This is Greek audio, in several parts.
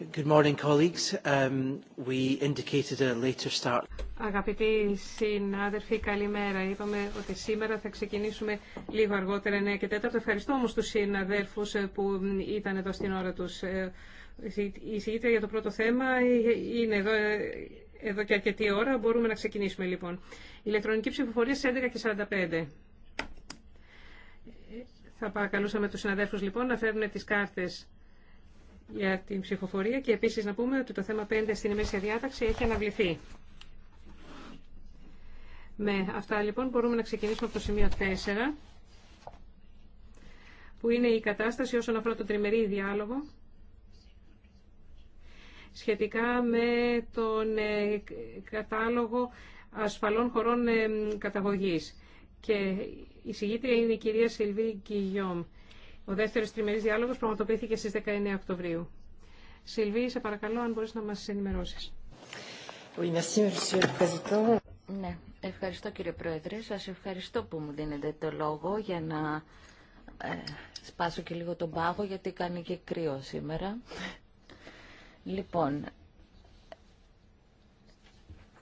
Um, Αγαπητοί συνάδελφοι, καλημέρα. Είπαμε ότι σήμερα θα ξεκινήσουμε λίγο αργότερα, 9 και 4. Ευχαριστώ όμως τους συναδέλφους ε, που ήταν εδώ στην ώρα τους. Ε, η συγκήτρια για το πρώτο θέμα ε, είναι εδώ, εδώ και αρκετή ώρα. Μπορούμε να ξεκινήσουμε λοιπόν. Ηλεκτρονική ψηφοφορία στις 11 και 45. Θα παρακαλούσαμε τους συναδέλφους λοιπόν να φέρουν τις κάρτες για την ψηφοφορία και επίσης να πούμε ότι το θέμα 5 στην ημέρα διάταξη έχει αναβληθεί. Με αυτά λοιπόν μπορούμε να ξεκινήσουμε από το σημείο 4 που είναι η κατάσταση όσον αφορά το τριμερή διάλογο σχετικά με τον ε, κατάλογο ασφαλών χωρών ε, καταγωγής. Και η συγγήτρια είναι η κυρία Σιλβί Γιόμ. Ο δεύτερο τριμερής διάλογο πραγματοποιήθηκε στι 19 Οκτωβρίου. Σιλβί, σε παρακαλώ αν μπορεί να μα ενημερώσει. Ναι, ευχαριστώ κύριε Πρόεδρε. Σα ευχαριστώ που μου δίνετε το λόγο για να ε, σπάσω και λίγο τον πάγο γιατί κάνει και κρύο σήμερα. Λοιπόν,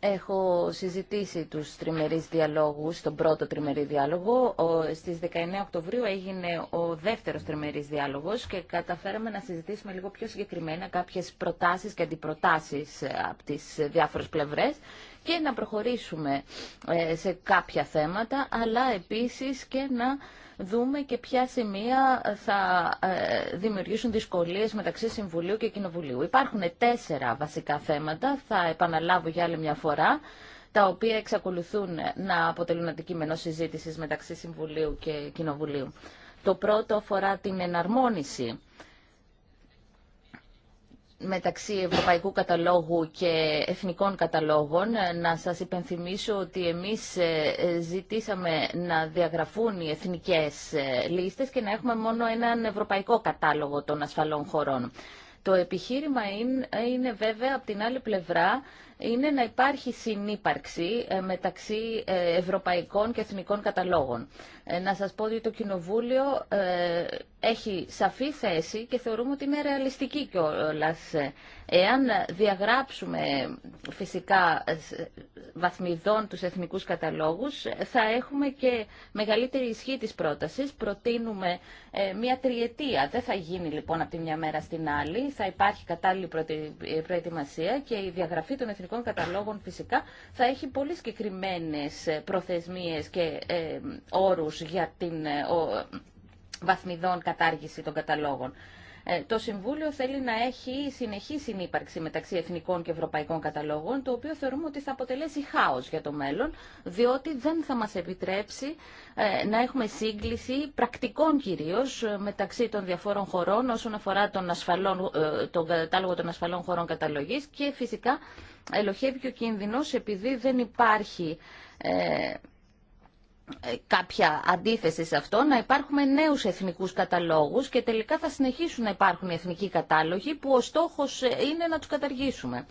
Έχω συζητήσει τους τριμερείς διαλόγους, τον πρώτο τριμερή διάλογο. Ο, στις 19 Οκτωβρίου έγινε ο δεύτερος τριμερής διάλογος και καταφέραμε να συζητήσουμε λίγο πιο συγκεκριμένα κάποιες προτάσεις και αντιπροτάσεις ε, από τις διάφορες πλευρές και να προχωρήσουμε ε, σε κάποια θέματα, αλλά επίσης και να δούμε και ποια σημεία θα ε, δημιουργήσουν δυσκολίες μεταξύ Συμβουλίου και Κοινοβουλίου. Υπάρχουν τέσσερα βασικά θέματα, θα επαναλάβω για άλλη μια φορά, τα οποία εξακολουθούν να αποτελούν αντικείμενο συζήτησης μεταξύ Συμβουλίου και Κοινοβουλίου. Το πρώτο αφορά την εναρμόνιση μεταξύ Ευρωπαϊκού Καταλόγου και Εθνικών Καταλόγων. Ε, να σας υπενθυμίσω ότι εμείς ε, ζητήσαμε να διαγραφούν οι εθνικές ε, λίστες και να έχουμε μόνο έναν Ευρωπαϊκό Κατάλογο των ασφαλών χωρών. Το επιχείρημα είναι, είναι βέβαια από την άλλη πλευρά είναι να υπάρχει συνύπαρξη ε, μεταξύ ε, ευρωπαϊκών και εθνικών καταλόγων. Ε, να σας πω ότι το Κοινοβούλιο έχει σαφή θέση και θεωρούμε ότι είναι ρεαλιστική κιόλα. Εάν διαγράψουμε φυσικά βαθμιδών τους εθνικούς καταλόγους, θα έχουμε και μεγαλύτερη ισχύ της πρότασης. Προτείνουμε μια τριετία. Δεν θα γίνει λοιπόν από τη μια μέρα στην άλλη. Θα υπάρχει κατάλληλη προετοιμασία και η διαγραφή των εθνικών καταλόγων φυσικά θα έχει πολύ συγκεκριμένες προθεσμίες και ε, όρους για την ε, ε, βαθμιδών κατάργηση των καταλόγων. Ε, το Συμβούλιο θέλει να έχει συνεχή συνύπαρξη μεταξύ εθνικών και ευρωπαϊκών καταλόγων, το οποίο θεωρούμε ότι θα αποτελέσει χάος για το μέλλον, διότι δεν θα μας επιτρέψει ε, να έχουμε σύγκληση πρακτικών κυρίως ε, μεταξύ των διαφόρων χωρών όσον αφορά τον, ασφαλών, τον κατάλογο των ασφαλών χωρών καταλογής και φυσικά ελοχεύει και ο κίνδυνος επειδή δεν υπάρχει ε, κάποια αντίθεση σε αυτό, να υπάρχουμε νέους εθνικούς καταλόγους και τελικά θα συνεχίσουν να υπάρχουν οι εθνικοί κατάλογοι που ο στόχος ε, είναι να τους καταργήσουμε.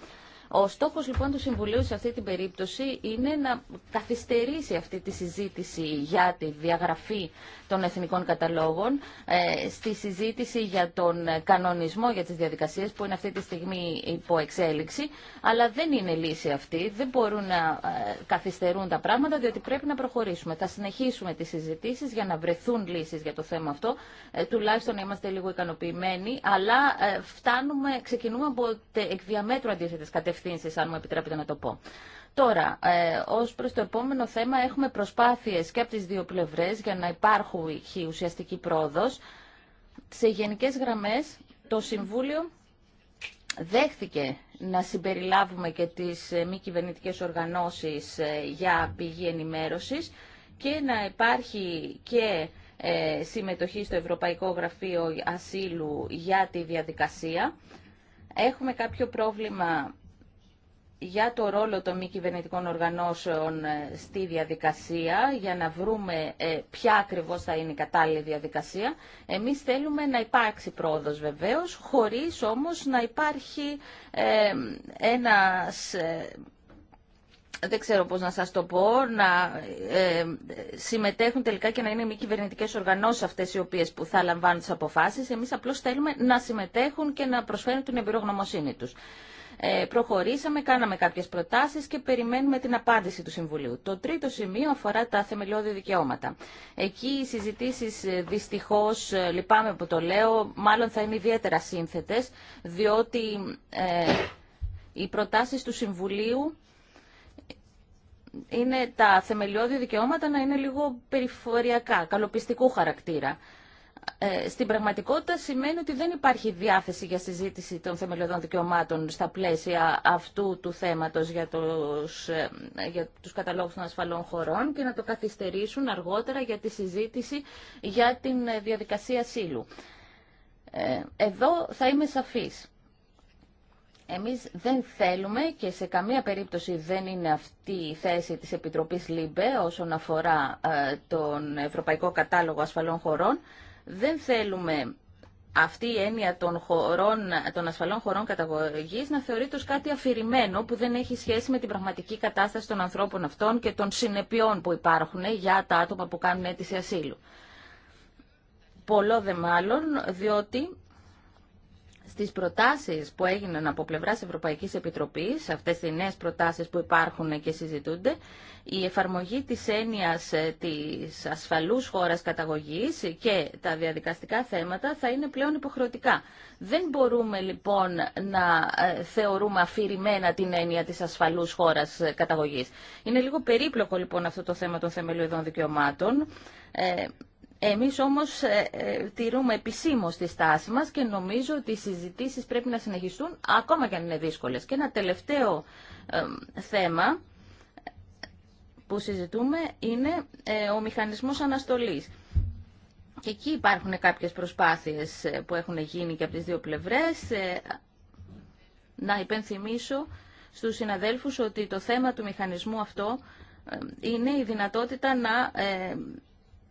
Ο στόχος λοιπόν του Συμβουλίου σε αυτή την περίπτωση είναι να καθυστερήσει αυτή τη συζήτηση για τη διαγραφή των εθνικών καταλόγων ε, στη συζήτηση για τον κανονισμό για τις διαδικασίες που είναι αυτή τη στιγμή υπό εξέλιξη, αλλά δεν είναι λύση αυτή, δεν μπορούν να ε, καθυστερούν τα πράγματα διότι πρέπει να προχωρήσουμε. Θα συνεχίσουμε τις συζητήσεις για να βρεθούν λύσεις για το θέμα αυτό, ε, τουλάχιστον να είμαστε λίγο ικανοποιημένοι, αλλά φτάνουμε, ξεκινούμε από διαμέτρου αντίθετες κατευθύνσεις αν μου επιτρέπετε να το πω. Τώρα, ε, ως προς το επόμενο θέμα, έχουμε προσπάθειες και από τι δύο πλευρέ για να υπάρχουν ουσιαστική πρόοδο. Σε γενικές γραμμές, το Συμβούλιο δέχθηκε να συμπεριλάβουμε και τις ε, μη κυβερνητικέ οργανώσεις ε, για πηγή ενημέρωσης και να υπάρχει και συμμετοχή στο Ευρωπαϊκό Γραφείο Ασύλου για τη διαδικασία. Έχουμε κάποιο πρόβλημα για το ρόλο των μη κυβερνητικών οργανώσεων ε, στη διαδικασία, για να βρούμε ε, ποια ακριβώς θα είναι η κατάλληλη διαδικασία. Εμείς θέλουμε να υπάρξει πρόοδος βεβαίως, χωρίς όμως να υπάρχει ε, ένας δεν ξέρω πώς να σας το πω, να συμμετέχουν τελικά και να είναι μη κυβερνητικέ οργανώσεις αυτές οι οποίες που θα λαμβάνουν τις αποφάσεις. Εμείς απλώς θέλουμε να συμμετέχουν και να προσφέρουν την εμπειρογνωμοσύνη τους. Ε, προχωρήσαμε, κάναμε κάποιες προτάσεις και περιμένουμε την απάντηση του Συμβουλίου. Το τρίτο σημείο αφορά τα θεμελιώδη δικαιώματα. Εκεί οι συζητήσεις ε, δυστυχώς, ε, λυπάμαι που το λέω, μάλλον θα είναι ιδιαίτερα σύνθετε, διότι οι προτάσεις του Συμβουλίου είναι τα θεμελιώδη δικαιώματα να είναι λίγο περιφοριακά, καλοπιστικού χαρακτήρα. Ε, στην πραγματικότητα σημαίνει ότι δεν υπάρχει διάθεση για συζήτηση των θεμελιωδών δικαιωμάτων στα πλαίσια αυτού του θέματος για τους, ε, για τους καταλόγους των ασφαλών χωρών και να το καθυστερήσουν αργότερα για τη συζήτηση για την ε, διαδικασία σύλλου. Εδώ θα είμαι σαφής. Εμείς δεν θέλουμε και σε καμία περίπτωση δεν είναι αυτή η θέση της Επιτροπής ΛΥΜΠΕ όσον αφορά τον Ευρωπαϊκό Κατάλογο Ασφαλών Χωρών δεν θέλουμε αυτή η έννοια των, χωρών, των ασφαλών χωρών καταγωγής να θεωρείται ως κάτι αφηρημένο που δεν έχει σχέση με την πραγματική κατάσταση των ανθρώπων αυτών και των συνεπειών που υπάρχουν για τα άτομα που κάνουν αίτηση ασύλου. Πολλό δε μάλλον, διότι στις προτάσεις που έγιναν από πλευράς Ευρωπαϊκής Επιτροπής, αυτές οι νέες προτάσεις που υπάρχουν και συζητούνται, η εφαρμογή της έννοιας ε, της ασφαλούς χώρας καταγωγής και τα διαδικαστικά θέματα θα είναι πλέον υποχρεωτικά. Δεν μπορούμε λοιπόν να ε, θεωρούμε αφηρημένα την έννοια της ασφαλούς χώρας ε, καταγωγής. Είναι λίγο περίπλοκο λοιπόν αυτό το θέμα των θεμελιωδών δικαιωμάτων. Εμείς όμως ε, ε, τηρούμε επισήμως τη στάση μας και νομίζω ότι οι συζητήσεις πρέπει να συνεχιστούν ακόμα και αν είναι δύσκολες. Και ένα τελευταίο θέμα που συζητούμε είναι ε, ο μηχανισμός αναστολής. Και εκεί υπάρχουν κάποιες προσπάθειες που έχουν γίνει και από τις δύο πλευρές. Να υπενθυμίσω στους συναδέλφους ότι το θέμα του μηχανισμού αυτό είναι η δυνατότητα να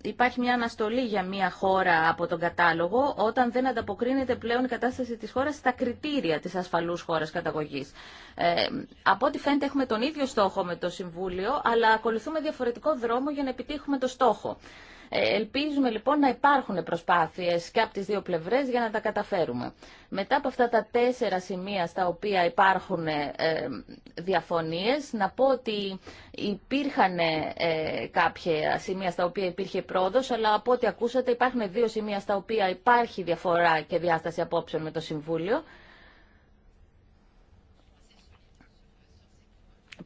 υπάρχει μια αναστολή για μια χώρα από τον κατάλογο όταν δεν ανταποκρίνεται πλέον η κατάσταση της χώρας στα κριτήρια της ασφαλούς χώρας καταγωγής. Ε, από ό,τι φαίνεται έχουμε τον ίδιο στόχο με το Συμβούλιο, αλλά ακολουθούμε διαφορετικό δρόμο για να επιτύχουμε το στόχο. Ε, ελπίζουμε λοιπόν να υπάρχουν προσπάθειες και από τις δύο πλευρές για να τα καταφέρουμε. Μετά από αυτά τα τέσσερα σημεία στα οποία υπάρχουν ε, διαφωνίες, να πω ότι υπήρχαν ε, κάποια σημεία στα οποία υπήρχε πρόοδος, αλλά από ό,τι ακούσατε υπάρχουν δύο σημεία στα οποία υπάρχει διαφορά και διάσταση απόψεων με το Συμβούλιο.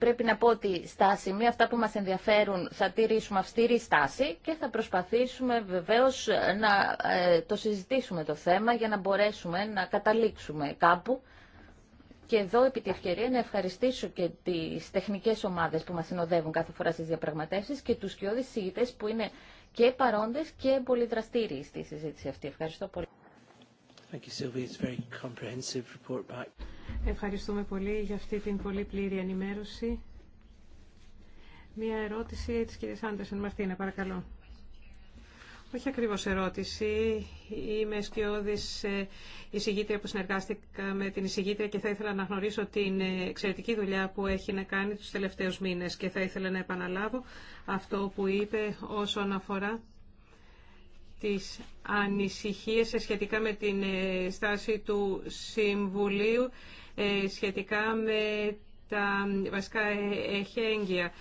πρέπει να πω ότι στα σημεία αυτά που μας ενδιαφέρουν θα τηρήσουμε αυστηρή στάση και θα προσπαθήσουμε βεβαίως να ε, το συζητήσουμε το θέμα για να μπορέσουμε να καταλήξουμε κάπου. Και εδώ επί τη ευκαιρία να ευχαριστήσω και τις τεχνικές ομάδες που μας συνοδεύουν κάθε φορά στις διαπραγματεύσεις και τους κοιόδης συγητές που είναι και παρόντες και πολύ στη συζήτηση αυτή. Ευχαριστώ πολύ. Ευχαριστούμε πολύ για αυτή την πολύ πλήρη ενημέρωση. Μία ερώτηση της κυρίας Άντερσεν Μαρτίνα, παρακαλώ. Όχι ακριβώς ερώτηση. Είμαι σκιώδης ε, εισηγήτρια που συνεργάστηκα με την εισηγήτρια και θα ήθελα να γνωρίσω την ε, εξαιρετική δουλειά που έχει να κάνει τους τελευταίους μήνες και θα ήθελα να επαναλάβω αυτό που είπε όσον αφορά τις ανησυχίες σχετικά με την ε, στάση του Συμβουλίου, ε, σχετικά με τα βασικά ε, εχέγγυα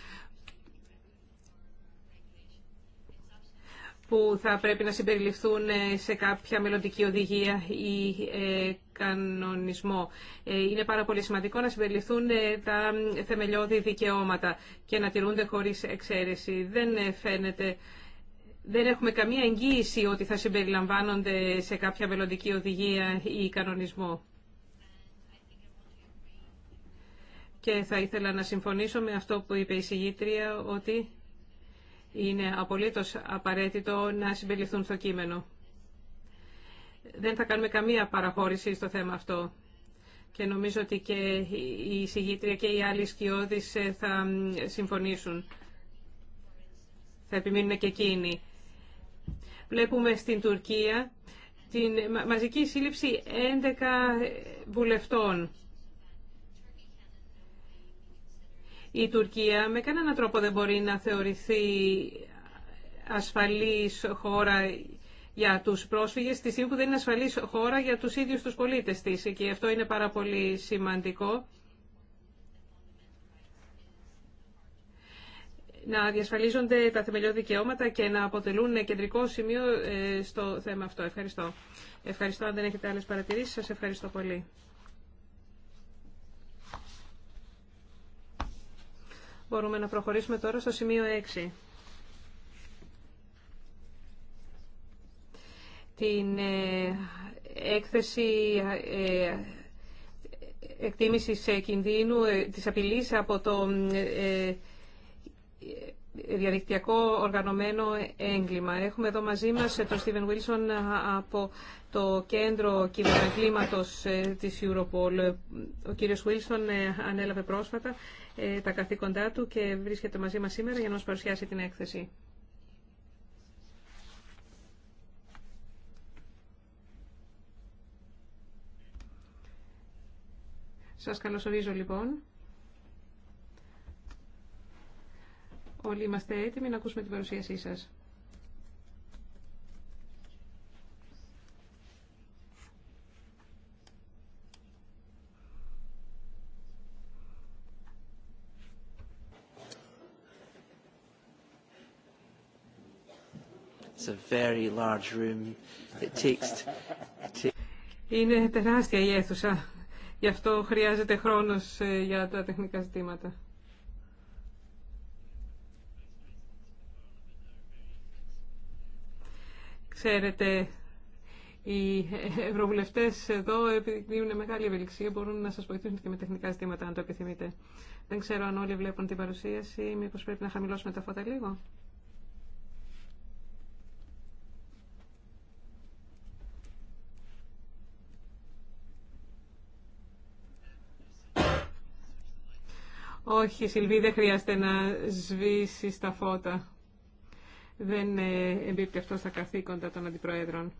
που θα πρέπει να συμπεριληφθούν σε κάποια μελλοντική οδηγία ή κανονισμό. Είναι πάρα πολύ σημαντικό να συμπεριληφθούν τα θεμελιώδη δικαιώματα και να τηρούνται χωρίς εξαίρεση. Δεν φαίνεται δεν έχουμε καμία εγγύηση ότι θα συμπεριλαμβάνονται σε κάποια μελλοντική οδηγία ή κανονισμό. Και θα ήθελα να συμφωνήσω με αυτό που είπε η συγγήτρια ότι είναι απολύτως απαραίτητο να συμπεριληφθούν στο κείμενο. Δεν θα κάνουμε καμία παραχώρηση στο θέμα αυτό. Και νομίζω ότι και η συγγήτρια και οι άλλοι σκιώδεις ε, θα συμφωνήσουν. Θα επιμείνουν και εκείνοι. Βλέπουμε στην Τουρκία την μαζική σύλληψη 11 βουλευτών. Η Τουρκία με κανέναν τρόπο δεν μπορεί να θεωρηθεί ασφαλής χώρα για τους πρόσφυγες, στιγμή που δεν είναι ασφαλής χώρα για τους ίδιους τους πολίτες της. Και αυτό είναι πάρα πολύ σημαντικό. να διασφαλίζονται τα θεμελιώδη δικαιώματα και να αποτελούν κεντρικό σημείο ε, στο θέμα αυτό. Ευχαριστώ. Ευχαριστώ αν δεν έχετε άλλες παρατηρήσεις. Σας ευχαριστώ πολύ. Μπορούμε να προχωρήσουμε τώρα στο σημείο 6. Την ε, έκθεση ε, εκτίμησης κινδύνου της απειλής από το διαδικτυακό οργανωμένο έγκλημα. Έχουμε εδώ μαζί μας ε, τον Στίβεν Βίλσον από το Κέντρο Κυβερναγκλήματος ε, της Europol. Ε, ο κύριος Βίλσον ανέλαβε πρόσφατα τα καθήκοντά του και βρίσκεται μαζί μας σήμερα για να μας παρουσιάσει την έκθεση. Σας καλωσορίζω λοιπόν. πολύ. Είμαστε έτοιμοι να ακούσουμε την παρουσίασή σας. Είναι τεράστια η αίθουσα. Γι' αυτό χρειάζεται χρόνος ε, για τα τεχνικά ζητήματα. Ξέρετε, οι ευρωβουλευτέ εδώ επιδεικνύουν μεγάλη ευελιξία. Μπορούν να σα βοηθήσουν και με τεχνικά ζητήματα, αν το επιθυμείτε. Δεν ξέρω αν όλοι βλέπουν την παρουσίαση. Μήπω πρέπει να χαμηλώσουμε τα φώτα λίγο. Όχι, Σιλβί, δεν χρειάζεται να σβήσει τα φώτα δεν ε, εμπίπτει αυτό στα καθήκοντα των αντιπροέδρων.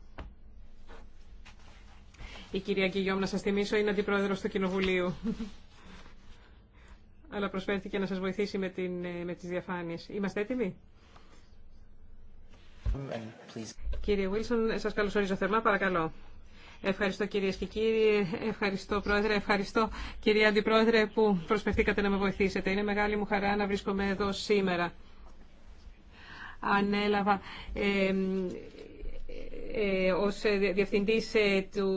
Η κυρία Κιγιόμ, να σας θυμίσω, είναι αντιπρόεδρος του Κοινοβουλίου. Αλλά προσφέρθηκε να σας βοηθήσει με, την, ε, με τις διαφάνειες. Είμαστε έτοιμοι? Κύριε Βίλσον, σας καλωσορίζω θερμά, παρακαλώ. Ευχαριστώ κυρίες και κύριοι, ευχαριστώ πρόεδρε, ευχαριστώ κυρία Αντιπρόεδρε που προσπαθήκατε να με βοηθήσετε. Είναι μεγάλη μου χαρά να βρίσκομαι εδώ σήμερα ανέλαβα ως διευθυντής του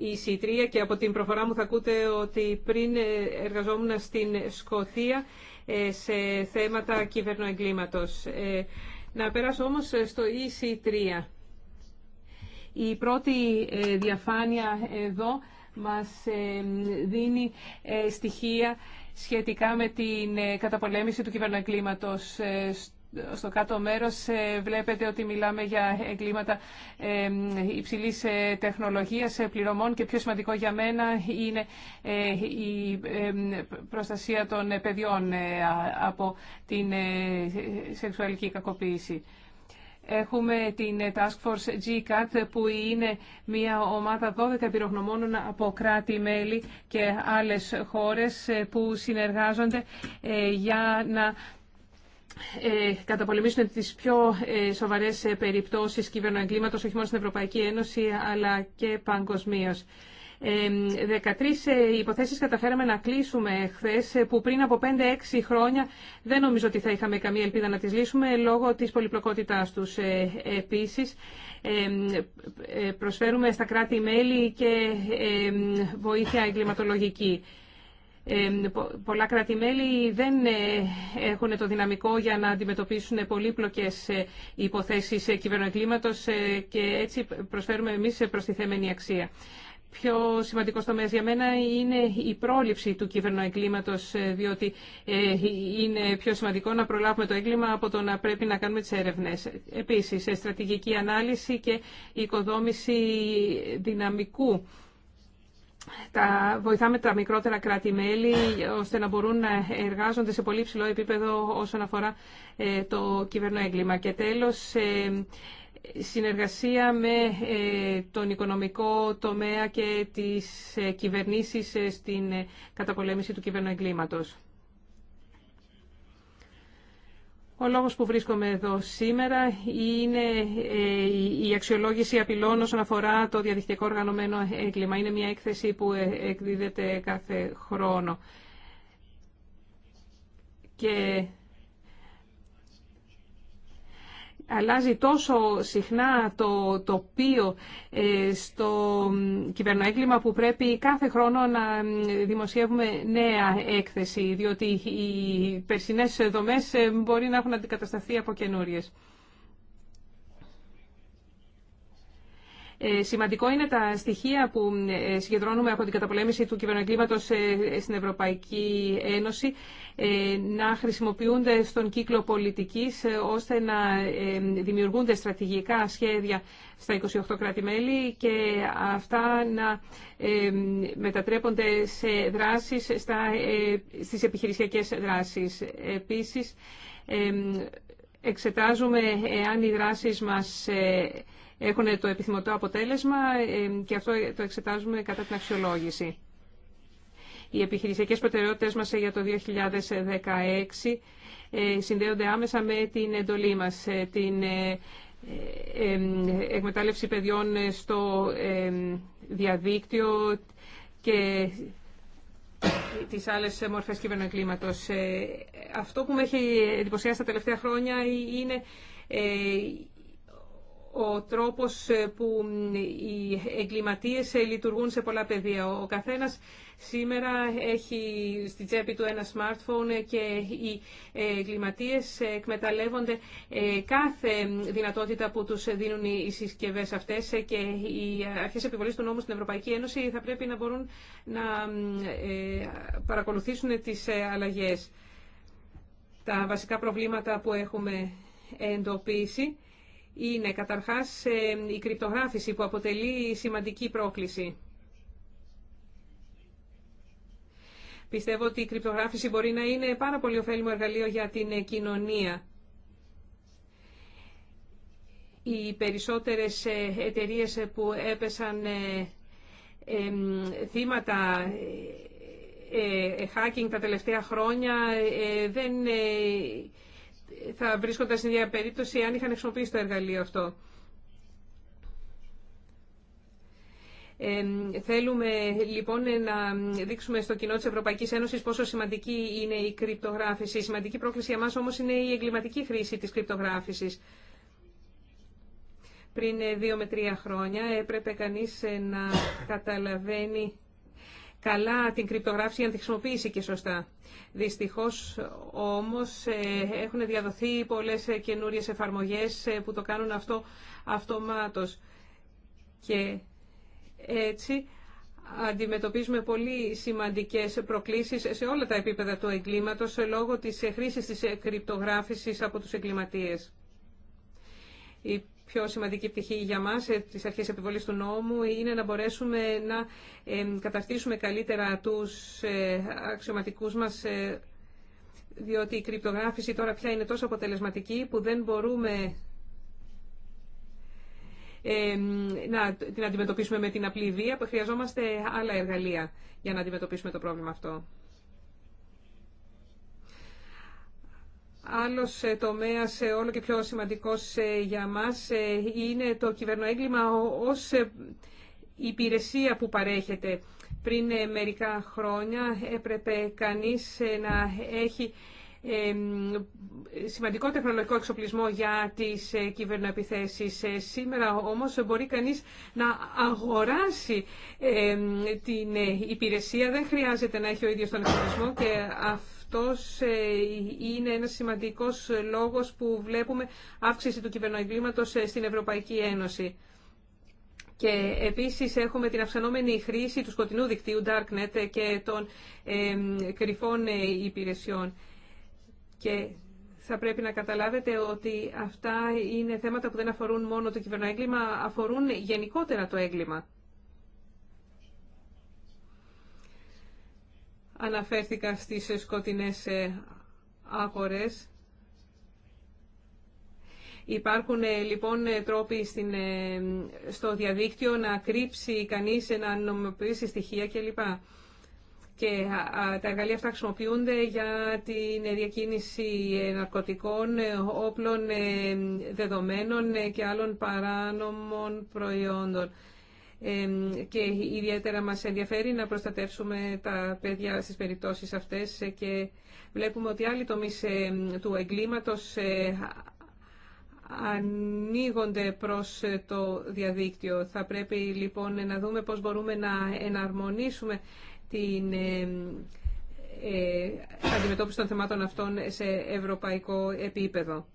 EC3 και από την προφορά μου θα ακούτε ότι πριν εργαζόμουν στην Σκοτία σε θέματα κυβερνοεγκλήματος. Να περάσω όμως στο EC3. Η πρώτη διαφάνεια εδώ μας δίνει στοιχεία σχετικά με την καταπολέμηση του κυβερνοεγκλήματος στο κάτω μέρος ε, βλέπετε ότι μιλάμε για εγκλήματα ε, υψηλής ε, τεχνολογίας, πληρωμών και πιο σημαντικό για μένα είναι η προστασία των παιδιών από την σεξουαλική κακοποίηση. Έχουμε την Task Force GCAT που είναι μια ομάδα 12 επιρογνωμόνων από κράτη-μέλη και άλλες χώρες που συνεργάζονται για να ε, καταπολεμήσουν τις πιο ε, σοβαρές ε, περιπτώσεις κυβερνοεγκλήματος όχι μόνο στην Ευρωπαϊκή Ένωση αλλά και παγκοσμίω. 13 υποθέσεις καταφέραμε να κλείσουμε χθε που πριν από 5-6 χρόνια δεν νομίζω ότι θα είχαμε καμία ελπίδα να τις λύσουμε λόγω της πολυπλοκότητάς τους. Επίσης προσφέρουμε στα κράτη-μέλη και βοήθεια εγκληματολογική. Πολλά κράτη-μέλη δεν ε, έχουν το δυναμικό για να αντιμετωπίσουν πολύπλοκες ε, υποθέσεις ε, κυβερνοεγκλήματος και έτσι προσφέρουμε εμείς προστιθέμενη αξία. Πιο σημαντικό τομέα για μένα είναι η πρόληψη του κυβερνοεγκλήματος, διότι είναι πιο σημαντικό να προλάβουμε το έγκλημα από το να πρέπει να κάνουμε τις έρευνες. Επίσης, στρατηγική ανάλυση και οικοδόμηση δυναμικού τα, βοηθάμε τα μικρότερα κράτη-μέλη ώστε να μπορούν να εργάζονται σε πολύ ψηλό επίπεδο όσον αφορά ε, το εγκλήμα. Και τέλος, ε, συνεργασία με ε, τον οικονομικό τομέα και τις κυβερνήσεις στην καταπολέμηση του κυβερνοεγκλήματος. Ο λόγος που βρίσκομαι εδώ σήμερα είναι ε, η αξιολόγηση απειλών όσον αφορά το διαδικτυακό οργανωμένο έγκλημα. Είναι μια έκθεση που ε, εκδίδεται κάθε χρόνο. Και αλλάζει τόσο συχνά το τοπίο ε, στο κυβερνοέγκλημα που πρέπει κάθε χρόνο να δημοσιεύουμε νέα έκθεση, διότι οι περσινές δομές ε, μπορεί να έχουν αντικατασταθεί από καινούριες. Ε, σημαντικό είναι τα στοιχεία που ε, συγκεντρώνουμε από την καταπολέμηση του κυβερνοκλήματος ε, στην Ευρωπαϊκή Ένωση να χρησιμοποιούνται στον κύκλο πολιτικής ώστε να δημιουργούνται στρατηγικά σχέδια στα 28 κράτη-μέλη και αυτά να μετατρέπονται σε δράσεις στα, στις επιχειρησιακές δράσεις. Επίσης, εξετάζουμε εάν οι δράσεις μας έχουν το επιθυμητό αποτέλεσμα ε, και αυτό το εξετάζουμε κατά την αξιολόγηση. Οι επιχειρησιακές προτεραιότητες μας ε, για το 2016 ε, συνδέονται άμεσα με την εντολή μας, την εκμετάλλευση παιδιών στο διαδίκτυο και τις άλλες μορφές κυβερνοκλήματος. Αυτό που με έχει εντυπωσιάσει τα τελευταία χρόνια είναι ο τρόπος ε, που οι εγκληματίες ε, λειτουργούν σε πολλά πεδία. Ο καθένας σήμερα έχει στη τσέπη του ένα smartphone ε, και οι εγκληματίες εκμεταλλεύονται κάθε δυνατότητα που τους δίνουν οι συσκευές αυτές και οι αρχές επιβολής του νόμου στην Ευρωπαϊκή Ένωση θα πρέπει να μπορούν να παρακολουθήσουν τις αλλαγές. Τα βασικά προβλήματα που έχουμε εντοπίσει είναι καταρχάς ε, η κρυπτογράφηση που αποτελεί σημαντική πρόκληση. Πιστεύω ότι η κρυπτογράφηση μπορεί να είναι πάρα πολύ ωφέλιμο εργαλείο για την κοινωνία. Οι περισσότερες ε, εταιρείες που έπεσαν ε, θύματα hacking τα τελευταία χρόνια δεν θα βρίσκονταν στην ίδια περίπτωση αν είχαν χρησιμοποιήσει το εργαλείο αυτό. Ε, θέλουμε λοιπόν να δείξουμε στο κοινό της Ευρωπαϊκής Ένωσης πόσο σημαντική είναι η κρυπτογράφηση. Η σημαντική πρόκληση για μας όμως είναι η εγκληματική χρήση της κρυπτογράφησης. Πριν δύο με τρία χρόνια έπρεπε κανείς να καταλαβαίνει καλά την κρυπτογράφηση για να τη χρησιμοποιήσει και σωστά. Δυστυχώς όμως ε, έχουν διαδοθεί πολλές ε, καινούριε εφαρμογές ε, που το κάνουν αυτό αυτομάτως. Και έτσι αντιμετωπίζουμε πολύ σημαντικές προκλήσεις σε όλα τα επίπεδα του εγκλήματος λόγω της χρήσης της κρυπτογράφησης από τους εγκληματίες πιο σημαντική πτυχή για μας, ε, τι αρχές επιβολής του νόμου, είναι να μπορέσουμε να καταστήσουμε καλύτερα τους ε, αξιωματικούς μας, ε, διότι η κρυπτογράφηση τώρα πια είναι τόσο αποτελεσματική που δεν μπορούμε να την αντιμετωπίσουμε με την απλή βία, που χρειαζόμαστε άλλα εργαλεία για να αντιμετωπίσουμε το πρόβλημα αυτό. Άλλος ε, τομέας ε, όλο και πιο σημαντικός ε, για μας είναι το κυβερνοέγκλημα ως υπηρεσία που παρέχεται. Πριν μερικά χρόνια έπρεπε κανείς να έχει σημαντικό τεχνολογικό εξοπλισμό για τις κυβερνοεπιθέσεις. Σήμερα όμως μπορεί κανείς να αγοράσει την υπηρεσία, δεν χρειάζεται να έχει ο ίδιος τον εξοπλισμό αυτός ε, είναι ένας σημαντικός λόγος που βλέπουμε αύξηση του κυβερνοεγκλήματος ε, στην Ευρωπαϊκή Ένωση. Και επίσης έχουμε την αυξανόμενη χρήση του σκοτεινού δικτύου Darknet και των κρυφών ε, υπηρεσιών. Και θα πρέπει να καταλάβετε ότι αυτά είναι θέματα που δεν αφορούν μόνο το κυβερνοέγκλημα, αφορούν γενικότερα το έγκλημα. αναφέρθηκα στις σκοτεινές ε, άκορες. Υπάρχουν ε, λοιπόν ε, τρόποι στην, στο διαδίκτυο να κρύψει κανείς, να νομιμοποιήσει στοιχεία κλπ. Και τα εργαλεία αυτά χρησιμοποιούνται για την διακίνηση ναρκωτικών, όπλων, δεδομένων και άλλων παράνομων προϊόντων και ιδιαίτερα μας ενδιαφέρει να προστατεύσουμε τα παιδιά στις περιπτώσεις αυτές και βλέπουμε ότι άλλοι τομείς του εγκλήματος ε, ανοίγονται προς ε, το διαδίκτυο. Θα πρέπει λοιπόν να δούμε πώς μπορούμε να εναρμονίσουμε την ε, αντιμετώπιση των θεμάτων αυτών σε ευρωπαϊκό επίπεδο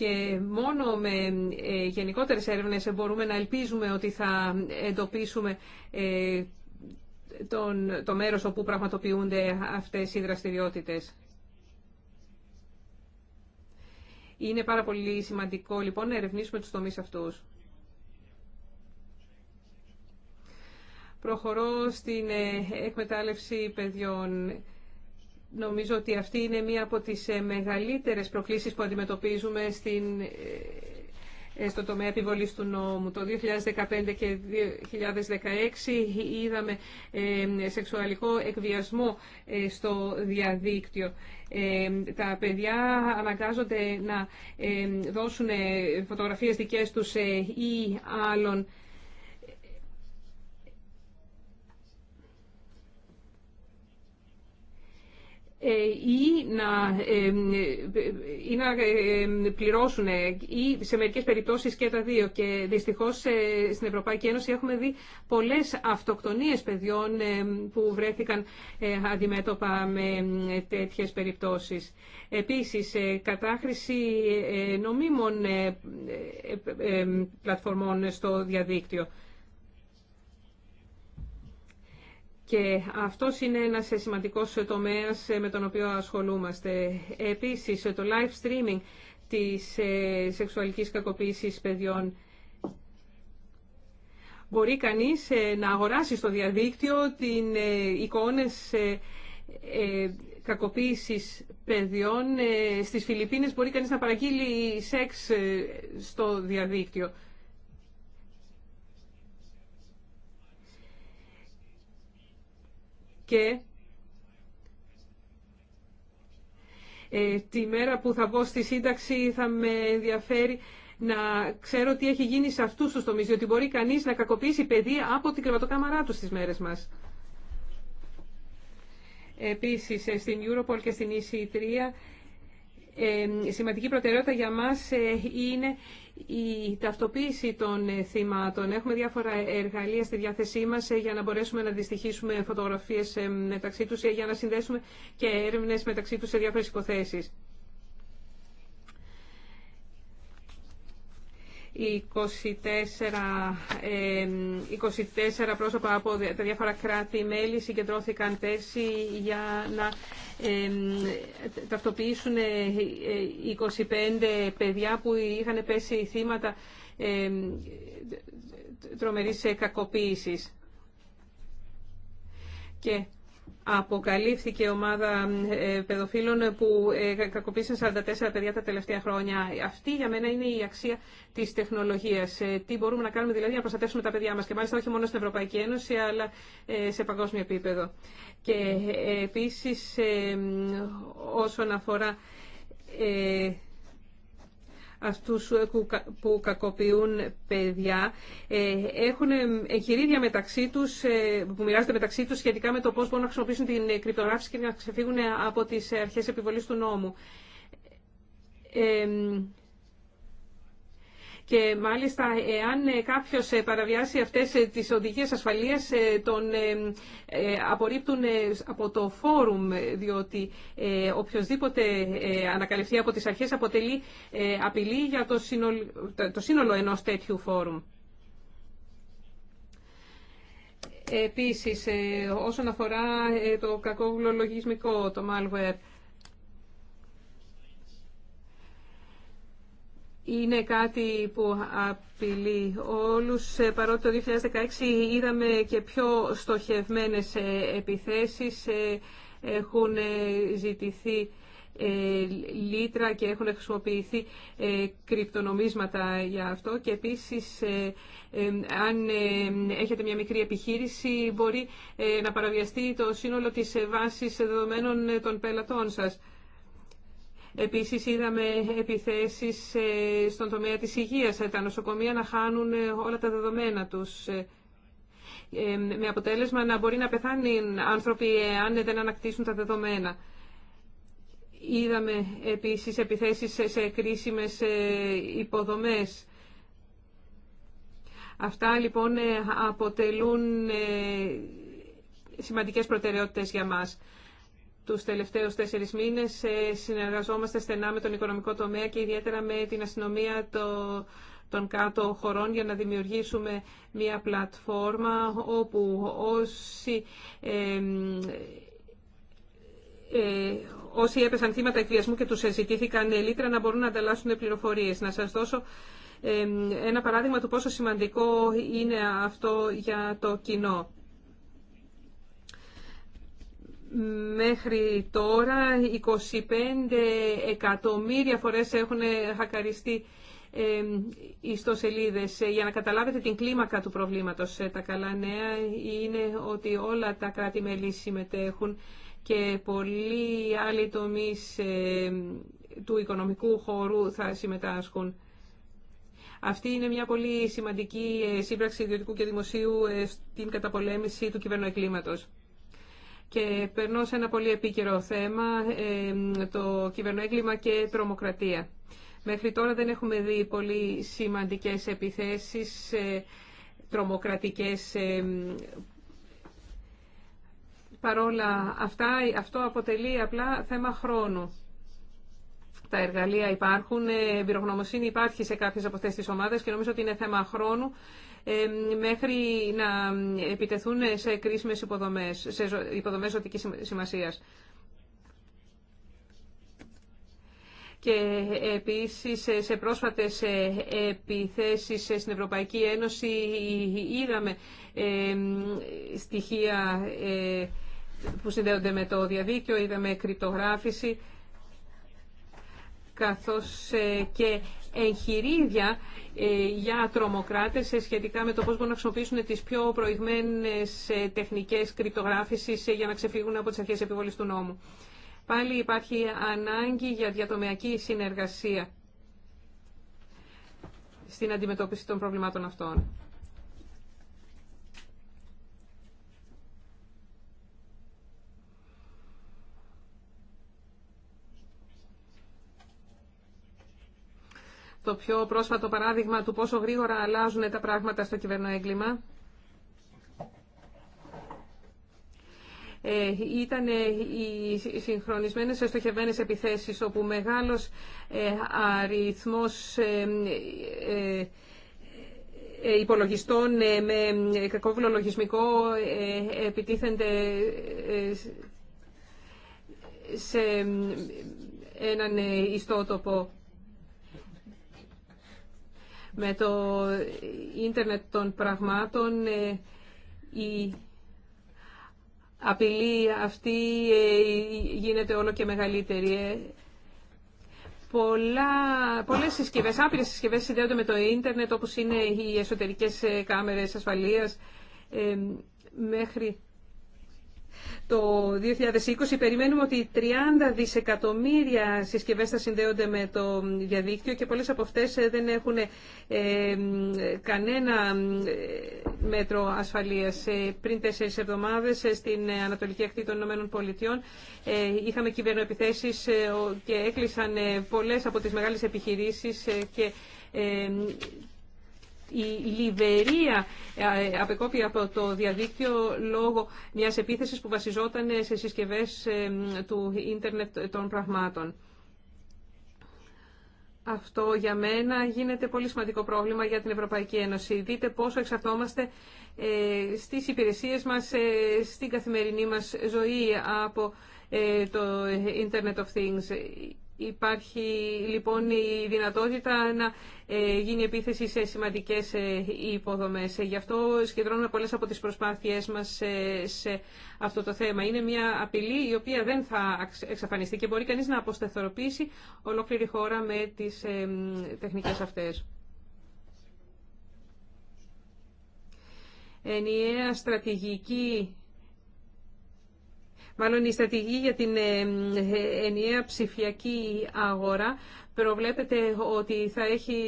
και μόνο με ε, γενικότερες έρευνες μπορούμε να ελπίζουμε ότι θα εντοπίσουμε ε, τον, το μέρος όπου πραγματοποιούνται αυτές οι δραστηριότητες. Είναι πάρα πολύ σημαντικό λοιπόν να ερευνήσουμε τους τομείς αυτούς. Προχωρώ στην ε, εκμετάλλευση παιδιών. Νομίζω ότι αυτή είναι μία από τις ε, μεγαλύτερες προκλήσεις που αντιμετωπίζουμε στην, ε, ε, στο τομέα επιβολής του νόμου. Το 2015 και 2016 είδαμε σεξουαλικό εκβιασμό στο διαδίκτυο. Τα παιδιά αναγκάζονται να δώσουν φωτογραφίες δικές τους ή άλλων Ε, ή να, ή να πληρώσουν ε, ή σε μερικές περιπτώσεις και τα δύο. Και δυστυχώς ε, στην Ευρωπαϊκή Ένωση έχουμε δει πολλές αυτοκτονίες παιδιών που βρέθηκαν αντιμέτωπα με τέτοιες περιπτώσεις. Επίσης, κατάχρηση νομίμων πλατφορμών στο διαδίκτυο. Και αυτό είναι ένας σημαντικός τομέας ε, με τον οποίο ασχολούμαστε. Επίσης, ε, το live streaming της ε, σεξουαλικής κακοποίησης παιδιών. Μπορεί κανείς να αγοράσει στο διαδίκτυο την εικόνες κακοποίησης παιδιών. Στις Φιλιππίνες μπορεί κανείς να παραγγείλει σεξ στο διαδίκτυο. και ε, τη μέρα που θα βγω στη σύνταξη θα με ενδιαφέρει να ξέρω τι έχει γίνει σε αυτούς τους τομείς, διότι μπορεί κανείς να κακοποιήσει παιδί από την κρεβατοκάμαρά του στις μέρες μας. Επίσης, ε, στην Europol και στην EC3 ε, σημαντική προτεραιότητα για μας ε, είναι η ταυτοποίηση των ε, θυμάτων. Έχουμε διάφορα εργαλεία στη διάθεσή μας ε, για να μπορέσουμε να αντιστοιχίσουμε φωτογραφίες ε, μεταξύ τους για να συνδέσουμε και έρευνες μεταξύ τους σε διάφορες υποθέσεις. 24, 24 πρόσωπα από τα διάφορα κράτη-μέλη συγκεντρώθηκαν πέρσι για να ταυτοποιήσουν 25 ε, ε, παιδιά που είχαν πέσει θύματα τρομερής ε, κακοποίησης. Και αποκαλύφθηκε ομάδα ε, παιδοφίλων που ε, κακοποίησαν 44 παιδιά τα τελευταία χρόνια. Αυτή για μένα είναι η αξία τη τεχνολογία. Ε, τι μπορούμε να κάνουμε δηλαδή να προστατεύσουμε τα παιδιά μα και μάλιστα όχι μόνο στην Ευρωπαϊκή Ένωση αλλά σε παγκόσμιο επίπεδο. Και επίση όσον αφορά αυτούς που κακοποιούν παιδιά ε, έχουν ε, εγχειρίδια μεταξύ τους, ε, που μοιράζονται μεταξύ τους σχετικά με το πώς μπορούν να χρησιμοποιήσουν την κρυπτογράφηση και να ξεφύγουν από τις αρχές επιβολής του νόμου. Και μάλιστα εάν ε, κάποιος ε, παραβιάσει αυτές ε, τις οδηγίες ασφαλείας τον απορρίπτουν από το φόρουμ διότι οποιοδήποτε ανακαλυφθεί από τις αρχές αποτελεί απειλή για το σύνολο, το ενός τέτοιου φόρουμ. Επίσης, όσον αφορά το κακό λογισμικό, το malware, είναι κάτι που απειλεί όλους. Ε, παρότι το 2016 είδαμε και πιο στοχευμένες ε, επιθέσεις, ε, έχουν ζητηθεί λίτρα και έχουν χρησιμοποιηθεί κρυπτονομίσματα για αυτό και επίσης αν έχετε μια μικρή επιχείρηση μπορεί να παραβιαστεί το σύνολο της βάσης δεδομένων των πελατών σας. Επίσης είδαμε επιθέσεις ε, στον τομέα της υγείας, ε, τα νοσοκομεία να χάνουν ε, όλα τα δεδομένα τους. Με αποτέλεσμα να μπορεί να πεθάνει άνθρωποι αν δεν ανακτήσουν τα δεδομένα. Είδαμε επίσης επιθέσεις σε κρίσιμες υποδομές. Αυτά λοιπόν αποτελούν σημαντικές προτεραιότητες για μας τους τελευταίους τέσσερις μήνες ε, συνεργαζόμαστε στενά με τον οικονομικό τομέα και ιδιαίτερα με την αστυνομία των κάτω χωρών για να δημιουργήσουμε μια πλατφόρμα όπου όσοι, ε, όσοι έπεσαν θύματα εκβιασμού και τους ζητήθηκαν ελίτρα να μπορούν να ανταλλάσσουν πληροφορίες. Να σας δώσω ένα παράδειγμα του πόσο σημαντικό είναι αυτό για το κοινό. Μέχρι τώρα 25 εκατομμύρια φορές έχουν χακαριστεί ε, ιστοσελίδες. Για να καταλάβετε την κλίμακα του προβλήματος, ε, τα καλά νέα είναι ότι όλα τα κράτη-μέλη συμμετέχουν και πολλοί άλλοι τομείς ε, του οικονομικού χώρου θα συμμετάσχουν. Αυτή είναι μια πολύ σημαντική ε, σύμπραξη ιδιωτικού και δημοσίου στην καταπολέμηση του κυβερνοεκκλήματος και περνώ σε ένα πολύ επίκαιρο θέμα, ε, το κυβερνοέγκλημα και τρομοκρατία. Μέχρι τώρα δεν έχουμε δει πολύ σημαντικές επιθέσεις ε, τρομοκρατικές ε, παρόλα αυτά, αυτό αποτελεί απλά θέμα χρόνου. Τα εργαλεία υπάρχουν, η εμπειρογνωμοσύνη υπάρχει σε κάποιες από αυτές τις ομάδες και νομίζω ότι είναι θέμα χρόνου μέχρι να επιτεθούν σε κρίσιμες υποδομές, σε υποδομές ζωτικής σημασίας. Και επίσης σε πρόσφατες ε, επιθέσεις ε, στην Ευρωπαϊκή Ένωση είδαμε στοιχεία ε, που συνδέονται με το διαδίκτυο, είδαμε κρυπτογράφηση καθώς και εγχειρίδια ε, για τρομοκράτες ε, σχετικά με το πώς μπορούν να χρησιμοποιήσουν τις πιο προηγμένες ε, τεχνικές κρυπτογράφησης για να ξεφύγουν από τις αρχές επιβολής του νόμου. Πάλι υπάρχει ανάγκη για διατομιακή συνεργασία στην αντιμετώπιση των προβλημάτων αυτών. το πιο πρόσφατο παράδειγμα του πόσο γρήγορα αλλάζουν τα πράγματα στο κυβερνοέγκλημα. Ε, ήταν ε, οι συγχρονισμένες στοχευμένες επιθέσεις όπου μεγάλος ε, αριθμός υπολογιστών με κακόβουλο λογισμικό επιτίθενται σε έναν ιστότοπο. Με το ίντερνετ των πραγμάτων ε, η απειλή αυτή ε, γίνεται όλο και μεγαλύτερη. Ε. Πολλά, πολλές συσκευές, άπειρες συσκευές συνδέονται με το ίντερνετ όπως είναι οι εσωτερικές κάμερες ασφαλείας μέχρι το 2020 περιμένουμε ότι 30 δισεκατομμύρια συσκευές θα συνδέονται με το διαδίκτυο και πολλές από αυτές ε, δεν έχουν ε, κανένα ε, μέτρο ασφαλείας. Πριν τέσσερις εβδομάδες στην Ανατολική Ακτή των Ηνωμένων Πολιτειών είχαμε κυβερνοεπιθέσεις και έκλεισαν πολλές από τις μεγάλες επιχειρήσεις και η Λιβερία ε, απεκόπη από το διαδίκτυο λόγω μιας επίθεσης που βασιζόταν σε συσκευές ε, του ίντερνετ των πραγμάτων. Αυτό για μένα γίνεται πολύ σημαντικό πρόβλημα για την Ευρωπαϊκή Ένωση. Δείτε πόσο εξαρτώμαστε ε, στις υπηρεσίες μας, στην καθημερινή μας ζωή από το Internet of Things. Υπάρχει λοιπόν η δυνατότητα να ε, γίνει επίθεση σε σημαντικές ε, υποδομές. Γι' αυτό σχεδρώνουμε πολλές από τις προσπάθειές μας ε, σε αυτό το θέμα. Είναι μια απειλή η οποία δεν θα εξαφανιστεί και μπορεί κανείς να αποστεθωροποιήσει ολόκληρη χώρα με τις τεχνικές αυτές. Ενιαία στρατηγική μάλλον η στρατηγική για την ε, ε, ενιαία ψηφιακή αγορά προβλέπετε ότι θα, έχει,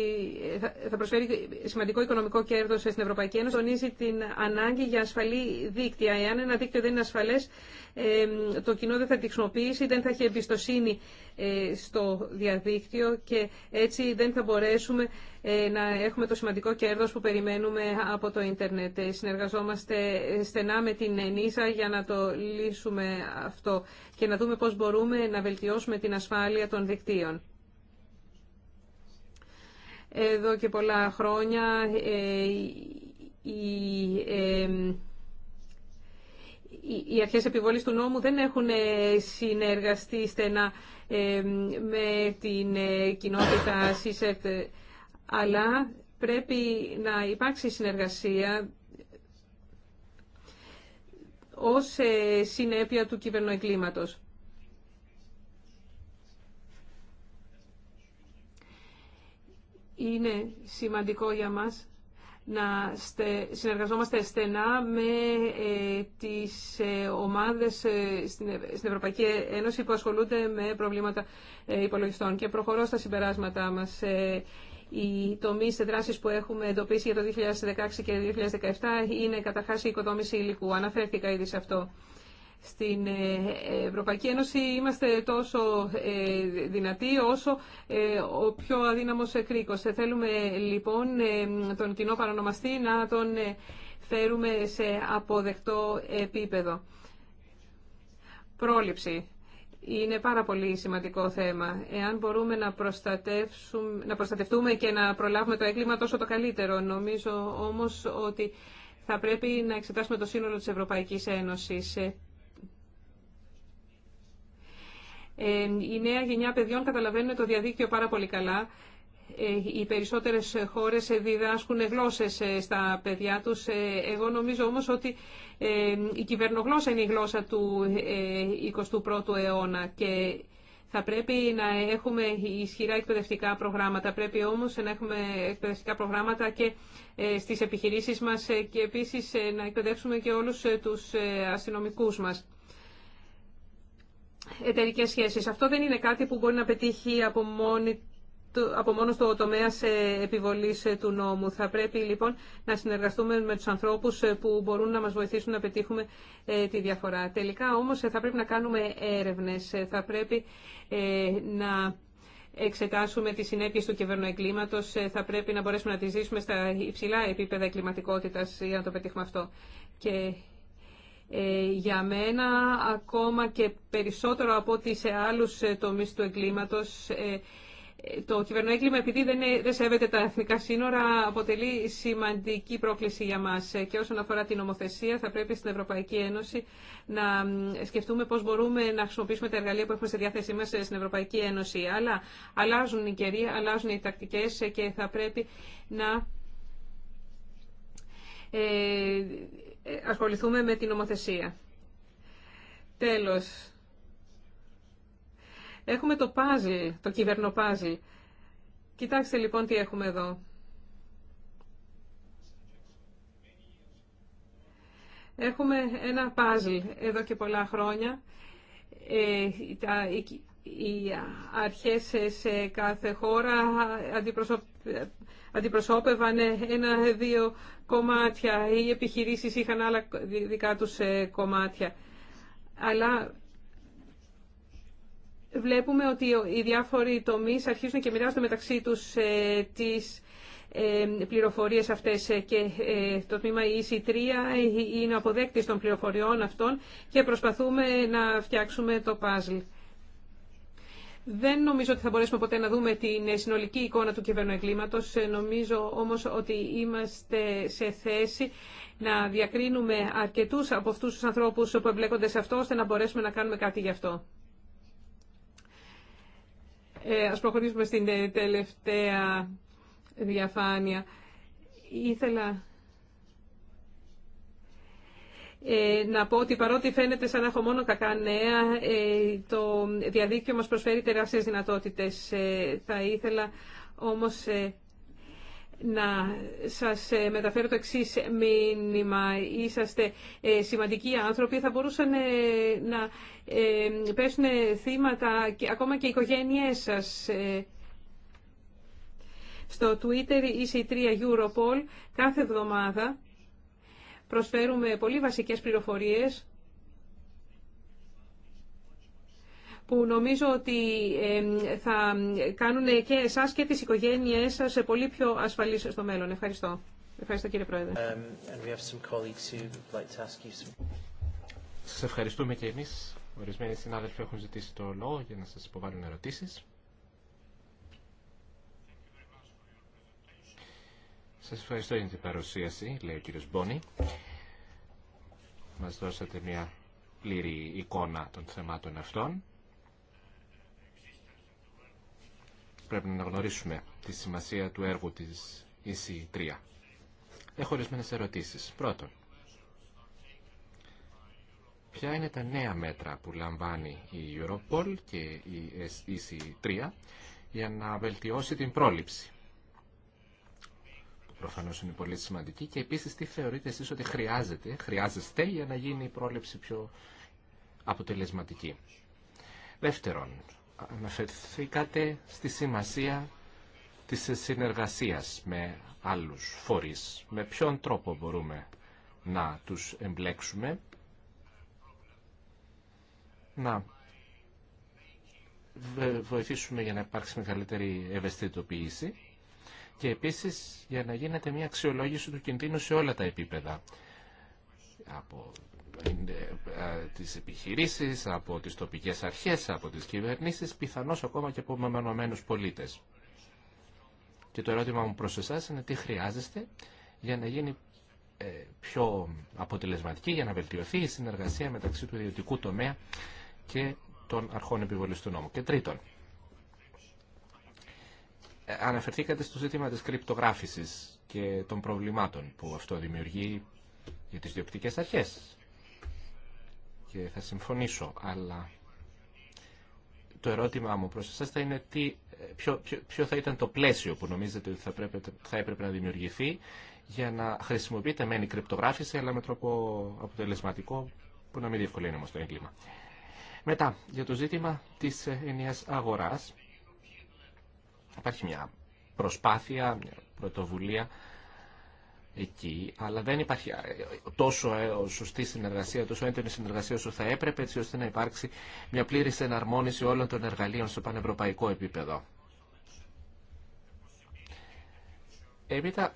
θα προσφέρει σημαντικό οικονομικό κέρδο στην Ευρωπαϊκή Ένωση. Τονίζει την ανάγκη για ασφαλή δίκτυα. Εάν ένα δίκτυο δεν είναι ασφαλέ, το κοινό δεν θα τη χρησιμοποιήσει, δεν θα έχει εμπιστοσύνη ε, στο διαδίκτυο και έτσι δεν θα μπορέσουμε ε, να έχουμε το σημαντικό κέρδος που περιμένουμε από το ίντερνετ. Ε, συνεργαζόμαστε στενά με την Ενίζα για να το λύσουμε αυτό και να δούμε πώς μπορούμε να βελτιώσουμε την ασφάλεια των δικτύων εδώ και πολλά χρόνια ε, ε, οι οι αρχές επιβολής του νόμου δεν έχουν ε, συνεργαστεί στενά με την κοινότητα ΣΥΣΕΤ, e αλλά πρέπει να υπάρξει συνεργασία ως συνέπεια του κυβερνοεγκλήματος. Είναι σημαντικό για μας να συνεργαζόμαστε στενά με ε, τις ε, ομάδες ε, στην Ευρωπαϊκή Ένωση που ασχολούνται με προβλήματα υπολογιστών. Και προχωρώ στα συμπεράσματά μας. Οι τομεί σε δράσεις που έχουμε εντοπίσει για το 2016 και 2017 είναι καταρχά η οικοδόμηση υλικού. Αναφέρθηκα ήδη σε αυτό. Στην ε, Ευρωπαϊκή Ένωση είμαστε τόσο ε, δυνατοί όσο ε, ο πιο αδύναμος κρίκος. Θέλουμε λοιπόν τον κοινό παρονομαστή να τον φέρουμε σε αποδεκτό επίπεδο. Πρόληψη. Είναι πάρα πολύ σημαντικό θέμα. Εάν μπορούμε να, προστατεύσουμε, να προστατευτούμε και να προλάβουμε το έγκλημα, τόσο το καλύτερο. Νομίζω όμως ότι θα πρέπει να εξετάσουμε το σύνολο της Ευρωπαϊκής Ένωσης η νέα γενιά παιδιών καταλαβαίνουν το διαδίκτυο πάρα πολύ καλά. Ε, οι περισσότερες χώρες ε, διδάσκουν γλώσσες ε, στα παιδιά τους. Εγώ νομίζω όμως ότι η κυβερνογλώσσα είναι η γλώσσα του 21ου αιώνα και θα πρέπει να έχουμε ισχυρά εκπαιδευτικά προγράμματα. Πρέπει όμως να έχουμε εκπαιδευτικά προγράμματα και στις επιχειρήσεις μας και επίσης να εκπαιδεύσουμε και όλους τους αστυνομικούς μας εταιρικές σχέσεις. Αυτό δεν είναι κάτι που μπορεί να πετύχει από, μόνη, από μόνος το τομέα σε επιβολής ε, του νόμου. Θα πρέπει λοιπόν να συνεργαστούμε με τους ανθρώπους ε, που μπορούν να μας βοηθήσουν να πετύχουμε ε, τη διαφορά. Τελικά όμως θα πρέπει να κάνουμε έρευνες, θα πρέπει να εξετάσουμε τις συνέπειες του κυβερνοεγκλήματος, θα πρέπει να μπορέσουμε να τη ζήσουμε στα υψηλά επίπεδα εγκληματικότητας για να το πετύχουμε αυτό. Και ε, για μένα ακόμα και περισσότερο από ό,τι σε άλλους ε, τομείς του εγκλήματος ε, το κυβερνοέγκλημα επειδή δεν, δεν σέβεται τα εθνικά σύνορα αποτελεί σημαντική πρόκληση για μας και όσον αφορά την ομοθέσια, θα πρέπει στην Ευρωπαϊκή Ένωση να σκεφτούμε πώς μπορούμε να χρησιμοποιήσουμε τα εργαλεία που έχουμε στη διάθεσή μας στην Ευρωπαϊκή Ένωση αλλά αλλάζουν οι καιροί, αλλάζουν οι τακτικές και θα πρέπει να ε, ασχοληθούμε με την νομοθεσία. Τέλος, έχουμε το πάζλ, το κυβερνοπάζλ. Κοιτάξτε λοιπόν τι έχουμε εδώ. Έχουμε ένα πάζλ εδώ και πολλά χρόνια. Ε, οι, αρχές σε κάθε χώρα αντιπροσωπεύουν αντιπροσώπευαν ένα-δύο κομμάτια. Οι επιχειρήσεις είχαν άλλα δικά τους ε, κομμάτια. Αλλά βλέπουμε ότι οι διάφοροι τομείς αρχίζουν και μοιράζονται μεταξύ τους ε, τις ε, πληροφορίες αυτές και το τμήμα EC3 είναι αποδέκτης των πληροφοριών αυτών και προσπαθούμε να φτιάξουμε το puzzle. Δεν νομίζω ότι θα μπορέσουμε ποτέ να δούμε την συνολική εικόνα του κυβερνοεγκλήματος. Ε, νομίζω όμως ότι είμαστε σε θέση να διακρίνουμε αρκετούς από αυτούς τους ανθρώπους που εμπλέκονται σε αυτό, ώστε να μπορέσουμε να κάνουμε κάτι γι' αυτό. Ε, ας προχωρήσουμε στην ε, τελευταία διαφάνεια. Ήθελα ε, να πω ότι παρότι φαίνεται σαν να έχω μόνο κακά νέα, ε, το διαδίκτυο μας προσφέρει τεράστιες δυνατότητες. Ε, θα ήθελα όμως να σας μεταφέρω το εξής μήνυμα. Είσαστε σημαντικοί άνθρωποι, θα μπορούσαν να πέσουν θύματα και ακόμα και οι οικογένειές σας. Στο Twitter είσαι η 3 Europol κάθε εβδομάδα προσφέρουμε πολύ βασικές πληροφορίες που νομίζω ότι θα κάνουν και εσάς και τις οικογένειές σας πολύ πιο ασφαλείς στο μέλλον. Ευχαριστώ. Ευχαριστώ κύριε Πρόεδρε. Σας ευχαριστούμε και εμείς. Ορισμένοι συνάδελφοι έχουν ζητήσει το λόγο για να σας υποβάλουν ερωτήσεις. Σας ευχαριστώ για την παρουσίαση, λέει ο κύριος Μπόνι μας δώσατε μια πλήρη εικόνα των θεμάτων αυτών. Πρέπει να γνωρίσουμε τη σημασία του έργου της EC3. Έχω ορισμένε ερωτήσεις. Πρώτον, ποια είναι τα νέα μέτρα που λαμβάνει η Europol και η EC3 για να βελτιώσει την πρόληψη προφανώς είναι πολύ σημαντική και επίσης τι θεωρείτε εσείς ότι χρειάζεται, χρειάζεστε για να γίνει η πρόληψη πιο αποτελεσματική. Δεύτερον, αναφερθήκατε στη σημασία της συνεργασίας με άλλους φορείς. Με ποιον τρόπο μπορούμε να τους εμπλέξουμε, να βοηθήσουμε για να υπάρξει μεγαλύτερη ευαισθητοποίηση και επίσης για να γίνεται μια αξιολόγηση του κινδύνου σε όλα τα επίπεδα. Από ε, τις επιχειρήσεις, από τις τοπικές αρχές, από τις κυβερνήσεις, πιθανώς ακόμα και από μεμονωμένους πολίτες. Και το ερώτημα μου προς εσάς είναι τι χρειάζεστε για να γίνει ε, πιο αποτελεσματική, για να βελτιωθεί η συνεργασία μεταξύ του ιδιωτικού τομέα και των αρχών επιβολής του νόμου. Και τρίτον, αναφερθήκατε στο ζήτημα της κρυπτογράφησης και των προβλημάτων που αυτό δημιουργεί για τις διοπτικές αρχές. Και θα συμφωνήσω, αλλά το ερώτημά μου προς εσάς θα είναι τι, ποιο, ποιο, θα ήταν το πλαίσιο που νομίζετε ότι θα, πρέπει, θα έπρεπε να δημιουργηθεί για να χρησιμοποιείται μεν η κρυπτογράφηση, αλλά με τρόπο αποτελεσματικό που να μην διευκολύνει όμως το έγκλημα. Μετά, για το ζήτημα της ε, ενιαίας αγοράς, Υπάρχει μια προσπάθεια, μια πρωτοβουλία εκεί, αλλά δεν υπάρχει ε, τόσο ε, σωστή συνεργασία, τόσο έντονη συνεργασία όσο θα έπρεπε, έτσι ώστε να υπάρξει μια πλήρης εναρμόνιση όλων των εργαλείων στο πανευρωπαϊκό επίπεδο. Έπειτα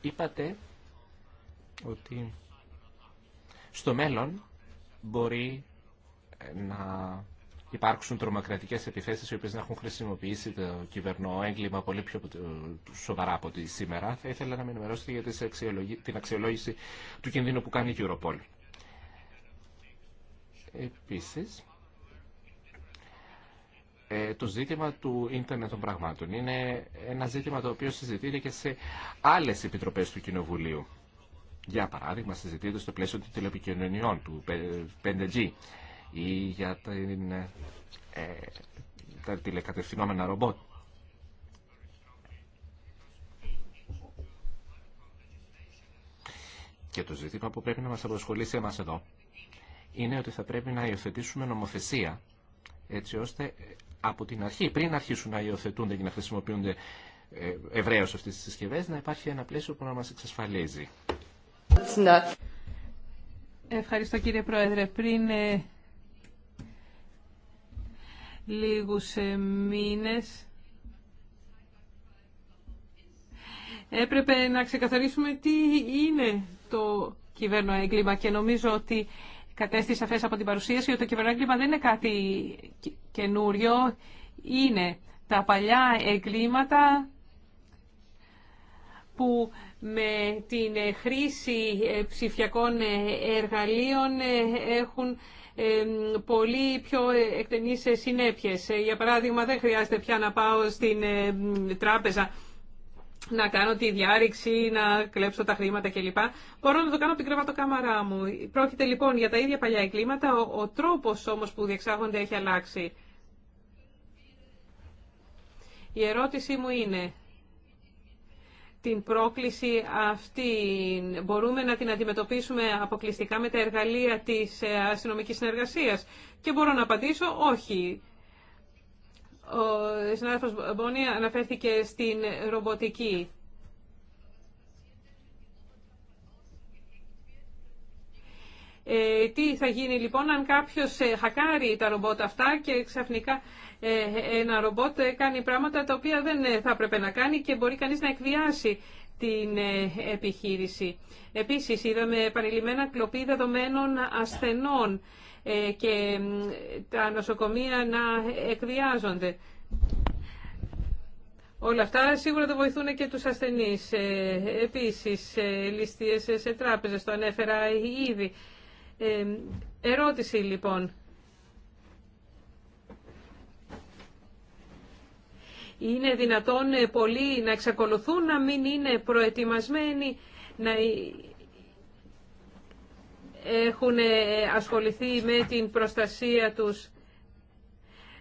είπατε ότι στο μέλλον μπορεί να υπάρξουν τρομοκρατικές επιθέσει οι οποίες να έχουν χρησιμοποιήσει το κυβερνό έγκλημα πολύ πιο σοβαρά από τη σήμερα. Θα ήθελα να με ενημερώσετε για την αξιολόγηση του κινδύνου που κάνει η Europol. Επίσης, ε, το ζήτημα του ίντερνετ των πραγμάτων. Είναι ένα ζήτημα το οποίο συζητείται και σε άλλες επιτροπές του Κοινοβουλίου. Για παράδειγμα, συζητείται στο πλαίσιο των τηλεπικοινωνιών, του 5G ή για την, ε, τα τηλεκατευθυνόμενα ρομπότ. Και το ζήτημα που πρέπει να μας αποσχολήσει εμάς εδώ είναι ότι θα πρέπει να υιοθετήσουμε νομοθεσία έτσι ώστε ε, από την αρχή, πριν αρχίσουν να υιοθετούνται και να χρησιμοποιούνται ε, ευρέως αυτές τις συσκευές, να υπάρχει ένα πλαίσιο που να μας εξασφαλίζει. Ναι. Ευχαριστώ κύριε Πρόεδρε. Πριν ε, λίγους ε, μήνες έπρεπε να ξεκαθαρίσουμε τι είναι το κυβέρνο έγκλημα και νομίζω ότι κατέστησα σαφές από την παρουσίαση ότι το κυβέρνο έγκλημα δεν είναι κάτι καινούριο, είναι τα παλιά εγκλήματα που με την χρήση ε, ψηφιακών ε, εργαλείων έχουν πολύ πιο ε, εκτενείς ε, συνέπειες. Ε, για παράδειγμα, δεν χρειάζεται πια να πάω στην τράπεζα να κάνω τη διάρρηξη, να κλέψω τα χρήματα κλπ. Μπορώ να το κάνω από την κρεβατοκάμαρά μου. Πρόκειται λοιπόν για τα ίδια παλιά εγκλήματα, ο, ο τρόπος όμως που διεξάγονται έχει αλλάξει. Η ερώτησή μου είναι, την πρόκληση αυτή μπορούμε να την αντιμετωπίσουμε αποκλειστικά με τα εργαλεία της ε, αστυνομικής συνεργασίας. Και μπορώ να απαντήσω όχι. Ο συνάδελφος Μπόνι αναφέρθηκε στην ρομποτική. Ε, τι θα γίνει λοιπόν αν κάποιος ε, χακάρει τα ρομπότ αυτά και ξαφνικά ε, ένα ρομπότ κάνει πράγματα τα οποία δεν θα έπρεπε να κάνει και μπορεί κανείς να εκβιάσει την επιχείρηση. Επίσης είδαμε παρελειμμένα κλοπή δεδομένων ασθενών και τα νοσοκομεία να εκβιάζονται. Όλα αυτά σίγουρα το βοηθούν και τους ασθενείς. Επίσης, ληστείες σε τράπεζες, το ανέφερα ήδη ερώτηση λοιπόν. Είναι δυνατόν ε, πολλοί να εξακολουθούν να μην είναι προετοιμασμένοι να έχουν ε, ασχοληθεί με την προστασία τους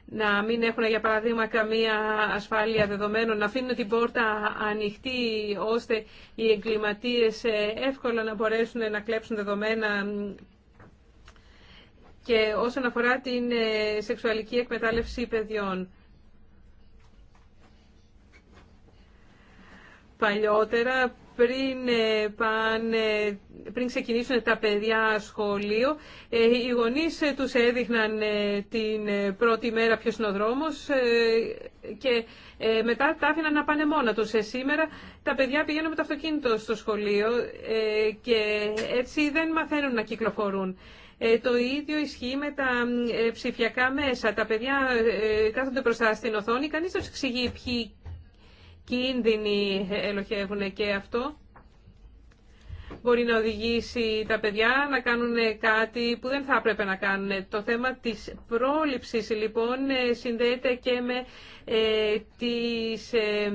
να μην έχουν για παράδειγμα καμία ασφάλεια δεδομένων, να αφήνουν την πόρτα ανοιχτή ώστε οι εγκληματίες ε, εύκολα να μπορέσουν να κλέψουν δεδομένα και όσον αφορά την ε, σεξουαλική εκμετάλλευση παιδιών. Παλιότερα, πριν, ε, πάνε, πριν ξεκινήσουν τα παιδιά σχολείο, ε, οι γονείς τους έδειχναν την πρώτη μέρα ποιος είναι ο δρόμος και μετά τα άφηναν να πάνε μόνα τους. Σήμερα τα παιδιά πηγαίνουν με το αυτοκίνητο στο σχολείο και έτσι δεν μαθαίνουν να κυκλοφορούν. Ε, το ίδιο ισχύει με τα ε, ψηφιακά μέσα. Τα παιδιά ε, κάθονται μπροστά στην οθόνη, κανείς δεν τους εξηγεί ποιοι κίνδυνοι ελοχεύουν και αυτό μπορεί να οδηγήσει τα παιδιά να κάνουν κάτι που δεν θα έπρεπε να κάνουν. Το θέμα της πρόληψης λοιπόν ε, συνδέεται και με ε, τις ε,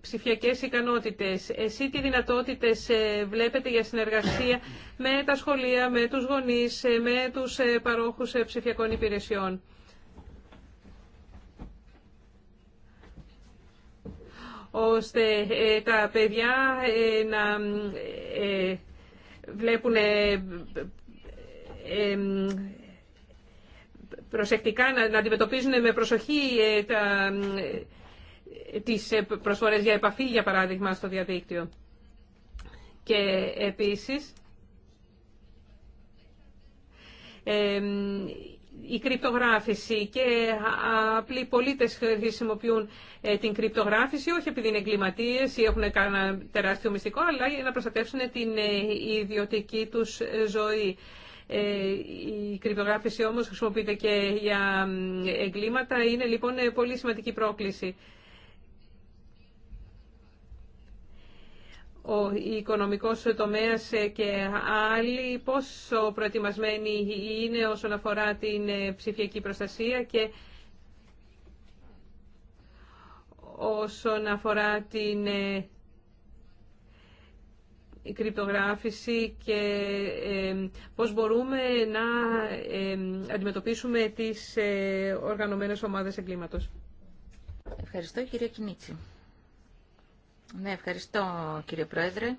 ψηφιακές ικανότητες. Εσύ τι δυνατότητες ε, βλέπετε για συνεργασία με τα σχολεία, με τους γονείς, ε, με τους παρόχους ψηφιακών υπηρεσιών. ώστε ε, τα παιδιά ε, να ε, βλέπουν προσεκτικά, να αντιμετωπίζουν με προσοχή τα, τις προσφορές για επαφή, για παράδειγμα, στο διαδίκτυο. Και επίσης, η κρυπτογράφηση και απλοί πολίτες χρησιμοποιούν ε, την κρυπτογράφηση όχι επειδή είναι εγκληματίες ή έχουν κανένα τεράστιο μυστικό αλλά για να προστατεύσουν την ε, ιδιωτική τους ε, ζωή. Η κρυπτογράφηση όμως χρησιμοποιείται και για εγκλήματα. Είναι λοιπόν πολύ σημαντική πρόκληση. ο οικονομικός τομέας και άλλοι πόσο προετοιμασμένοι είναι όσον αφορά την ψηφιακή προστασία και όσον αφορά την ε, κρυπτογράφηση και ε, πώς μπορούμε να ε, αντιμετωπίσουμε τις οργανωμένες ομάδες εγκλήματος. Ευχαριστώ κυρία Κινίτση. Ναι, ευχαριστώ κύριε Πρόεδρε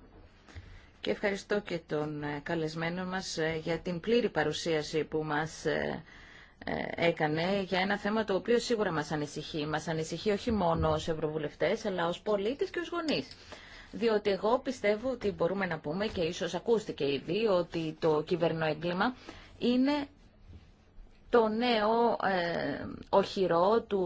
και ευχαριστώ και τον ε, καλεσμένο μας ε, για την πλήρη παρουσίαση που μας ε, έκανε για ένα θέμα το οποίο σίγουρα μας ανησυχεί. Μας ανησυχεί όχι μόνο ως Ευρωβουλευτές αλλά ως πολίτες και ως γονείς. Διότι εγώ πιστεύω ότι μπορούμε να πούμε και ίσως ακούστηκε ήδη ότι το έγκλημα είναι το νέο ε, οχυρό του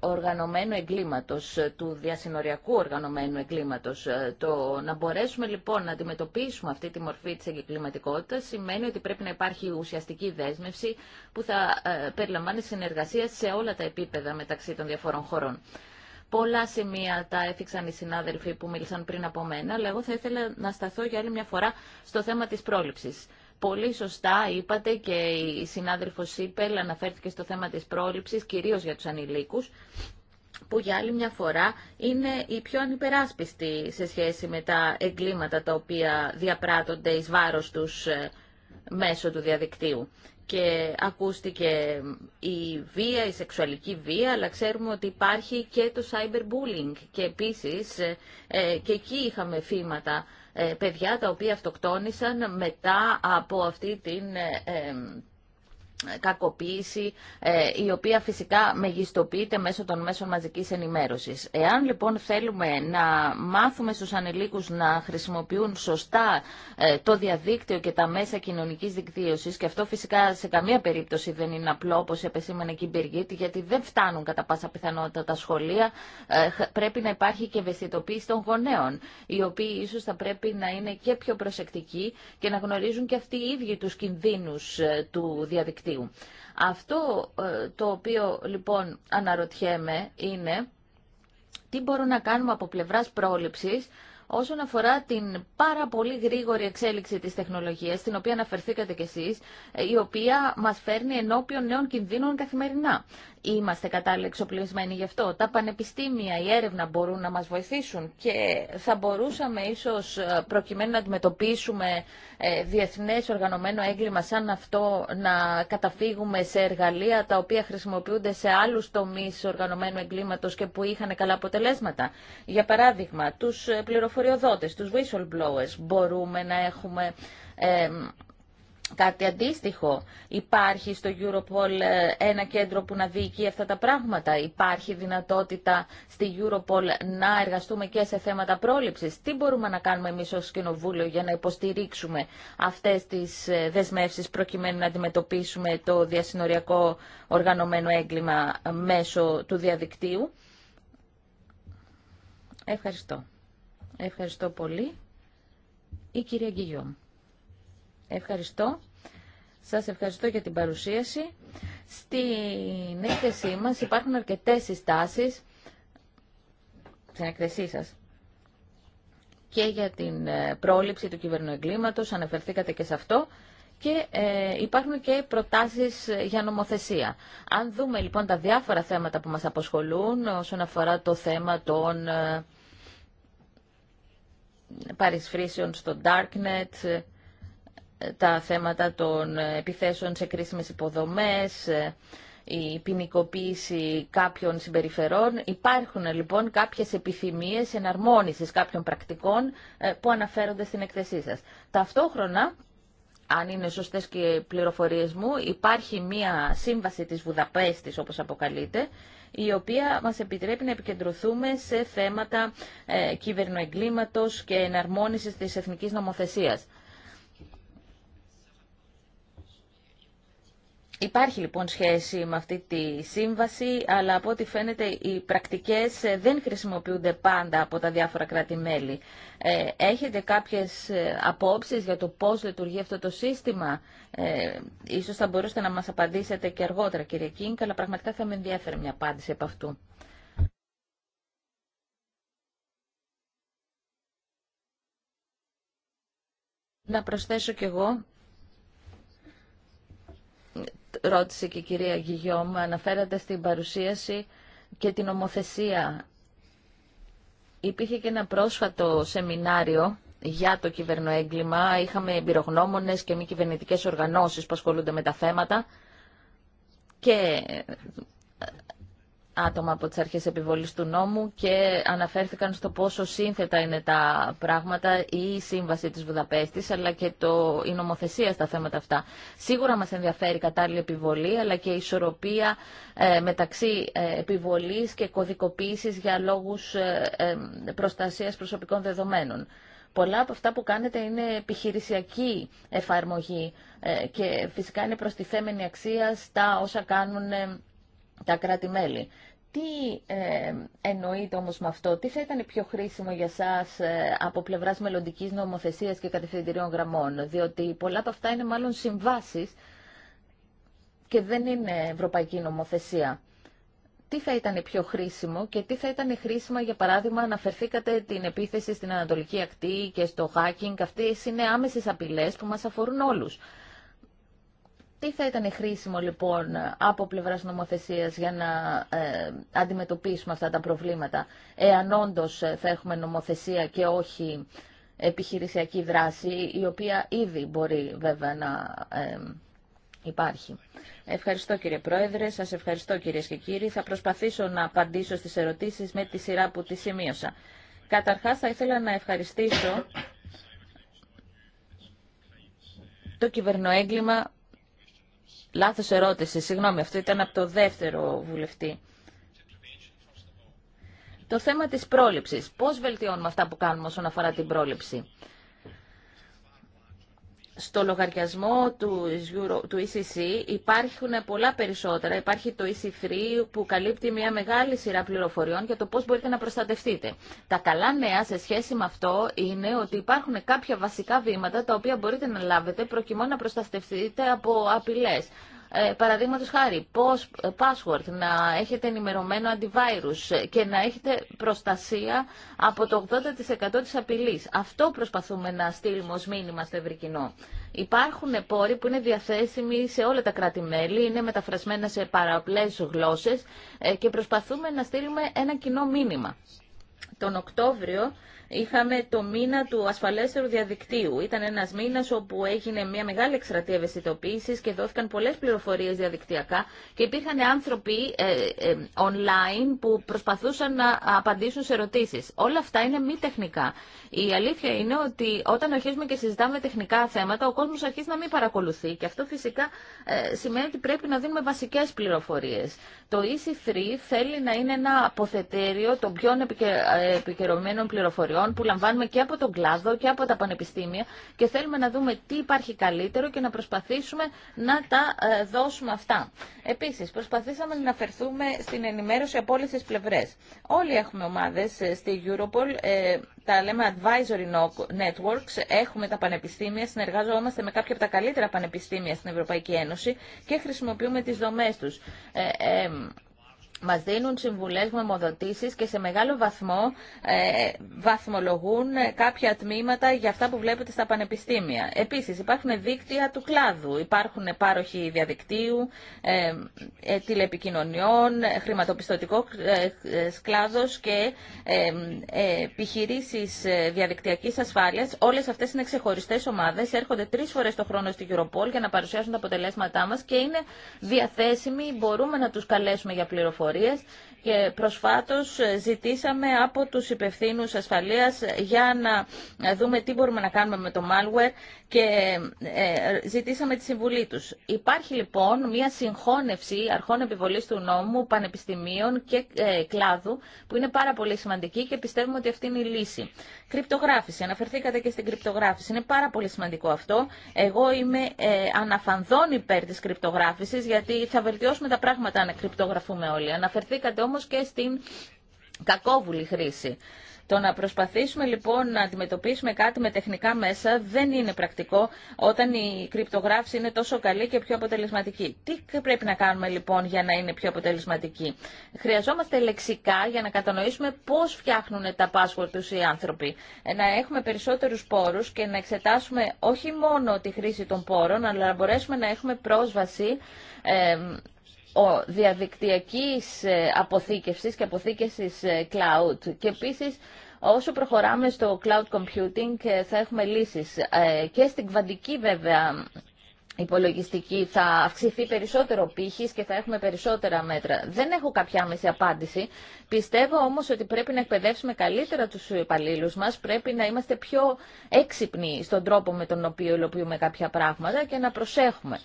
οργανωμένου εγκλήματος, του διασυνοριακού οργανωμένου εγκλήματος. Ε, το να μπορέσουμε λοιπόν να αντιμετωπίσουμε αυτή τη μορφή της εγκληματικότητας σημαίνει ότι πρέπει να υπάρχει ουσιαστική δέσμευση που θα ε, περιλαμβάνει συνεργασία σε όλα τα επίπεδα μεταξύ των διαφορών χωρών. Πολλά σημεία τα έφυξαν οι συνάδελφοι που μίλησαν πριν από μένα, αλλά εγώ θα ήθελα να σταθώ για άλλη μια φορά στο θέμα της πρόληψης. Πολύ σωστά είπατε και η συνάδελφος Σίπελ αναφέρθηκε στο θέμα της πρόληψης, κυρίως για τους ανηλίκους που για άλλη μια φορά είναι η πιο ανυπεράσπιστη σε σχέση με τα εγκλήματα τα οποία διαπράττονται εις βάρος τους ε, μέσω του διαδικτύου. Και ακούστηκε η βία, η σεξουαλική βία, αλλά ξέρουμε ότι υπάρχει και το cyberbullying. Και επίσης ε, ε, και εκεί είχαμε φήματα ε, παιδιά τα οποία αυτοκτόνησαν μετά από αυτή την ε, ε, κακοποίηση, ε, η οποία φυσικά μεγιστοποιείται μέσω των μέσων μαζικής ενημέρωσης. Εάν λοιπόν θέλουμε να μάθουμε στους ανηλίκους να χρησιμοποιούν σωστά ε, το διαδίκτυο και τα μέσα κοινωνικής δικτύωσης, και αυτό φυσικά σε καμία περίπτωση δεν είναι απλό, όπως επεσήμανε και η Μπεργίτη γιατί δεν φτάνουν κατά πάσα πιθανότητα τα σχολεία, ε, πρέπει να υπάρχει και ευαισθητοποίηση των γονέων, οι οποίοι ίσως θα πρέπει να είναι και πιο προσεκτικοί και να γνωρίζουν και αυτοί οι ίδιοι τους κινδύνους του διαδικτύου αυτό ε, το οποίο λοιπόν αναρωτιέμαι είναι τι μπορούμε να κάνουμε από πλευράς πρόληψης όσον αφορά την πάρα πολύ γρήγορη εξέλιξη της τεχνολογίας, την οποία αναφερθήκατε κι εσείς, ε, η οποία μας φέρνει ενώπιον νέων κινδύνων καθημερινά. Είμαστε κατάλληλα εξοπλισμένοι γι' αυτό. Τα πανεπιστήμια, η έρευνα μπορούν να μας βοηθήσουν και θα μπορούσαμε ίσως ε, προκειμένου να αντιμετωπίσουμε ε, διεθνές οργανωμένο έγκλημα σαν αυτό να καταφύγουμε σε εργαλεία τα οποία χρησιμοποιούνται σε άλλους τομείς οργανωμένου εγκλήματος και που είχαν καλά αποτελέσματα. Για παράδειγμα, τους πληροφορίες πληροφοριοδότες, τους whistleblowers. Μπορούμε να έχουμε κάτι αντίστοιχο. Υπάρχει στο Europol ε, ένα κέντρο που να διοικεί αυτά τα πράγματα. Υπάρχει δυνατότητα στη Europol να εργαστούμε και σε θέματα πρόληψης. Τι μπορούμε να κάνουμε εμείς ως Κοινοβούλιο για να υποστηρίξουμε αυτές τις ε, δεσμεύσεις προκειμένου να αντιμετωπίσουμε το διασυνοριακό οργανωμένο έγκλημα μέσω του διαδικτύου. Ευχαριστώ. Ευχαριστώ πολύ. Η κυρία Γκυγιόμ. Ευχαριστώ. Σας ευχαριστώ για την παρουσίαση. Στην έκθεσή μας υπάρχουν αρκετές συστάσεις, στην έκθεσή σας, και για την ε, πρόληψη του κυβερνοεγκλήματος, αναφερθήκατε και σε αυτό, και ε, υπάρχουν και προτάσεις για νομοθεσία. Αν δούμε λοιπόν τα διάφορα θέματα που μας απασχολούν όσον αφορά το θέμα των ε, παρισφρήσεων στο Darknet, τα θέματα των επιθέσεων σε κρίσιμες υποδομές, η ποινικοποίηση κάποιων συμπεριφερών. Υπάρχουν λοιπόν κάποιες επιθυμίες εναρμόνισης κάποιων πρακτικών ε, που αναφέρονται στην εκθεσή σας. Ταυτόχρονα αν είναι σωστές και οι πληροφορίες μου, υπάρχει μία σύμβαση της Βουδαπέστης, όπως αποκαλείται, η οποία μας επιτρέπει να επικεντρωθούμε σε θέματα ε, κυβερνοεγκλήματος και εναρμόνισης της εθνικής νομοθεσίας. Υπάρχει λοιπόν σχέση με αυτή τη σύμβαση, αλλά από ό,τι φαίνεται οι πρακτικές ε, δεν χρησιμοποιούνται πάντα από τα διάφορα κράτη-μέλη. Ε, έχετε κάποιες ε, απόψεις για το πώς λειτουργεί αυτό το σύστημα. Ε, ίσως θα μπορούσατε να μας απαντήσετε και αργότερα κύριε Κίνκ, αλλά πραγματικά θα με ενδιαφέρει μια απάντηση από αυτού. Να προσθέσω κι εγώ ρώτησε και η κυρία να αναφέρατε στην παρουσίαση και την ομοθεσία. Υπήρχε και ένα πρόσφατο σεμινάριο για το κυβερνοέγκλημα. Είχαμε εμπειρογνώμονε και μη κυβερνητικέ οργανώσεις που ασχολούνται με τα θέματα. Και άτομα από τι αρχέ επιβολή του νόμου και αναφέρθηκαν στο πόσο σύνθετα είναι τα πράγματα ή η σύμβαση της Βουδαπέστης αλλά και το, η νομοθεσία στα θέματα αυτά. Σίγουρα μα ενδιαφέρει η κατάλληλη επιβολή αλλά και η ισορροπία ε, μεταξύ ε, επιβολής και κωδικοποίηση για λόγου ε, ε, προστασίας προσωπικών δεδομένων. Πολλά από αυτά που κάνετε είναι επιχειρησιακή εφαρμογή ε, και φυσικά είναι προστιθέμενη αξία στα όσα κάνουν τα κράτη-μέλη. Τι ε, εννοείται όμως με αυτό, τι θα ήταν πιο χρήσιμο για σας ε, από πλευράς μελλοντική νομοθεσίας και κατευθυντηρίων γραμμών, διότι πολλά από αυτά είναι μάλλον συμβάσεις και δεν είναι ευρωπαϊκή νομοθεσία. Τι θα ήταν πιο χρήσιμο και τι θα ήταν χρήσιμο, για παράδειγμα, αναφερθήκατε την επίθεση στην Ανατολική Ακτή και στο hacking. Αυτές είναι άμεσες απειλές που μας αφορούν όλους. Τι θα ήταν χρήσιμο λοιπόν από πλευρά νομοθεσίας για να ε, αντιμετωπίσουμε αυτά τα προβλήματα, εάν όντω ε, θα έχουμε νομοθεσία και όχι επιχειρησιακή δράση, η οποία ήδη μπορεί βέβαια να ε, υπάρχει. Ευχαριστώ κύριε Πρόεδρε, σα ευχαριστώ κύριε και κύριοι. Θα προσπαθήσω να απαντήσω στις ερωτήσεις με τη σειρά που τη σημείωσα. Καταρχά θα ήθελα να ευχαριστήσω το κυβερνοέγκλημα Λάθος ερώτηση, συγγνώμη, αυτό ήταν από το δεύτερο βουλευτή. Το θέμα της πρόληψης. Πώς βελτιώνουμε αυτά που κάνουμε όσον αφορά την πρόληψη στο λογαριασμό του, του ECC υπάρχουν πολλά περισσότερα. Υπάρχει το EC3 που καλύπτει μια μεγάλη σειρά πληροφοριών για το πώς μπορείτε να προστατευτείτε. Τα καλά νέα σε σχέση με αυτό είναι ότι υπάρχουν κάποια βασικά βήματα τα οποία μπορείτε να λάβετε προκειμένου να προστατευτείτε από απειλές ε, παραδείγματο χάρη, ε, password, να έχετε ενημερωμένο antivirus και να έχετε προστασία από το 80% της απειλής. Αυτό προσπαθούμε να στείλουμε ως μήνυμα στο ευρύ Υπάρχουν πόροι που είναι διαθέσιμοι σε όλα τα κράτη-μέλη, είναι μεταφρασμένα σε παραπλές γλώσσες ε, και προσπαθούμε να στείλουμε ένα κοινό μήνυμα. Τον Οκτώβριο είχαμε το μήνα του ασφαλέστερου διαδικτύου. Ήταν ένας μήνας όπου έγινε μια μεγάλη εκστρατεία ευαισθητοποίηση και δόθηκαν πολλές πληροφορίες διαδικτυακά και υπήρχαν άνθρωποι ε, ε, online που προσπαθούσαν να απαντήσουν σε ερωτήσεις. Όλα αυτά είναι μη τεχνικά. Η αλήθεια είναι ότι όταν αρχίζουμε και συζητάμε τεχνικά θέματα, ο κόσμο αρχίζει να μην παρακολουθεί. Και αυτό φυσικά ε, σημαίνει ότι πρέπει να δίνουμε βασικέ πληροφορίε. Το EC3 θέλει να είναι ένα αποθετήριο των πιο ε, επικαιρωμένων πληροφοριών που λαμβάνουμε και από τον κλάδο και από τα πανεπιστήμια και θέλουμε να δούμε τι υπάρχει καλύτερο και να προσπαθήσουμε να τα ε, δώσουμε αυτά. Επίση, προσπαθήσαμε να αναφερθούμε στην ενημέρωση από όλε τι πλευρέ. Όλοι έχουμε ομάδε στη Europol, τα λέμε advisory networks, έχουμε τα πανεπιστήμια, συνεργαζόμαστε με κάποια από τα καλύτερα πανεπιστήμια στην Ευρωπαϊκή Ένωση και χρησιμοποιούμε τις δομές τους. Ε, ε, μας δίνουν συμβουλές μομοδοτήσεις και σε μεγάλο βαθμό ε, βαθμολογούν κάποια τμήματα για αυτά που βλέπετε στα πανεπιστήμια. Επίσης υπάρχουν δίκτυα του κλάδου, υπάρχουν πάροχοι διαδικτύου, ε, ε τηλεπικοινωνιών, χρηματοπιστωτικό ε, ε, κλάδο και επιχειρήσει διαδικτυακής ασφάλειας. Όλες αυτές είναι ξεχωριστές ομάδες, έρχονται τρεις φορές το χρόνο στη Europol για να παρουσιάσουν τα αποτελέσματά μας και είναι διαθέσιμοι, μπορούμε να τους καλέσουμε για πληροφορίες πληροφορίες και προσφάτως ε, ζητήσαμε από τους υπευθύνους ασφαλείας για να ε, δούμε τι μπορούμε να κάνουμε με το malware και ε, ζητήσαμε τη συμβουλή τους. Υπάρχει λοιπόν μια συγχώνευση αρχών επιβολής του νόμου, πανεπιστημίων και κλάδου που είναι πάρα πολύ σημαντική και πιστεύουμε ότι αυτή είναι η λύση. Κρυπτογράφηση. Αναφερθήκατε και στην κρυπτογράφηση. Είναι πάρα πολύ σημαντικό αυτό. Εγώ είμαι αναφανδόν υπέρ της κρυπτογράφησης γιατί θα βελτιώσουμε τα πράγματα αν κρυπτογραφούμε όλοι. Αναφερθήκατε όμως και στην κακόβουλη χρήση. Το να προσπαθήσουμε λοιπόν να αντιμετωπίσουμε κάτι με τεχνικά μέσα δεν είναι πρακτικό όταν η κρυπτογράφηση είναι τόσο καλή και πιο αποτελεσματική. Τι πρέπει να κάνουμε λοιπόν για να είναι πιο αποτελεσματική. Χρειαζόμαστε λεξικά για να κατανοήσουμε πώς φτιάχνουν τα password του οι άνθρωποι. Ε, να έχουμε περισσότερους πόρους και να εξετάσουμε όχι μόνο τη χρήση των πόρων, αλλά να μπορέσουμε να έχουμε πρόσβαση ε, ο διαδικτυακής ε, αποθήκευσης και αποθήκευσης ε, cloud. Και επίσης, όσο προχωράμε στο cloud computing, ε, θα έχουμε λύσεις. Και στην κβαντική, βέβαια, υπολογιστική θα αυξηθεί περισσότερο πύχης και θα έχουμε περισσότερα μέτρα. Δεν έχω κάποια άμεση απάντηση. Πιστεύω όμως ότι πρέπει να εκπαιδεύσουμε καλύτερα τους υπαλλήλους μας, πρέπει να είμαστε πιο έξυπνοι στον τρόπο με τον οποίο υλοποιούμε κάποια πράγματα και να προσέχουμε.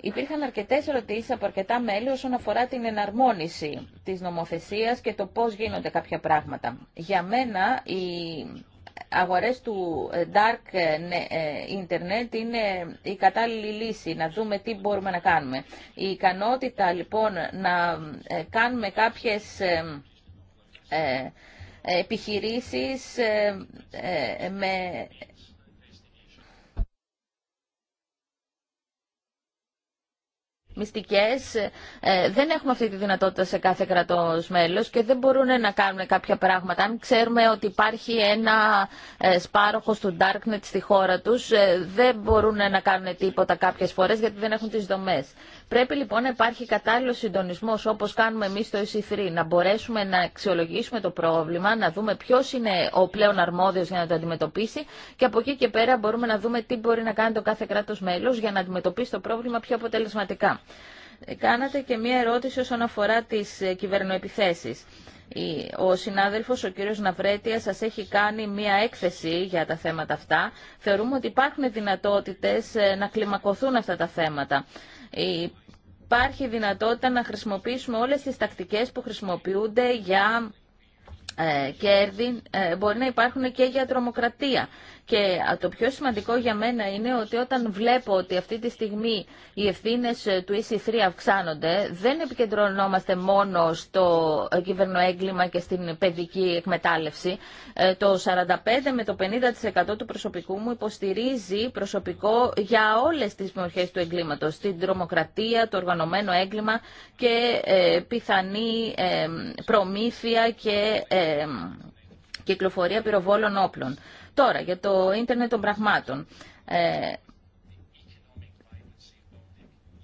Υπήρχαν αρκετές ερωτήσεις από αρκετά μέλη όσον αφορά την εναρμόνιση της νομοθεσίας και το πώς γίνονται κάποια πράγματα. Για μένα οι αγορές του dark ε, internet είναι η κατάλληλη λύση, να δούμε τι μπορούμε να κάνουμε. Η ικανότητα λοιπόν να ε, κάνουμε κάποιες ε, επιχειρήσεις με μυστικές. Ε, δεν έχουμε αυτή τη δυνατότητα σε κάθε κρατός μέλος και δεν μπορούν να κάνουν κάποια πράγματα. Αν ξέρουμε ότι υπάρχει ένα ε, στο του Darknet στη χώρα τους, ε, δεν μπορούν να κάνουν τίποτα κάποιες φορές γιατί δεν έχουν τις δομέ. Πρέπει λοιπόν να υπάρχει κατάλληλο συντονισμό όπω κάνουμε εμεί στο EC3, να μπορέσουμε να αξιολογήσουμε το πρόβλημα, να δούμε ποιο είναι ο πλέον αρμόδιο για να το αντιμετωπίσει και από εκεί και πέρα μπορούμε να δούμε τι μπορεί να κάνει το κάθε κράτο μέλο για να αντιμετωπίσει το πρόβλημα πιο αποτελεσματικά. Ε, κάνατε και μία ερώτηση όσον αφορά τι ε, κυβερνοεπιθέσει. Ο συνάδελφος, ο κύριος Ναυρέτια, σας έχει κάνει μία έκθεση για τα θέματα αυτά. Θεωρούμε ότι υπάρχουν δυνατότητες ε, να κλιμακωθούν αυτά τα θέματα. Υπάρχει δυνατότητα να χρησιμοποιήσουμε όλες τις τακτικές που χρησιμοποιούνται για ε, κέρδη, ε, μπορεί να υπάρχουν και για τρομοκρατία. Και το πιο σημαντικό για μένα είναι ότι όταν βλέπω ότι αυτή τη στιγμή οι ευθύνε ε, του EC3 αυξάνονται, δεν επικεντρωνόμαστε μόνο στο ε, κυβερνοέγκλημα και στην παιδική εκμετάλλευση. Ε, το 45 με το 50% του προσωπικού μου υποστηρίζει προσωπικό για όλες τις μορφές του εγκλήματος, την τρομοκρατία, το οργανωμένο έγκλημα και πιθανή προμήθεια και κυκλοφορία πυροβόλων όπλων. Τώρα, για το ίντερνετ των πραγμάτων. Ε,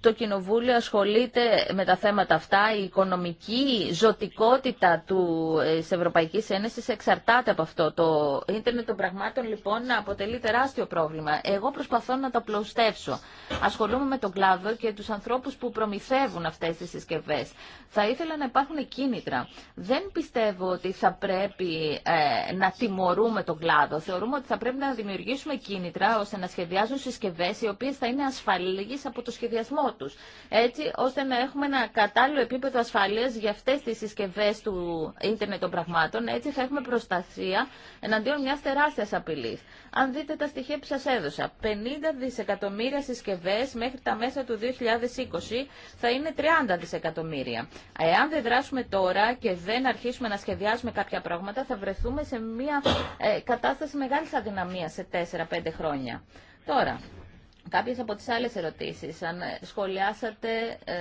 το Κοινοβούλιο ασχολείται με τα θέματα αυτά. Η οικονομική ζωτικότητα του, ε, της Ευρωπαϊκής Ένωσης εξαρτάται από αυτό. Το ίντερνετ των πραγμάτων λοιπόν αποτελεί τεράστιο πρόβλημα. Εγώ προσπαθώ να το πλωστεύσω. Ασχολούμαι με τον κλάδο και τους ανθρώπους που προμηθεύουν αυτές τις συσκευές. Θα ήθελα να υπάρχουν κίνητρα. Δεν πιστεύω ότι θα πρέπει ε, να τιμωρούμε τον κλάδο. Θεωρούμε ότι θα πρέπει να δημιουργήσουμε κίνητρα ώστε να σχεδιάζουν συσκευές οι οποίες θα είναι ασφαλείς από το σχεδιασμό έτσι ώστε να έχουμε ένα κατάλληλο επίπεδο ασφαλείας για αυτέ τι συσκευέ του ίντερνετ των πραγμάτων, έτσι θα έχουμε προστασία εναντίον μια τεράστια απειλή. Αν δείτε τα στοιχεία που σα έδωσα, 50 δισεκατομμύρια συσκευέ μέχρι τα μέσα του 2020 θα είναι 30 δισεκατομμύρια. Εάν δεν δράσουμε τώρα και δεν αρχίσουμε να σχεδιάσουμε κάποια πράγματα, θα βρεθούμε σε μια ε, κατάσταση μεγάλης αδυναμίας σε 4-5 χρόνια. Τώρα, κάποιες από τις άλλες ερωτήσεις. Αν ε, σχολιάσατε ε,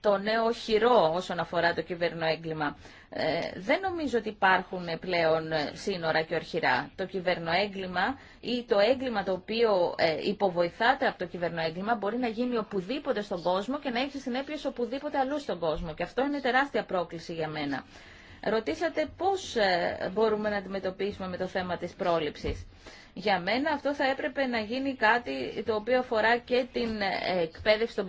το νέο χειρό όσον αφορά το κυβερνοέγκλημα. Ε, δεν νομίζω ότι υπάρχουν πλέον ε, σύνορα και ορχηρά. Το κυβέρνο έγκλημα ή το έγκλημα το οποίο ε, υποβοηθάται από το κυβέρνο έγκλημα μπορεί να γίνει οπουδήποτε στον κόσμο και να έχει συνέπειε οπουδήποτε αλλού στον κόσμο. Και αυτό είναι τεράστια πρόκληση για μένα. Ρωτήσατε πώς μπορούμε να αντιμετωπίσουμε με το θέμα της πρόληψης. Για μένα αυτό θα έπρεπε να γίνει κάτι το οποίο αφορά και την εκπαίδευση των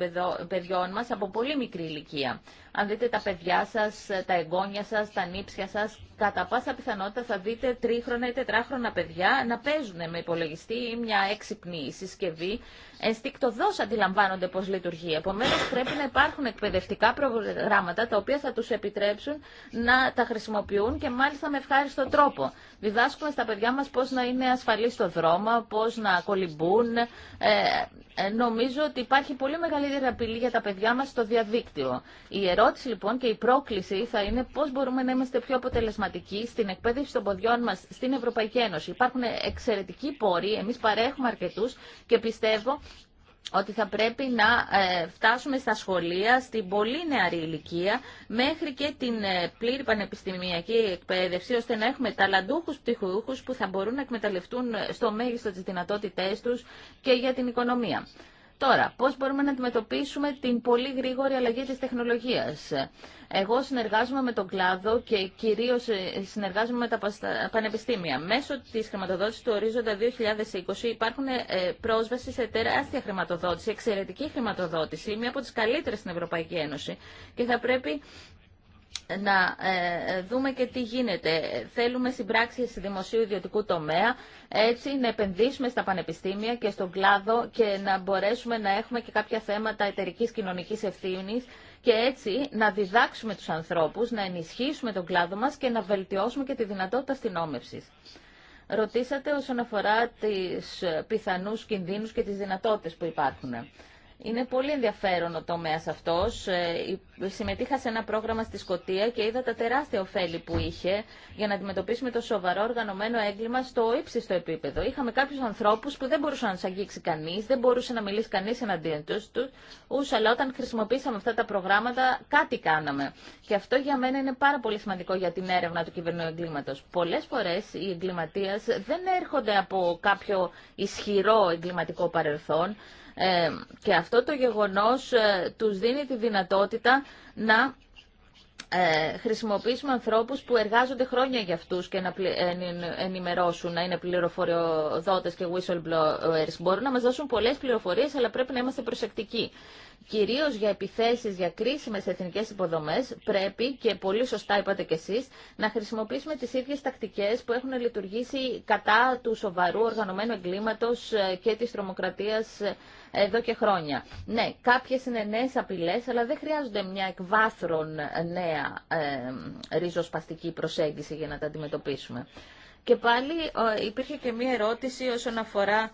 παιδιών μας από πολύ μικρή ηλικία. Αν δείτε τα παιδιά σα, τα εγγόνια σα, τα νύψια σα, κατά πάσα πιθανότητα θα δείτε τρίχρονα ή τετράχρονα παιδιά να παίζουν με υπολογιστή ή μια έξυπνη συσκευή. Ενστικτοδό αντιλαμβάνονται πώ λειτουργεί. Επομένω πρέπει να υπάρχουν εκπαιδευτικά προγράμματα τα οποία θα του επιτρέψουν να τα χρησιμοποιούν και μάλιστα με ευχάριστο τρόπο. Διδάσκουμε στα παιδιά μα πώ να είναι ασφαλείς στο δρόμο, πώ να κολυμπούν. Ε, ε, νομίζω ότι υπάρχει πολύ μεγαλύτερη απειλή για τα παιδιά μα στο διαδίκτυο. Η ερώτηση λοιπόν και η πρόκληση θα είναι πώς μπορούμε να είμαστε πιο αποτελεσματικοί στην εκπαίδευση των ποδιών μας στην Ευρωπαϊκή Ένωση. Υπάρχουν εξαιρετικοί πόροι, εμείς παρέχουμε αρκετούς και πιστεύω ότι θα πρέπει να ε, φτάσουμε στα σχολεία στην πολύ νεαρή ηλικία μέχρι και την ε, πλήρη πανεπιστημιακή εκπαίδευση ώστε να έχουμε ταλαντούχους πτυχούχους που θα μπορούν να εκμεταλλευτούν στο μέγιστο τις δυνατότητές τους και για την οικονομία. Τώρα, πώς μπορούμε να αντιμετωπίσουμε την πολύ γρήγορη αλλαγή τη τεχνολογίας. Εγώ συνεργάζομαι με τον κλάδο και κυρίω ε, συνεργάζομαι με τα πανεπιστήμια. Μέσω της χρηματοδότησης του ορίζοντα 2020 υπάρχουν ε, πρόσβαση σε τεράστια χρηματοδότηση, εξαιρετική χρηματοδότηση, μία από τι καλύτερε στην Ευρωπαϊκή Ένωση και θα πρέπει να ε, ε, δούμε και τι γίνεται. Θέλουμε συμπράξεις δημοσίου ιδιωτικού τομέα, έτσι να επενδύσουμε στα πανεπιστήμια και στον κλάδο και να μπορέσουμε να έχουμε και κάποια θέματα εταιρική κοινωνικής ευθύνης και έτσι να διδάξουμε τους ανθρώπους, να ενισχύσουμε τον κλάδο μας και να βελτιώσουμε και τη δυνατότητα αστυνόμευσης. Ρωτήσατε όσον αφορά τις πιθανούς κινδύνους και τις δυνατότητες που υπάρχουν. Είναι πολύ ενδιαφέρον ο τομέα αυτός. Ε, συμμετείχα σε ένα πρόγραμμα στη Σκωτία και είδα τα τεράστια ωφέλη που είχε για να αντιμετωπίσουμε το σοβαρό οργανωμένο έγκλημα στο ύψιστο επίπεδο. Είχαμε κάποιου ανθρώπου που δεν μπορούσαν να του αγγίξει κανεί, δεν μπορούσε να μιλήσει κανεί εναντίον του, αλλά όταν χρησιμοποίησαμε αυτά τα προγράμματα κάτι κάναμε. Και αυτό για μένα είναι πάρα πολύ σημαντικό για την έρευνα του κυβερνού εγκλήματο. Πολλέ φορέ οι εγκληματίε δεν έρχονται από κάποιο ισχυρό εγκληματικό παρελθόν, ε, και αυτό το γεγονός ε, τους δίνει τη δυνατότητα να ε, χρησιμοποιήσουμε ανθρώπους που εργάζονται χρόνια για αυτούς και να ενημερώσουν, να είναι πληροφοριοδότες και whistleblowers. Μπορούν να μας δώσουν πολλές πληροφορίες, αλλά πρέπει να είμαστε προσεκτικοί. Κυρίως για επιθέσεις, για κρίσιμες εθνικές υποδομές, πρέπει, και πολύ σωστά είπατε κι εσείς, να χρησιμοποιήσουμε τις ίδιες τακτικές που έχουν λειτουργήσει κατά του σοβαρού οργανωμένου εγκλήματος και της τρομοκρατίας εδώ και χρόνια. Ναι, κάποιες είναι νέε απειλέ, αλλά δεν χρειάζονται μια εκβάθρον νέα ε, ριζοσπαστική προσέγγιση για να τα αντιμετωπίσουμε. Και πάλι ε, υπήρχε και μια ερώτηση όσον αφορά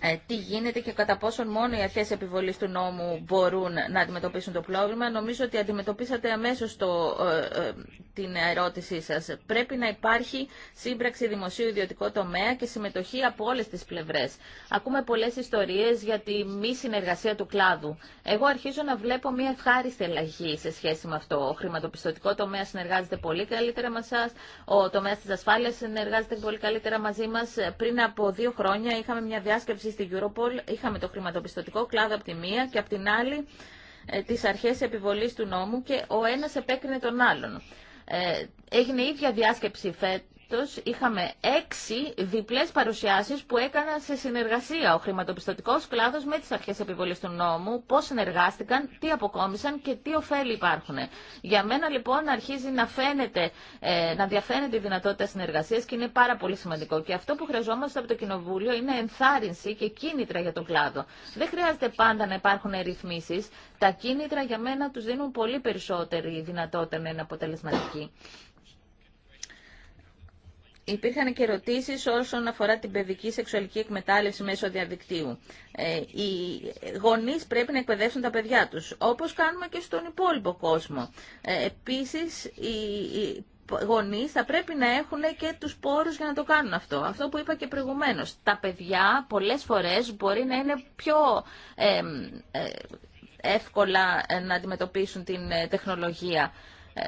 ε, τι γίνεται και κατά πόσον μόνο οι αρχές επιβολής του νόμου μπορούν να αντιμετωπίσουν το πρόβλημα. Νομίζω ότι αντιμετωπίσατε αμέσως το, ε, ε, την ερώτησή σας. Πρέπει να υπάρχει σύμπραξη δημοσίου ιδιωτικό τομέα και συμμετοχή από όλες τις πλευρές. Ακούμε πολλές ιστορίες για τη μη συνεργασία του κλάδου. Εγώ αρχίζω να βλέπω μια ευχάριστη αλλαγή σε σχέση με αυτό. Ο χρηματοπιστωτικό τομέα συνεργάζεται πολύ καλύτερα με εσά. Ο τομέα τη ασφάλεια συνεργάζεται πολύ καλύτερα μαζί μα. Πριν από δύο χρόνια είχαμε μια διάσκεψη στην Europol είχαμε το χρηματοπιστωτικό κλάδο από τη μία και από την άλλη ε, τις αρχές επιβολής του νόμου και ο ένας επέκρινε τον άλλον. Ε, έγινε η ίδια διάσκεψη είχαμε έξι διπλές παρουσιάσεις που έκαναν σε συνεργασία ο χρηματοπιστωτικός κλάδος με τις αρχές επιβολής του νόμου, πώς συνεργάστηκαν, τι αποκόμισαν και τι ωφέλη υπάρχουν. Για μένα λοιπόν αρχίζει να φαίνεται, ε, να διαφαίνεται η δυνατότητα συνεργασίας και είναι πάρα πολύ σημαντικό. Και αυτό που χρειαζόμαστε από το Κοινοβούλιο είναι ενθάρρυνση και κίνητρα για τον κλάδο. Δεν χρειάζεται πάντα να υπάρχουν ρυθμίσεις. Τα κίνητρα για μένα τους δίνουν πολύ περισσότερη δυνατότητα να είναι αποτελεσματικοί. Υπήρχαν και ερωτήσει όσον αφορά την παιδική σεξουαλική εκμετάλλευση μέσω διαδικτύου. Ε, οι γονεί πρέπει να εκπαιδεύσουν τα παιδιά του, όπω κάνουμε και στον υπόλοιπο κόσμο. Ε, Επίση, οι γονεί θα πρέπει να έχουν και του πόρου για να το κάνουν αυτό. Αυτό που είπα και προηγουμένω. Τα παιδιά πολλέ φορέ μπορεί να είναι πιο. Ε, εύκολα να αντιμετωπίσουν την ε, τεχνολογία. Ε,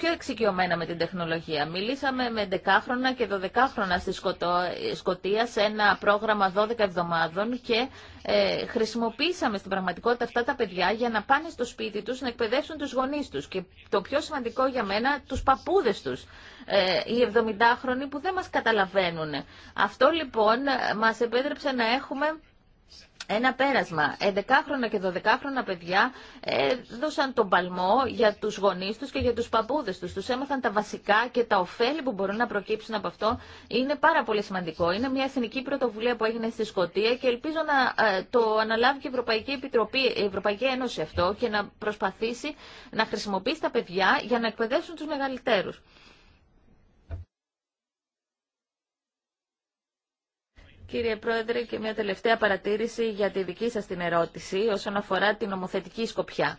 πιο εξοικειωμένα με την τεχνολογία. Μιλήσαμε με 11χρονα και 12χρονα στη Σκοτία ε, σε ένα πρόγραμμα 12 εβδομάδων και ε, χρησιμοποίησαμε στην πραγματικότητα αυτά τα παιδιά για να πάνε στο σπίτι τους να εκπαιδεύσουν τους γονείς τους και το πιο σημαντικό για μένα τους παππούδες τους ε, οι 70χρονοι που δεν μας καταλαβαίνουν. Αυτό λοιπόν ε, μας επέτρεψε να έχουμε ένα πέρασμα. 11χρονα και 12χρονα παιδιά έδωσαν ε, τον παλμό για τους γονείς τους και για τους παππούδες τους. Τους έμαθαν τα βασικά και τα ωφέλη που μπορούν να προκύψουν από αυτό. Είναι πάρα πολύ σημαντικό. Είναι μια εθνική πρωτοβουλία που έγινε στη Σκωτία και ελπίζω να ε, το αναλάβει και η Ευρωπαϊκή, Επιτροπή, η Ευρωπαϊκή Ένωση αυτό και να προσπαθήσει να χρησιμοποιήσει τα παιδιά για να εκπαιδεύσουν τους μεγαλύτερου. Κύριε Πρόεδρε, και μια τελευταία παρατήρηση για τη δική σας την ερώτηση όσον αφορά την νομοθετική σκοπιά.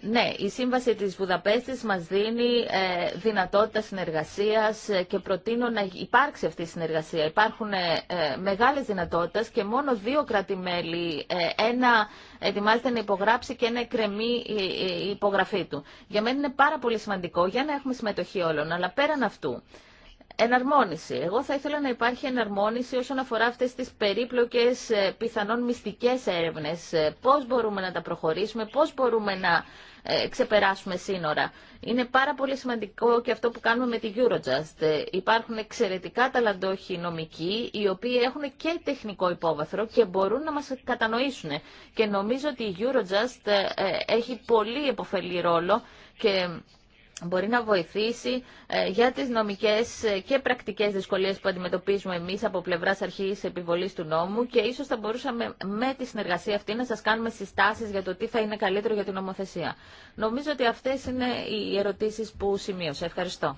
Ναι, η Σύμβαση της Βουδαπέστης μας δίνει ε, δυνατότητα συνεργασίας ε, και προτείνω να υπάρξει αυτή η συνεργασία. Υπάρχουν ε, ε μεγάλες δυνατότητες και μόνο δύο κράτη-μέλη, ένα ετοιμάζεται να υπογράψει και ένα εκκρεμεί η υπογραφή του. Για μένα είναι πάρα πολύ σημαντικό για να έχουμε συμμετοχή όλων, αλλά πέραν αυτού εναρμόνιση. Εγώ θα ήθελα να υπάρχει εναρμόνιση όσον αφορά αυτές τις περίπλοκες, ε, πιθανόν μυστικές έρευνες. Ε, πώς μπορούμε να τα προχωρήσουμε, πώς μπορούμε να ε, ξεπεράσουμε σύνορα. Είναι πάρα πολύ σημαντικό και αυτό που κάνουμε με τη Eurojust. Υπάρχουν εξαιρετικά ταλαντόχοι νομικοί, οι οποίοι έχουν και τεχνικό υπόβαθρο και μπορούν να μας κατανοήσουν. Και νομίζω ότι η Eurojust έχει πολύ επωφελή ρόλο και μπορεί να βοηθήσει ε, για τις νομικές ε, και πρακτικές δυσκολίες που αντιμετωπίζουμε εμείς από πλευράς αρχής επιβολής του νόμου και ίσως θα μπορούσαμε με τη συνεργασία αυτή να σας κάνουμε συστάσεις για το τι θα είναι καλύτερο για την νομοθεσία. Νομίζω ότι αυτές είναι οι ερωτήσεις που σημείωσα. Ευχαριστώ.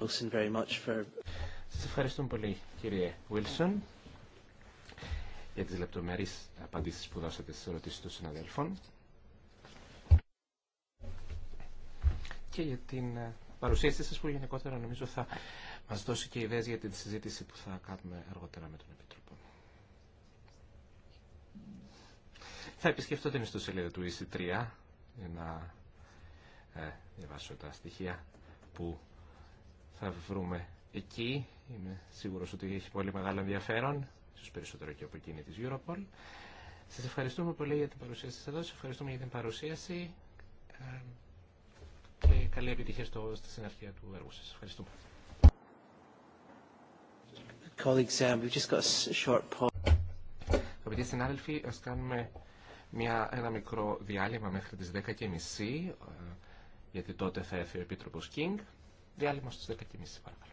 Σας ευχαριστούμε πολύ κύριε Βίλσον για τις λεπτομέρειες απαντήσεις που δώσατε στις ερωτήσεις των συναδέλφων και για την ε, παρουσίασή σας που γενικότερα νομίζω θα μας δώσει και ιδέες για την συζήτηση που θα κάνουμε αργότερα με τον Επίτροπο. Θα επισκεφτώ την ιστοσελίδα του EC3 για να ε, διαβάσω τα στοιχεία που θα βρούμε εκεί. Είμαι σίγουρος ότι έχει πολύ μεγάλο ενδιαφέρον, ίσως περισσότερο και από εκείνη της Europol. Σας ευχαριστούμε πολύ για την παρουσίαση σας εδώ, σας ευχαριστούμε για την παρουσίαση. Ε, καλή επιτυχία στο, στη συνέχεια του έργου σας. Ευχαριστούμε. Um, Αγαπητοί συνάδελφοι, ας κάνουμε μια, ένα μικρό διάλειμμα μέχρι τις 10.30, ε, γιατί τότε θα έρθει ο Επίτροπος Κίνγκ. Διάλειμμα στις 10.30 παρακαλώ.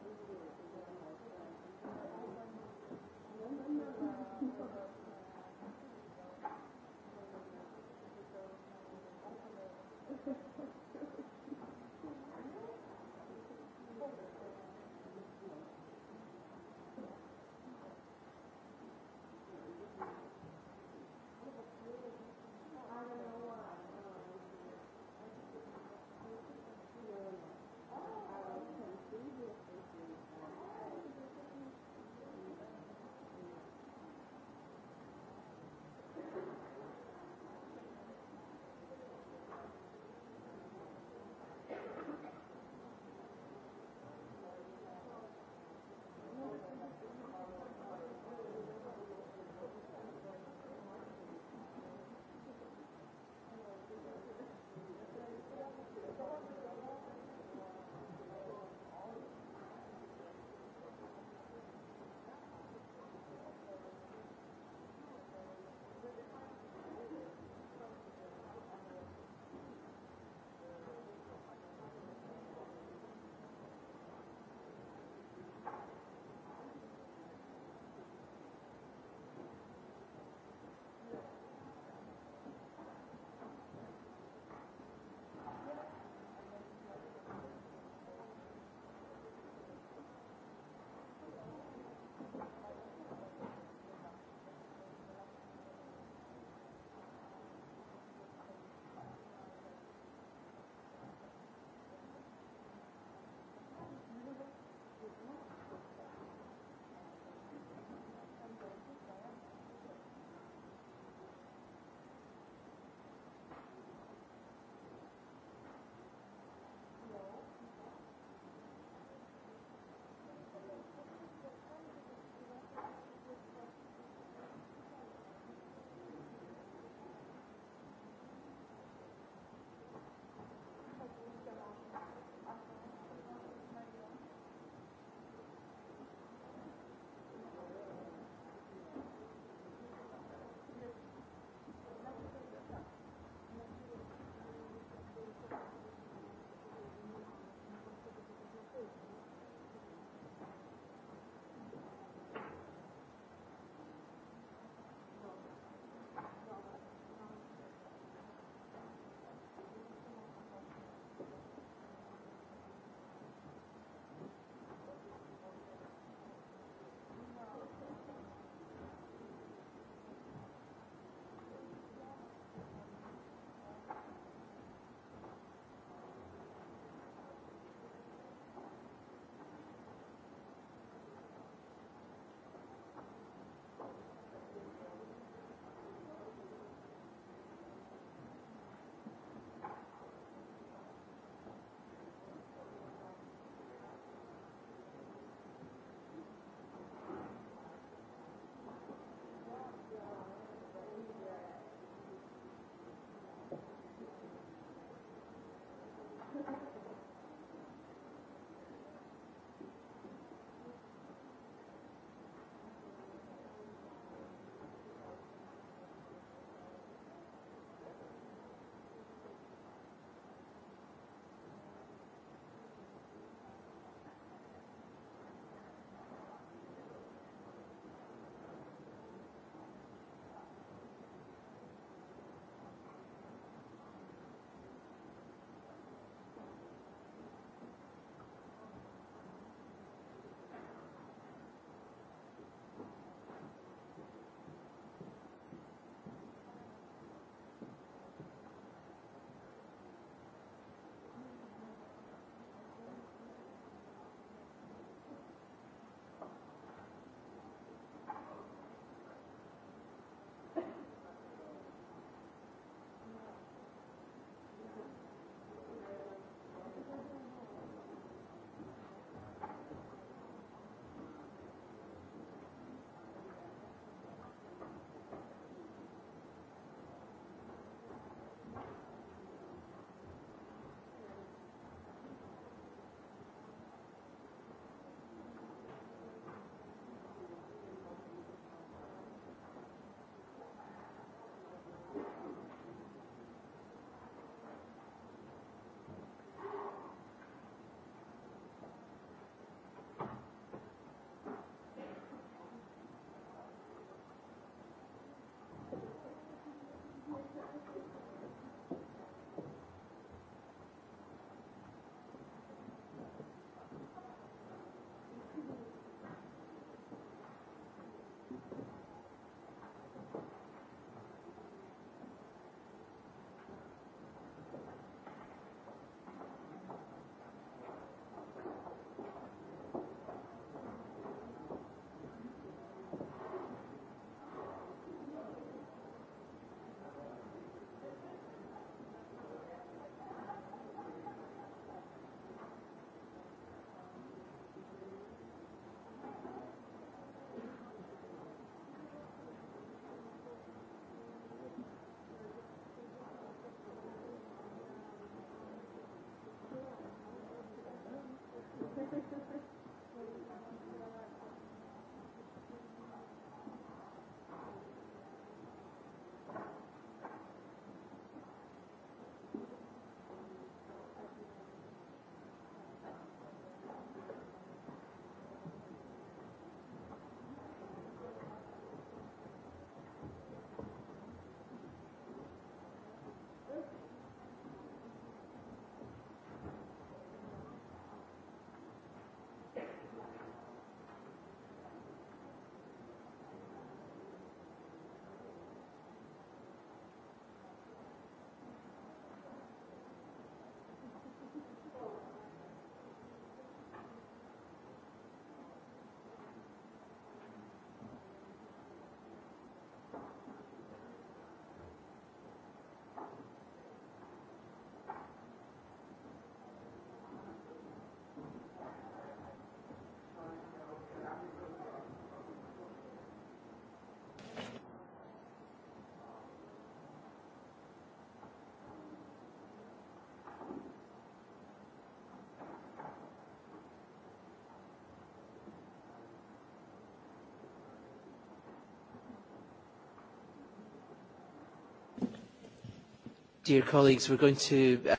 Dear colleagues, we're going to... Uh,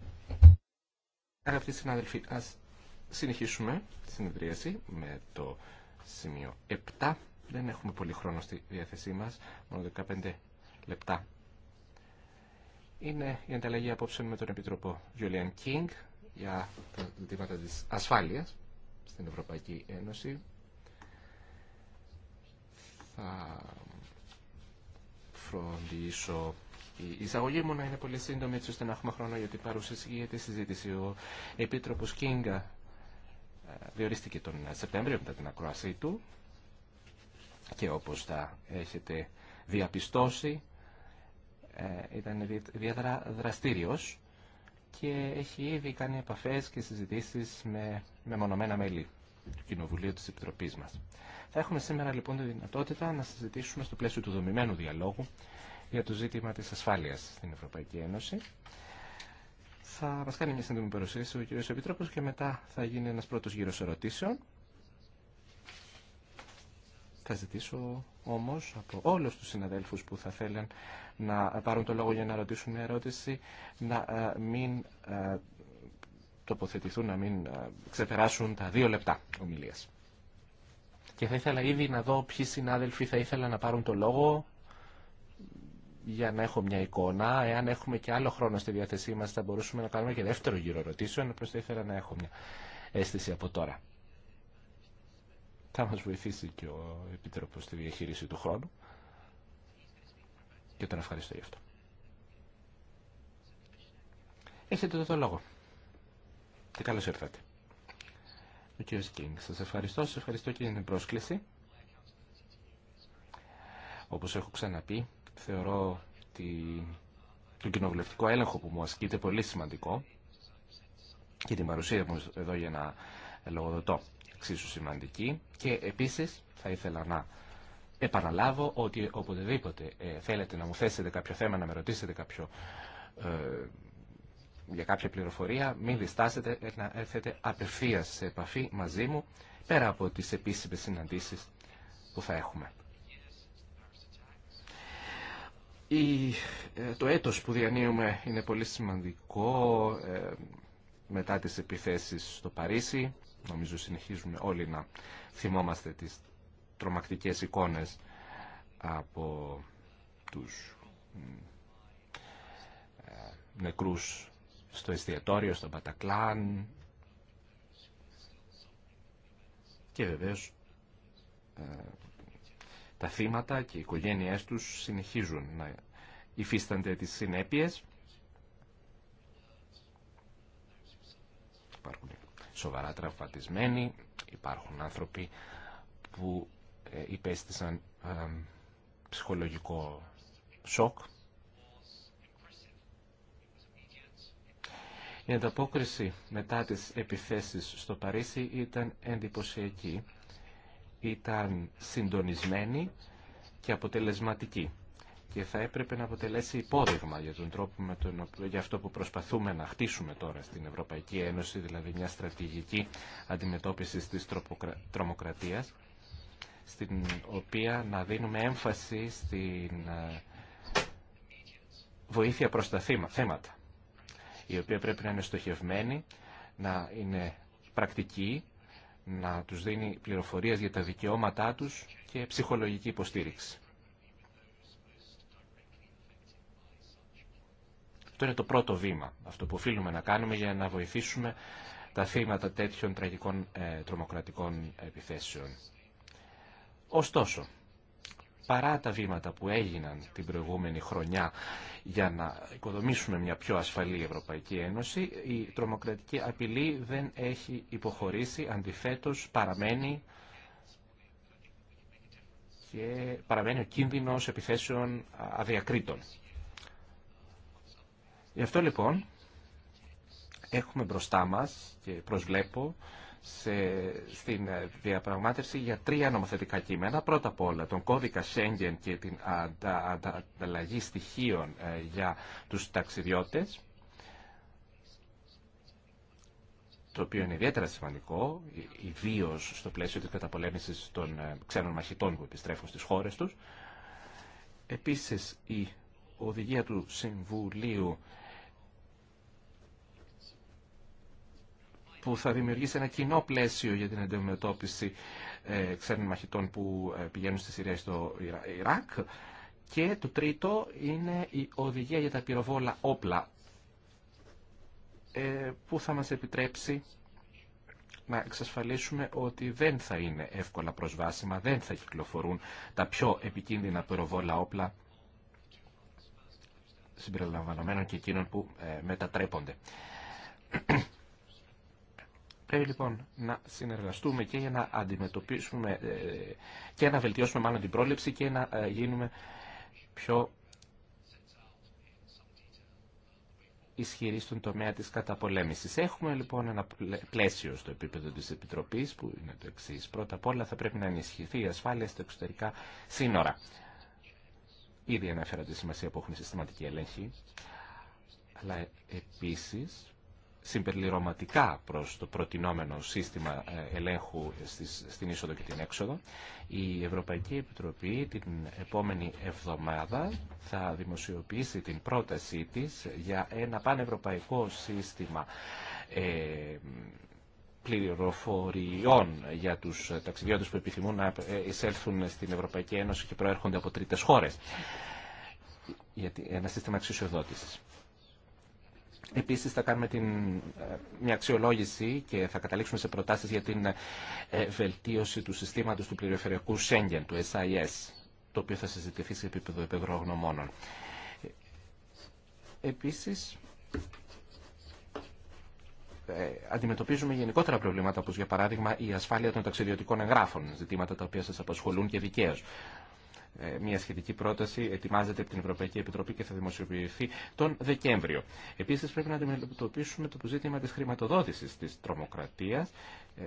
Αγαπητοί συνάδελφοι, ας συνεχίσουμε τη συνεδρίαση με το σημείο 7. Δεν έχουμε πολύ χρόνο στη διάθεσή μας, μόνο 15 λεπτά. Είναι η ανταλλαγή απόψεων με τον Επίτροπο Julian King για τα ζητήματα της ασφάλειας στην Ευρωπαϊκή Ένωση. Θα φροντίσω η εισαγωγή μου να είναι πολύ σύντομη έτσι ώστε να έχουμε χρόνο για την παρουσίαση για τη συζήτηση. Ο επίτροπο Κίνγκα ε, διορίστηκε τον Σεπτέμβριο μετά την ακροασή του και όπως θα έχετε διαπιστώσει ε, ήταν ιδιαίτερα δραστήριος και έχει ήδη κάνει επαφές και συζητήσεις με, με μονομένα μέλη του Κοινοβουλίου της Επιτροπής μας. Θα έχουμε σήμερα λοιπόν τη δυνατότητα να συζητήσουμε στο πλαίσιο του δομημένου διαλόγου για το ζήτημα της ασφάλειας στην Ευρωπαϊκή Ένωση. Θα μας κάνει μια σύντομη παρουσίαση ο κ. Επιτρόπος και μετά θα γίνει ένας πρώτος γύρος ερωτήσεων. Θα ζητήσω όμως από όλους τους συναδέλφους που θα θέλουν να πάρουν το λόγο για να ρωτήσουν μια ερώτηση να ε, μην ε, τοποθετηθούν, να μην ε, ξεπεράσουν τα δύο λεπτά ομιλίας. Και θα ήθελα ήδη να δω ποιοι συνάδελφοι θα ήθελαν να πάρουν το λόγο για να έχω μια εικόνα. Εάν έχουμε και άλλο χρόνο στη διάθεσή μα θα μπορούσαμε να κάνουμε και δεύτερο γύρο ρωτήσεων Απλώ θα ήθελα να έχω μια αίσθηση από τώρα. Θα μα βοηθήσει και ο επίτροπο στη διαχείριση του χρόνου και τον ευχαριστώ γι' αυτό. Έχετε το, λόγο. Και καλώ ήρθατε. Ο κ. Κίνγκ, σα ευχαριστώ. Σα ευχαριστώ και για την πρόσκληση. Όπως έχω ξαναπεί, θεωρώ τη, τον κοινοβουλευτικό έλεγχο που μου ασκείται πολύ σημαντικό και την παρουσία μου εδώ για να λογοδοτώ εξίσου σημαντική και επίσης θα ήθελα να επαναλάβω ότι οποτεδήποτε ε, θέλετε να μου θέσετε κάποιο θέμα, να με ρωτήσετε κάποιο, ε, για κάποια πληροφορία, μην διστάσετε να έρθετε απευθείας σε επαφή μαζί μου πέρα από τις επίσημες συναντήσεις που θα έχουμε. Ε, το έτος που διανύουμε είναι πολύ σημαντικό ε, μετά τις επιθέσεις στο Παρίσι. Νομίζω συνεχίζουμε όλοι να θυμόμαστε τις τρομακτικές εικόνες από τους ε, νεκρούς στο εστιατόριο, στον Πατακλάν και βεβαίως τα θύματα και οι οικογένειές τους συνεχίζουν να υφίστανται τις συνέπειες. Υπάρχουν σοβαρά τραυματισμένοι, υπάρχουν άνθρωποι που ε, υπέστησαν ψυχολογικό σοκ. Η ανταπόκριση μετά τις επιθέσεις στο Παρίσι ήταν εντυπωσιακή ήταν συντονισμένη και αποτελεσματική και θα έπρεπε να αποτελέσει υπόδειγμα για τον τρόπο με τον για αυτό που προσπαθούμε να χτίσουμε τώρα στην Ευρωπαϊκή Ένωση, δηλαδή μια στρατηγική αντιμετώπιση της τρομοκρατίας, στην οποία να δίνουμε έμφαση στην ε, βοήθεια προς τα θέματα, η οποία πρέπει να είναι στοχευμένη, να είναι πρακτική να τους δίνει πληροφορίες για τα δικαιώματά τους και ψυχολογική υποστήριξη. Αυτό είναι το πρώτο βήμα, αυτό που οφείλουμε να κάνουμε για να βοηθήσουμε τα θύματα τέτοιων τραγικών ε, τρομοκρατικών επιθέσεων. Ωστόσο, παρά τα βήματα που έγιναν την προηγούμενη χρονιά για να οικοδομήσουμε μια πιο ασφαλή Ευρωπαϊκή Ένωση, η τρομοκρατική απειλή δεν έχει υποχωρήσει, αντιθέτως παραμένει και παραμένει ο κίνδυνος επιθέσεων αδιακρίτων. Γι' αυτό λοιπόν έχουμε μπροστά μας και προσβλέπω σε, στην ε, διαπραγμάτευση για τρία νομοθετικά κείμενα. Πρώτα απ' όλα τον κώδικα Σέγγεν και την ανταλλαγή στοιχείων ε, για τους ταξιδιώτες, το οποίο είναι ιδιαίτερα σημαντικό, ε, ιδίω στο πλαίσιο της καταπολέμησης των ξένων μαχητών που επιστρέφουν στις χώρες τους. Επίσης, η οδηγία του Συμβουλίου που θα δημιουργήσει ένα κοινό πλαίσιο για την αντιμετώπιση ε, ξένων μαχητών που ε, πηγαίνουν στη Συρία στο Ιράκ. Και το τρίτο είναι η οδηγία για τα πυροβόλα όπλα ε, που θα μας επιτρέψει να εξασφαλίσουμε ότι δεν θα είναι εύκολα προσβάσιμα, δεν θα κυκλοφορούν τα πιο επικίνδυνα πυροβόλα όπλα συμπεριλαμβανομένων και εκείνων που μετατρέπονται. Πρέπει λοιπόν να συνεργαστούμε και για να αντιμετωπίσουμε ε, και να βελτιώσουμε μάλλον την πρόληψη και να ε, γίνουμε πιο ισχυρή στον τομέα της καταπολέμησης. Έχουμε λοιπόν ένα πλαίσιο στο επίπεδο της Επιτροπής που είναι το εξή. Πρώτα απ' όλα θα πρέπει να ενισχυθεί η ασφάλεια στα εξωτερικά σύνορα. Ήδη ανέφερα τη σημασία που έχουν συστηματική ελέγχη, αλλά επίσης συμπεριληρωματικά προς το προτινόμενο σύστημα ε, ελέγχου στην είσοδο και την έξοδο. Η Ευρωπαϊκή Επιτροπή την επόμενη εβδομάδα θα δημοσιοποιήσει την πρότασή της για ένα πανευρωπαϊκό σύστημα ε, πληροφοριών για τους ταξιδιώτες που επιθυμούν να ε, εισέλθουν στην Ευρωπαϊκή Ένωση και προέρχονται από τρίτες χώρες. Γιατί ένα σύστημα αξιοδότηση. Επίση, θα κάνουμε την, ε, μια αξιολόγηση και θα καταλήξουμε σε προτάσεις για την ε, βελτίωση του συστήματος του πληροφοριακού Schengen, του SIS, το οποίο θα συζητηθεί σε επίπεδο Επίση, Επίσης, ε, αντιμετωπίζουμε γενικότερα προβλήματα, όπως για παράδειγμα η ασφάλεια των ταξιδιωτικών εγγράφων, ζητήματα τα οποία σα απασχολούν και δικαίω. Ε, μια σχετική πρόταση ετοιμάζεται από την Ευρωπαϊκή Επιτροπή και θα δημοσιοποιηθεί τον Δεκέμβριο. Επίση πρέπει να αντιμετωπίσουμε το ζήτημα τη χρηματοδότηση τη Τρομοκρατία. Ε,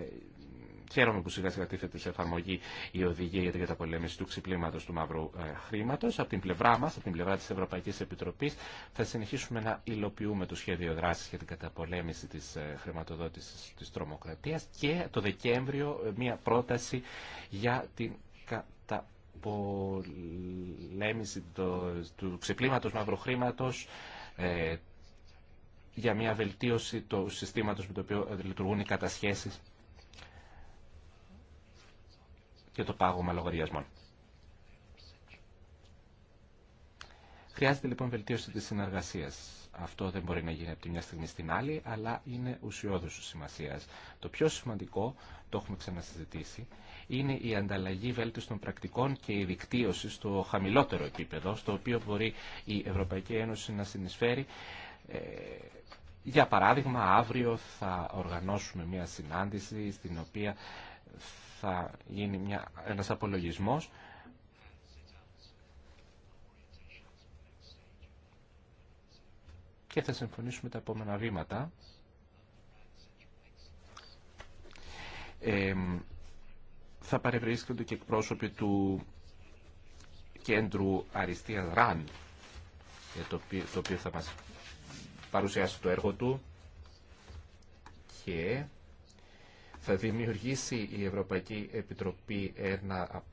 χαίρομαι που σιγά σιγά τίθεται σε εφαρμογή η οδηγία για την καταπολέμηση του ξυπλήματο του μαύρου ε, χρήματο. Από την πλευρά μα, από την πλευρά τη Ευρωπαϊκή Επιτροπή, θα συνεχίσουμε να υλοποιούμε το σχέδιο δράση για την καταπολέμηση τη χρηματοδότηση τη τρομοκρατία και το Δεκέμβριο μια πρόταση για την πολέμηση του ξεπλήματος μαύρου χρήματος, ε, για μια βελτίωση του συστήματος με το οποίο λειτουργούν οι κατασχέσεις και το πάγωμα λογαριασμών. Χρειάζεται λοιπόν βελτίωση της συνεργασίας. Αυτό δεν μπορεί να γίνει από τη μια στιγμή στην άλλη, αλλά είναι ουσιώδους σημασίας. Το πιο σημαντικό, το έχουμε ξανασυζητήσει, είναι η ανταλλαγή βέλτιστων πρακτικών και η δικτύωση στο χαμηλότερο επίπεδο, στο οποίο μπορεί η Ευρωπαϊκή Ένωση να συνεισφέρει. Ε, για παράδειγμα, αύριο θα οργανώσουμε μια συνάντηση στην οποία θα γίνει μια, ένας απολογισμός και θα συμφωνήσουμε τα επόμενα βήματα. Ε, θα παρευρίσκονται και εκπρόσωποι του κέντρου Αριστείας ΡΑΝ, το οποίο θα μας παρουσιάσει το έργο του και θα δημιουργήσει η Ευρωπαϊκή Επιτροπή ένα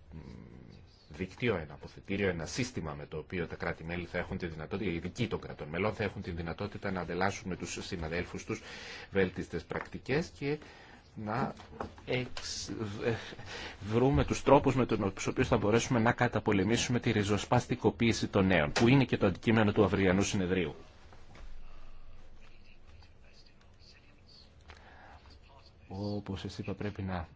δικτύο, ένα αποθετήριο, ένα σύστημα με το οποίο τα κράτη-μέλη θα έχουν τη δυνατότητα, οι ειδικοί των κρατών μελών θα έχουν τη δυνατότητα να αντελάσσουν με τους συναδέλφους τους βέλτιστες πρακτικές και να εξ... Ε, βρούμε τους τρόπους με τους οποίους θα μπορέσουμε να καταπολεμήσουμε τη ριζοσπαστικοποίηση των νέων, που είναι και το αντικείμενο του αυριανού συνεδρίου. Όπως εσύ είπα πρέπει να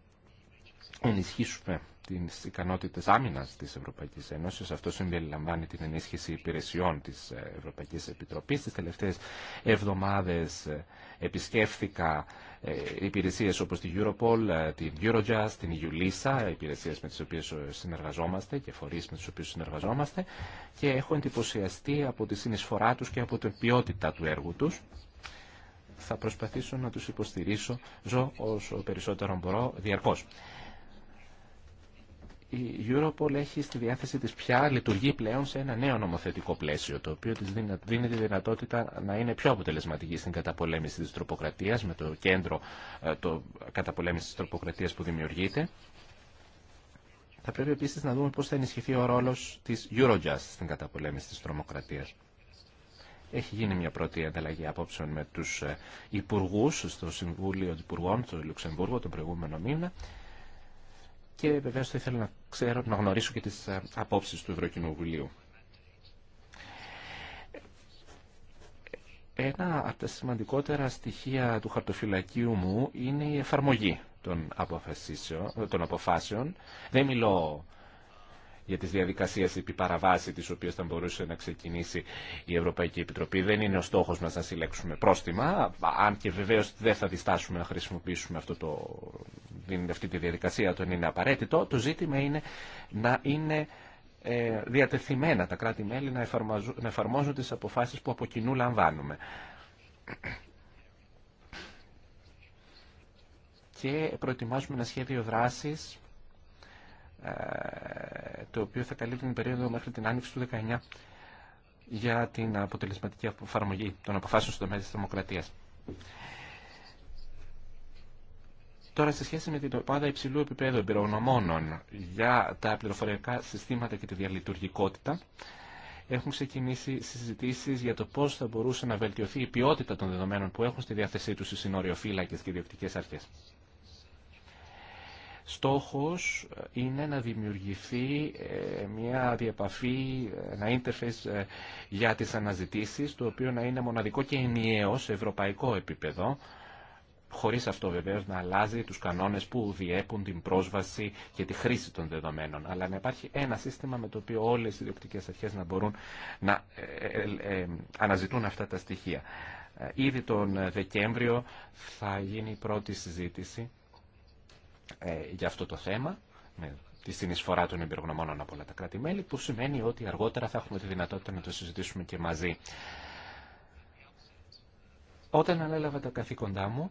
ενισχύσουμε τις ικανότητες άμυνας της Ευρωπαϊκής Ένωσης. Αυτό συμπεριλαμβάνει την ενίσχυση υπηρεσιών της ε, Ευρωπαϊκής Επιτροπής. Τις τελευταίες εβδομάδες ε, επισκέφθηκα ε, υπηρεσίες όπως την Europol, την Eurojust, την EULISA, υπηρεσίες με τις οποίες συνεργαζόμαστε και φορείς με τις οποίες συνεργαζόμαστε και έχω εντυπωσιαστεί από τη συνεισφορά τους και από την ποιότητα του έργου τους θα προσπαθήσω να τους υποστηρίσω ζω όσο περισσότερο μπορώ διαρκώς η Europol έχει στη διάθεση της πια λειτουργεί πλέον σε ένα νέο νομοθετικό πλαίσιο, το οποίο της δίνει τη δυνατότητα να είναι πιο αποτελεσματική στην καταπολέμηση της τροποκρατίας, με το κέντρο ε, το καταπολέμηση της τροποκρατίας που δημιουργείται. Θα πρέπει επίσης να δούμε πώς θα ενισχυθεί ο ρόλος της Eurojust στην καταπολέμηση της τρομοκρατίας. Έχει γίνει μια πρώτη ανταλλαγή απόψεων με τους ε, υπουργούς στο Συμβούλιο Υπουργών του Λουξεμβούργου τον προηγούμενο μήνα και βεβαίω θα ήθελα να ξέρω, να γνωρίσω και τις ε, απόψεις του Ευρωκοινοβουλίου. Ένα από τα σημαντικότερα στοιχεία του χαρτοφυλακίου μου είναι η εφαρμογή των, αποφάσεων. Δεν μιλώ για τις διαδικασίες επί παραβάση τις οποίες θα μπορούσε να ξεκινήσει η Ευρωπαϊκή Επιτροπή. Δεν είναι ο στόχος μας να συλλέξουμε πρόστιμα, αν και βεβαίως δεν θα διστάσουμε να χρησιμοποιήσουμε αυτό το αυτή τη διαδικασία όταν είναι απαραίτητο. Το ζήτημα είναι να είναι ε, διατεθειμένα τα κράτη-μέλη να, να εφαρμόζουν τις αποφάσεις που από κοινού λαμβάνουμε. Και προετοιμάζουμε ένα σχέδιο δράσης ε, το οποίο θα καλύπτει την περίοδο μέχρι την άνοιξη του 19 για την αποτελεσματική εφαρμογή των αποφάσεων στο τομέα της δημοκρατίας. Τώρα, σε σχέση με την ομάδα υψηλού επίπεδου εμπειρογνωμόνων για τα πληροφοριακά συστήματα και τη διαλειτουργικότητα, έχουν ξεκινήσει συζητήσεις για το πώς θα μπορούσε να βελτιωθεί η ποιότητα των δεδομένων που έχουν στη διάθεσή τους οι συνοριοφύλακες και οι αρχέ. αρχές. Στόχος είναι να δημιουργηθεί ε, μια διαπαφή, ένα interface ε, για τι αναζητήσει, το οποίο να είναι μοναδικό και ενιαίο σε ευρωπαϊκό επίπεδο, χωρίς αυτό βεβαίως να αλλάζει τους κανόνες που διέπουν την πρόσβαση και τη χρήση των δεδομένων. Αλλά να υπάρχει ένα σύστημα με το οποίο όλες οι διοκτικές αρχές να μπορούν να ε, ε, ε, αναζητούν αυτά τα στοιχεία. Ήδη τον Δεκέμβριο θα γίνει η πρώτη συζήτηση για αυτό το θέμα, με τη συνεισφορά των εμπειρογνωμόνων από όλα τα κράτη-μέλη, που σημαίνει ότι αργότερα θα έχουμε τη δυνατότητα να το συζητήσουμε και μαζί. Όταν ανέλαβα τα καθήκοντά μου,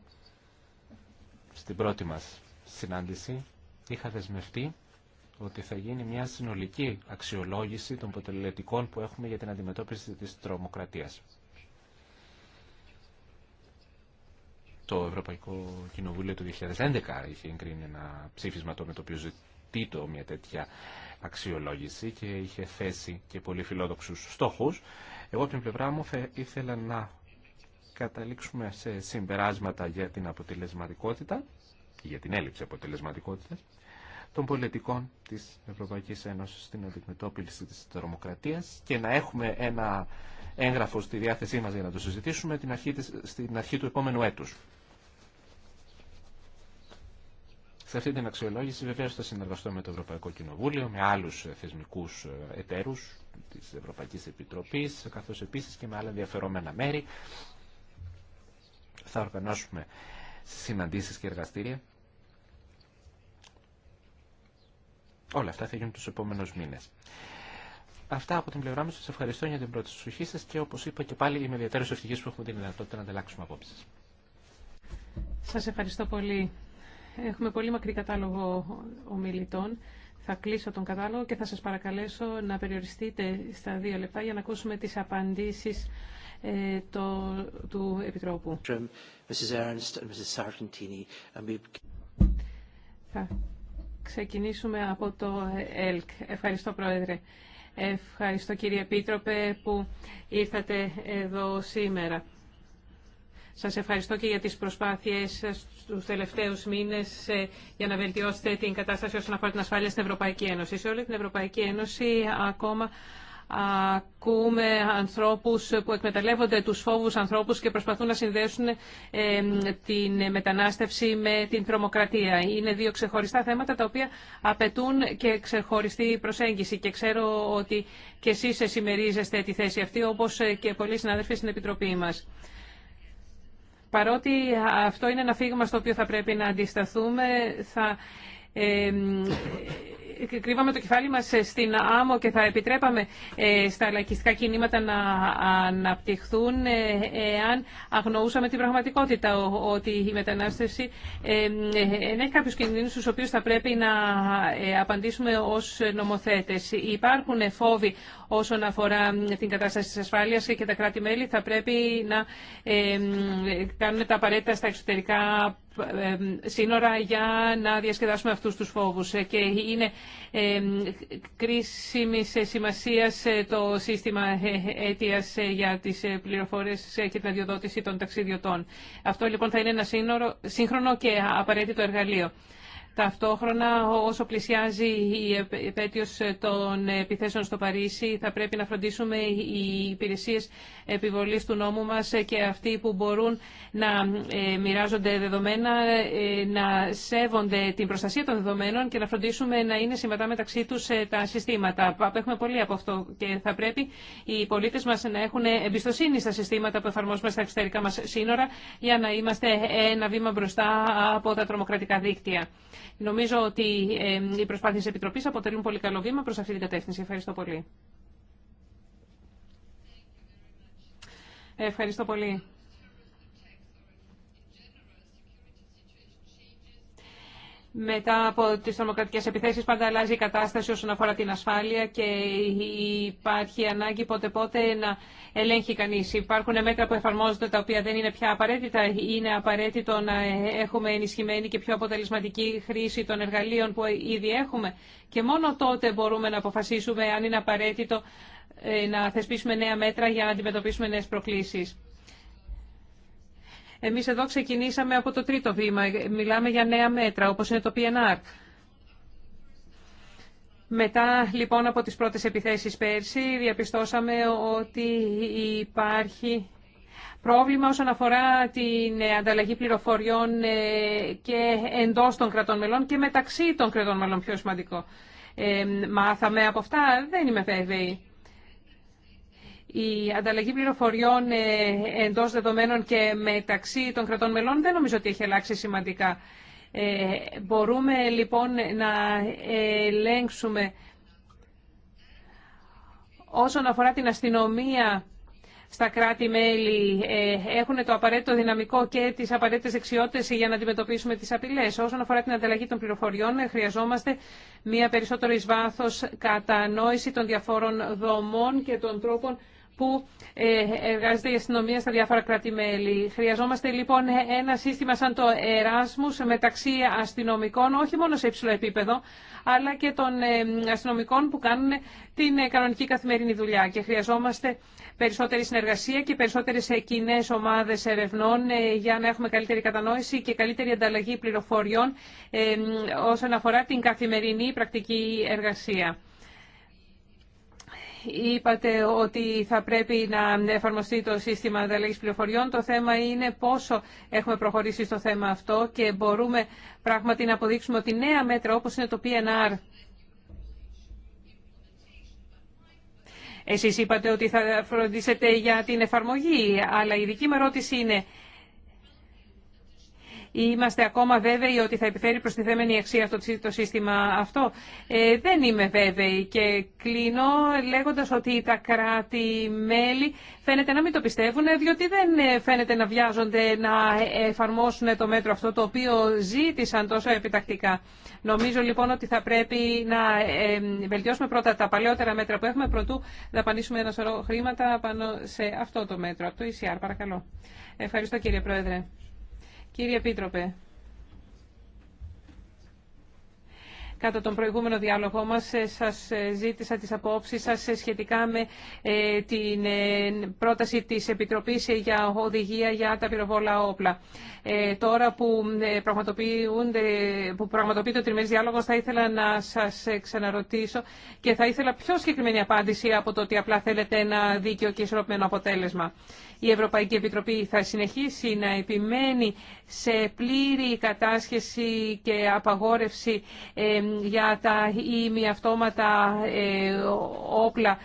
στην πρώτη μας συνάντηση είχα δεσμευτεί ότι θα γίνει μια συνολική αξιολόγηση των αποτελετικών που έχουμε για την αντιμετώπιση της τρομοκρατίας. Το Ευρωπαϊκό Κοινοβούλιο του 2011 είχε εγκρίνει ένα ψήφισμα το με το οποίο ζητεί μια τέτοια αξιολόγηση και είχε θέσει και πολύ φιλόδοξους στόχους. Εγώ από την πλευρά μου ήθελα να καταλήξουμε σε συμπεράσματα για την αποτελεσματικότητα και για την έλλειψη αποτελεσματικότητας των πολιτικών της Ευρωπαϊκής Ένωσης στην αντιμετώπιση της τρομοκρατίας και να έχουμε ένα έγγραφο στη διάθεσή μας για να το συζητήσουμε την αρχή της, στην αρχή του επόμενου έτους. Σε αυτή την αξιολόγηση βεβαίως θα συνεργαστώ με το Ευρωπαϊκό Κοινοβούλιο, με άλλους θεσμικούς εταίρους της Ευρωπαϊκής Επιτροπής, καθώς επίσης και με άλλα ενδιαφερόμενα μέρη, θα οργανώσουμε συναντήσεις και εργαστήρια. Όλα αυτά θα γίνουν τους επόμενους μήνες. Αυτά από την πλευρά μου. Σας ευχαριστώ για την πρώτη συσοχή σας και όπως είπα και πάλι είμαι ιδιαίτερος ευτυχής που έχουμε την δυνατότητα να ανταλλάξουμε απόψεις. Σας ευχαριστώ πολύ. Έχουμε πολύ μακρύ κατάλογο ομιλητών. Θα κλείσω τον κατάλογο και θα σας παρακαλέσω να περιοριστείτε στα δύο λεπτά για να ακούσουμε τις απαντήσεις ε, το, του Επιτρόπου. Θα ξεκινήσουμε από το ΕΛΚ. Ευχαριστώ, Πρόεδρε. Ευχαριστώ, κύριε Επίτροπε, που ήρθατε εδώ σήμερα. Σας ευχαριστώ και για τις προσπάθειές σας τους τελευταίους μήνες ε, για να βελτιώσετε την κατάσταση όσον αφορά την ασφάλεια στην Ευρωπαϊκή Ένωση. Σε όλη την Ευρωπαϊκή Ένωση ακόμα ακούμε ανθρώπους που εκμεταλλεύονται τους φόβους ανθρώπους και προσπαθούν να συνδέσουν την μετανάστευση με την τρομοκρατία. Είναι δύο ξεχωριστά θέματα τα οποία απαιτούν και ξεχωριστή προσέγγιση και ξέρω ότι και εσείς εσημερίζεστε τη θέση αυτή όπως και πολλοί συνάδελφοι στην Επιτροπή μας. Παρότι αυτό είναι ένα φύγμα στο οποίο θα πρέπει να αντισταθούμε, θα κρύβαμε το κεφάλι μας ε, στην άμμο και θα επιτρέπαμε ε, στα λαϊκιστικά κινήματα να αναπτυχθούν ε, εάν αγνοούσαμε την πραγματικότητα ότι η μετανάστευση έχει κάποιους κινδύνους στους οποίους θα πρέπει να απαντήσουμε ως νομοθέτες. Υπάρχουν φόβοι όσον αφορά την κατάσταση της ασφάλειας και τα κράτη-μέλη θα πρέπει να κάνουν τα απαραίτητα στα εξωτερικά σύνορα για να διασκεδάσουμε αυτούς τους φόβους. Ε, και είναι κρίσιμη σημασία ε, το σύστημα ε, αίτιας για τις πληροφορίες και την αδειοδότηση των ταξιδιωτών. Αυτό λοιπόν θα είναι ένα σύγχρονο και απαραίτητο εργαλείο. Ταυτόχρονα, όσο πλησιάζει η επέτειος των επιθέσεων στο Παρίσι, θα πρέπει να φροντίσουμε οι υπηρεσίες επιβολής του νόμου μας και αυτοί που μπορούν να ε, μοιράζονται δεδομένα, ε, να σέβονται την προστασία των δεδομένων και να φροντίσουμε να είναι συμβατά μεταξύ τους ε, τα συστήματα. Απέχουμε πολύ από αυτό και θα πρέπει οι πολίτες μας να έχουν εμπιστοσύνη στα συστήματα που εφαρμόζουμε στα εξωτερικά μας σύνορα για να είμαστε ένα βήμα μπροστά από τα τρομοκρατικά δίκτυα. Νομίζω ότι οι προσπάθειε τη Επιτροπή αποτελούν πολύ καλό βήμα προς αυτή την κατεύθυνση. Ευχαριστώ πολύ. Ευχαριστώ πολύ. Μετά από τις τρομοκρατικέ επιθέσεις πάντα αλλάζει η κατάσταση όσον αφορά την ασφάλεια και υπάρχει ανάγκη πότε πότε να ελέγχει κανείς. Υπάρχουν μέτρα που εφαρμόζονται τα οποία δεν είναι πια απαραίτητα. Είναι απαραίτητο να έχουμε ενισχυμένη και πιο αποτελεσματική χρήση των εργαλείων που ήδη έχουμε και μόνο τότε μπορούμε να αποφασίσουμε αν είναι απαραίτητο ε, να θεσπίσουμε νέα μέτρα για να αντιμετωπίσουμε νέε προκλήσει. Εμείς εδώ ξεκινήσαμε από το τρίτο βήμα. Μιλάμε για νέα μέτρα, όπως είναι το PNR. Μετά λοιπόν από τις πρώτες επιθέσεις πέρσι διαπιστώσαμε ότι υπάρχει πρόβλημα όσον αφορά την ανταλλαγή πληροφοριών ε, και εντός των κρατών μελών και μεταξύ των κρατών μελών πιο σημαντικό. Ε, μάθαμε από αυτά, δεν είμαι βέβαιη. Η ανταλλαγή πληροφοριών ε, εντός δεδομένων και μεταξύ των κρατών μελών δεν νομίζω ότι έχει αλλάξει σημαντικά. Ε, μπορούμε λοιπόν να ελέγξουμε όσον αφορά την αστυνομία στα κράτη-μέλη ε, έχουν το απαραίτητο δυναμικό και τις απαραίτητες δεξιότητε για να αντιμετωπίσουμε τις απειλές. Όσον αφορά την ανταλλαγή των πληροφοριών, χρειαζόμαστε μια περισσότερη εις κατανόηση των διαφόρων δομών και των τρόπων που ε, εργάζεται η αστυνομία στα διάφορα κράτη-μέλη. Χρειαζόμαστε λοιπόν ένα σύστημα σαν το Εράσμους μεταξύ αστυνομικών, όχι μόνο σε υψηλό επίπεδο, αλλά και των ε, αστυνομικών που κάνουν την ε, κανονική καθημερινή δουλειά. Και χρειαζόμαστε περισσότερη συνεργασία και περισσότερε κοινέ ομάδε ερευνών για να έχουμε καλύτερη κατανόηση και καλύτερη ανταλλαγή πληροφοριών όσον αφορά την καθημερινή πρακτική εργασία. Είπατε ότι θα πρέπει να εφαρμοστεί το σύστημα ανταλλαγής πληροφοριών. Το θέμα είναι πόσο έχουμε προχωρήσει στο θέμα αυτό και μπορούμε πράγματι να αποδείξουμε ότι νέα μέτρα όπως είναι το PNR Εσείς είπατε ότι θα φροντίσετε για την εφαρμογή, αλλά η δική μου ερώτηση είναι Είμαστε ακόμα βέβαιοι ότι θα επιφέρει προστιθέμενη αξία αυτό το σύστημα αυτό. Ε, δεν είμαι βέβαιη και κλείνω λέγοντας ότι τα κράτη-μέλη φαίνεται να μην το πιστεύουν διότι δεν ε, φαίνεται να βιάζονται να ε, εφαρμόσουν το μέτρο αυτό το οποίο ζήτησαν τόσο επιτακτικά. Νομίζω λοιπόν ότι θα πρέπει να ε, βελτιώσουμε πρώτα τα παλαιότερα μέτρα που έχουμε προτού πανίσουμε ένα σωρό χρήματα πάνω σε αυτό το μέτρο. Από το ECR παρακαλώ. Ευχαριστώ κύριε Πρόεδρε. Κύριε Επίτροπε, κατά τον προηγούμενο διάλογό μας ε, σας ε, ζήτησα τις απόψεις σας ε, σχετικά με την πρόταση της Επιτροπής για οδηγία για τα πυροβόλα όπλα. Τώρα που, που πραγματοποιείται ο τριμερής διάλογος θα ήθελα να σας ξαναρωτήσω και θα ήθελα πιο συγκεκριμένη απάντηση από το ότι απλά θέλετε ένα δίκαιο και ισορροπημένο αποτέλεσμα. Η Ευρωπαϊκή Επιτροπή θα συνεχίσει να επιμένει σε πλήρη κατάσχεση και απαγόρευση για τα ημιαυτόματα ε, όπλα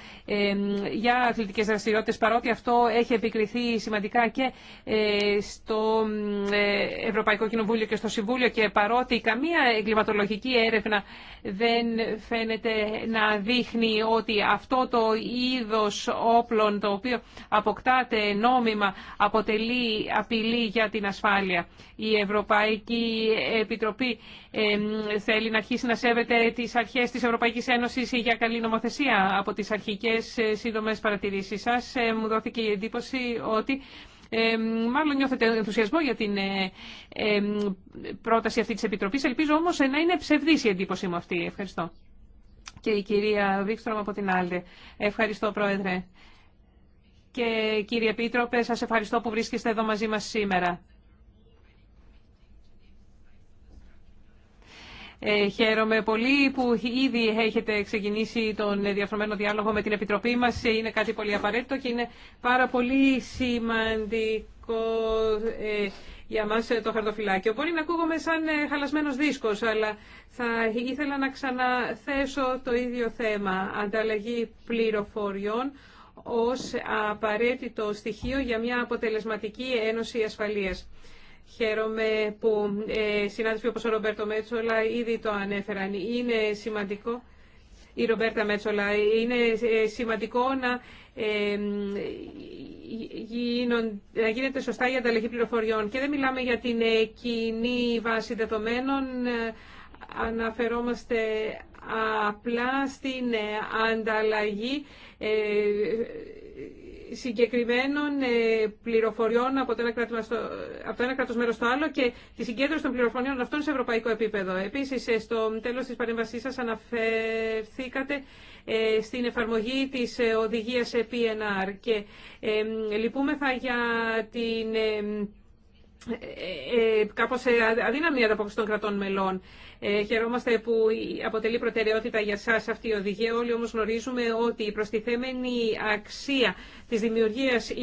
για αθλητικές δραστηριότητες, παρότι αυτό έχει επικριθεί σημαντικά και ε, στο ε, Ευρωπαϊκό Κοινοβούλιο και στο Συμβούλιο και παρότι καμία εγκληματολογική έρευνα δεν φαίνεται να δείχνει ότι αυτό το είδος όπλων το οποίο αποκτάται νόμιμα αποτελεί απειλή για την ασφάλεια. Η Ευρωπαϊκή Επιτροπή θέλει να αρχίσει να σέβεται τις αρχές της Ευρωπαϊκής Ένωσης για καλή νομοθεσία από τις αρχικές ε, σύντομες παρατηρήσεις σας. Ε, μου δόθηκε η εντύπωση ότι μάλλον νιώθετε ενθουσιασμό για την ε, πρόταση αυτή της Επιτροπής. Ελπίζω όμως να είναι ψευδής η εντύπωση μου αυτή. Ευχαριστώ. Και η κυρία Βίξτρομ από την Άλτε. Ευχαριστώ, Πρόεδρε και κύριε Επίτροπε, σας ευχαριστώ που βρίσκεστε εδώ μαζί μας σήμερα. Ε, χαίρομαι πολύ που ήδη έχετε ξεκινήσει τον διαφρομένο διάλογο με την Επιτροπή μας. Είναι κάτι πολύ απαραίτητο και είναι πάρα πολύ σημαντικό ε, για μας το χαρτοφυλάκιο. Μπορεί να ακούγομαι σαν ε, χαλασμένος δίσκος, αλλά θα ήθελα να ξαναθέσω το ίδιο θέμα. Ανταλλαγή πληροφοριών ως απαραίτητο στοιχείο για μια αποτελεσματική ένωση ασφαλείας. Χαίρομαι που ε, συνάδελφοι όπως ο Ρομπέρτο Μέτσολα ήδη το ανέφεραν. Είναι σημαντικό, η Ρομπέρτα Μέτσολα, είναι ε, σημαντικό να, ε, να γίνεται σωστά η ανταλλαγή πληροφοριών. Και δεν μιλάμε για την ε, κοινή βάση δεδομένων, αναφερόμαστε απλά στην ε, ανταλλαγή ε, συγκεκριμένων ε, πληροφοριών από το ένα, κράτος, ένα μέρος στο άλλο και τη συγκέντρωση των πληροφοριών αυτών σε ευρωπαϊκό επίπεδο. Επίσης, στο τέλος της παρέμβασής σας αναφερθήκατε στην εφαρμογή της οδηγίας PNR και λυπούμεθα για την ε, ε, κάπως ε, αδύναμη ανταπόκριση των κρατών μελών. Ε, χαιρόμαστε που αποτελεί προτεραιότητα για εσά αυτή η οδηγία. Όλοι όμως γνωρίζουμε ότι η προστιθέμενη αξία της δημιουργίας 28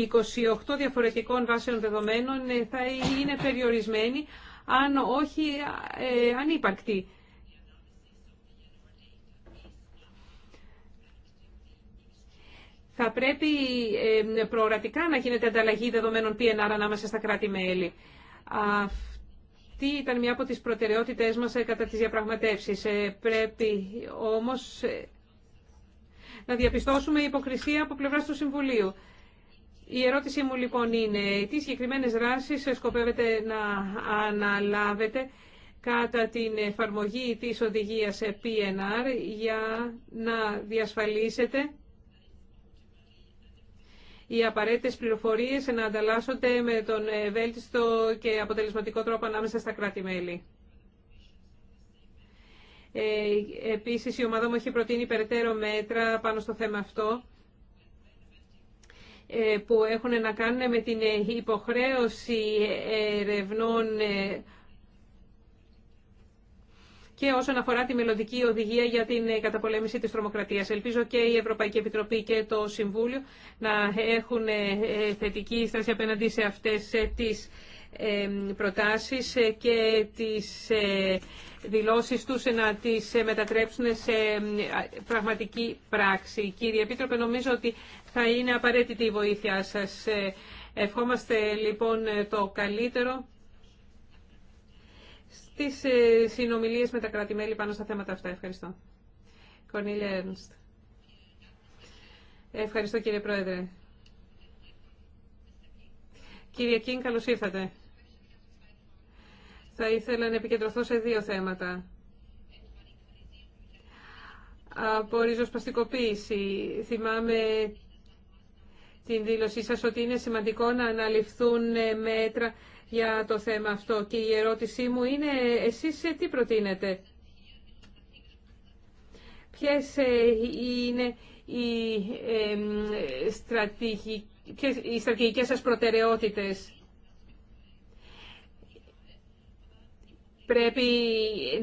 διαφορετικών βάσεων δεδομένων ε, θα είναι περιορισμένη, αν όχι ε, ανύπαρκτη. θα πρέπει προορατικά να γίνεται ανταλλαγή δεδομένων PNR ανάμεσα στα κράτη-μέλη. Αυτή ήταν μια από τις προτεραιότητες μας ε, κατά τις διαπραγματεύσεις. Ε, πρέπει όμως ε, να διαπιστώσουμε υποκρισία από πλευράς του Συμβουλίου. Η ερώτησή μου λοιπόν είναι, τι συγκεκριμένες δράσεις σκοπεύετε να αναλάβετε κατά την εφαρμογή της οδηγίας PNR για να διασφαλίσετε οι απαραίτητε πληροφορίε να ανταλλάσσονται με τον ε, βέλτιστο και αποτελεσματικό τρόπο ανάμεσα στα κράτη-μέλη. Ε, επίσης, η ομάδα μου έχει προτείνει περαιτέρω μέτρα πάνω στο θέμα αυτό ε, που έχουν να κάνουν με την υποχρέωση ερευνών και όσον αφορά τη μελλοντική οδηγία για την ε, καταπολέμηση της τρομοκρατίας. Ελπίζω και η Ευρωπαϊκή Επιτροπή και το Συμβούλιο να έχουν ε, ε, θετική στάση απέναντι σε αυτές τις προτάσεις και τις δηλώσεις τους να τις μετατρέψουν σε πραγματική πράξη. Κύριε Επίτροπε, νομίζω ότι θα είναι απαραίτητη η βοήθειά σας. Ευχόμαστε λοιπόν το καλύτερο τις ε, συνομιλίες με τα κρατη πάνω στα θέματα αυτά. Ευχαριστώ. Κορνίλια Έρνστ. Ευχαριστώ κύριε Πρόεδρε. Κύριε Κίν, καλώς ήρθατε. Θα ήθελα να επικεντρωθώ σε δύο θέματα. Από ριζοσπαστικοποίηση. Θυμάμαι την δήλωσή σας ότι είναι σημαντικό να αναλυφθούν μέτρα για το θέμα αυτό και η ερώτησή μου είναι εσείς ε, τι προτείνετε. Ποιες ε, είναι οι, ε, στρατηγικ... στρατηγικές σας προτεραιότητες. Πρέπει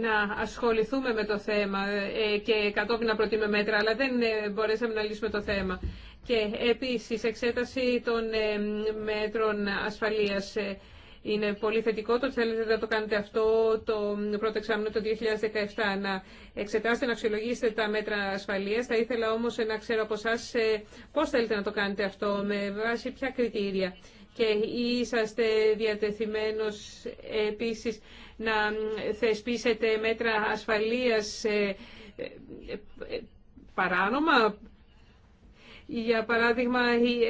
να ασχοληθούμε με το θέμα ε, και κατόπιν να προτείνουμε μέτρα, αλλά δεν μπορέσαμε να λύσουμε το θέμα. Και επίσης εξέταση των μέτρων ασφαλείας. Είναι πολύ θετικό το ότι θέλετε να το κάνετε αυτό το πρώτο εξάμεινο το 2017, να εξετάσετε, να αξιολογήσετε τα μέτρα ασφαλείας. Θα ήθελα όμως να ξέρω από εσά ε, πώς θέλετε να το κάνετε αυτό, με βάση ποια κριτήρια. Και είσαστε διατεθειμένος επίσης να θεσπίσετε μέτρα ασφαλείας ε, ε, παράνομα, για παράδειγμα,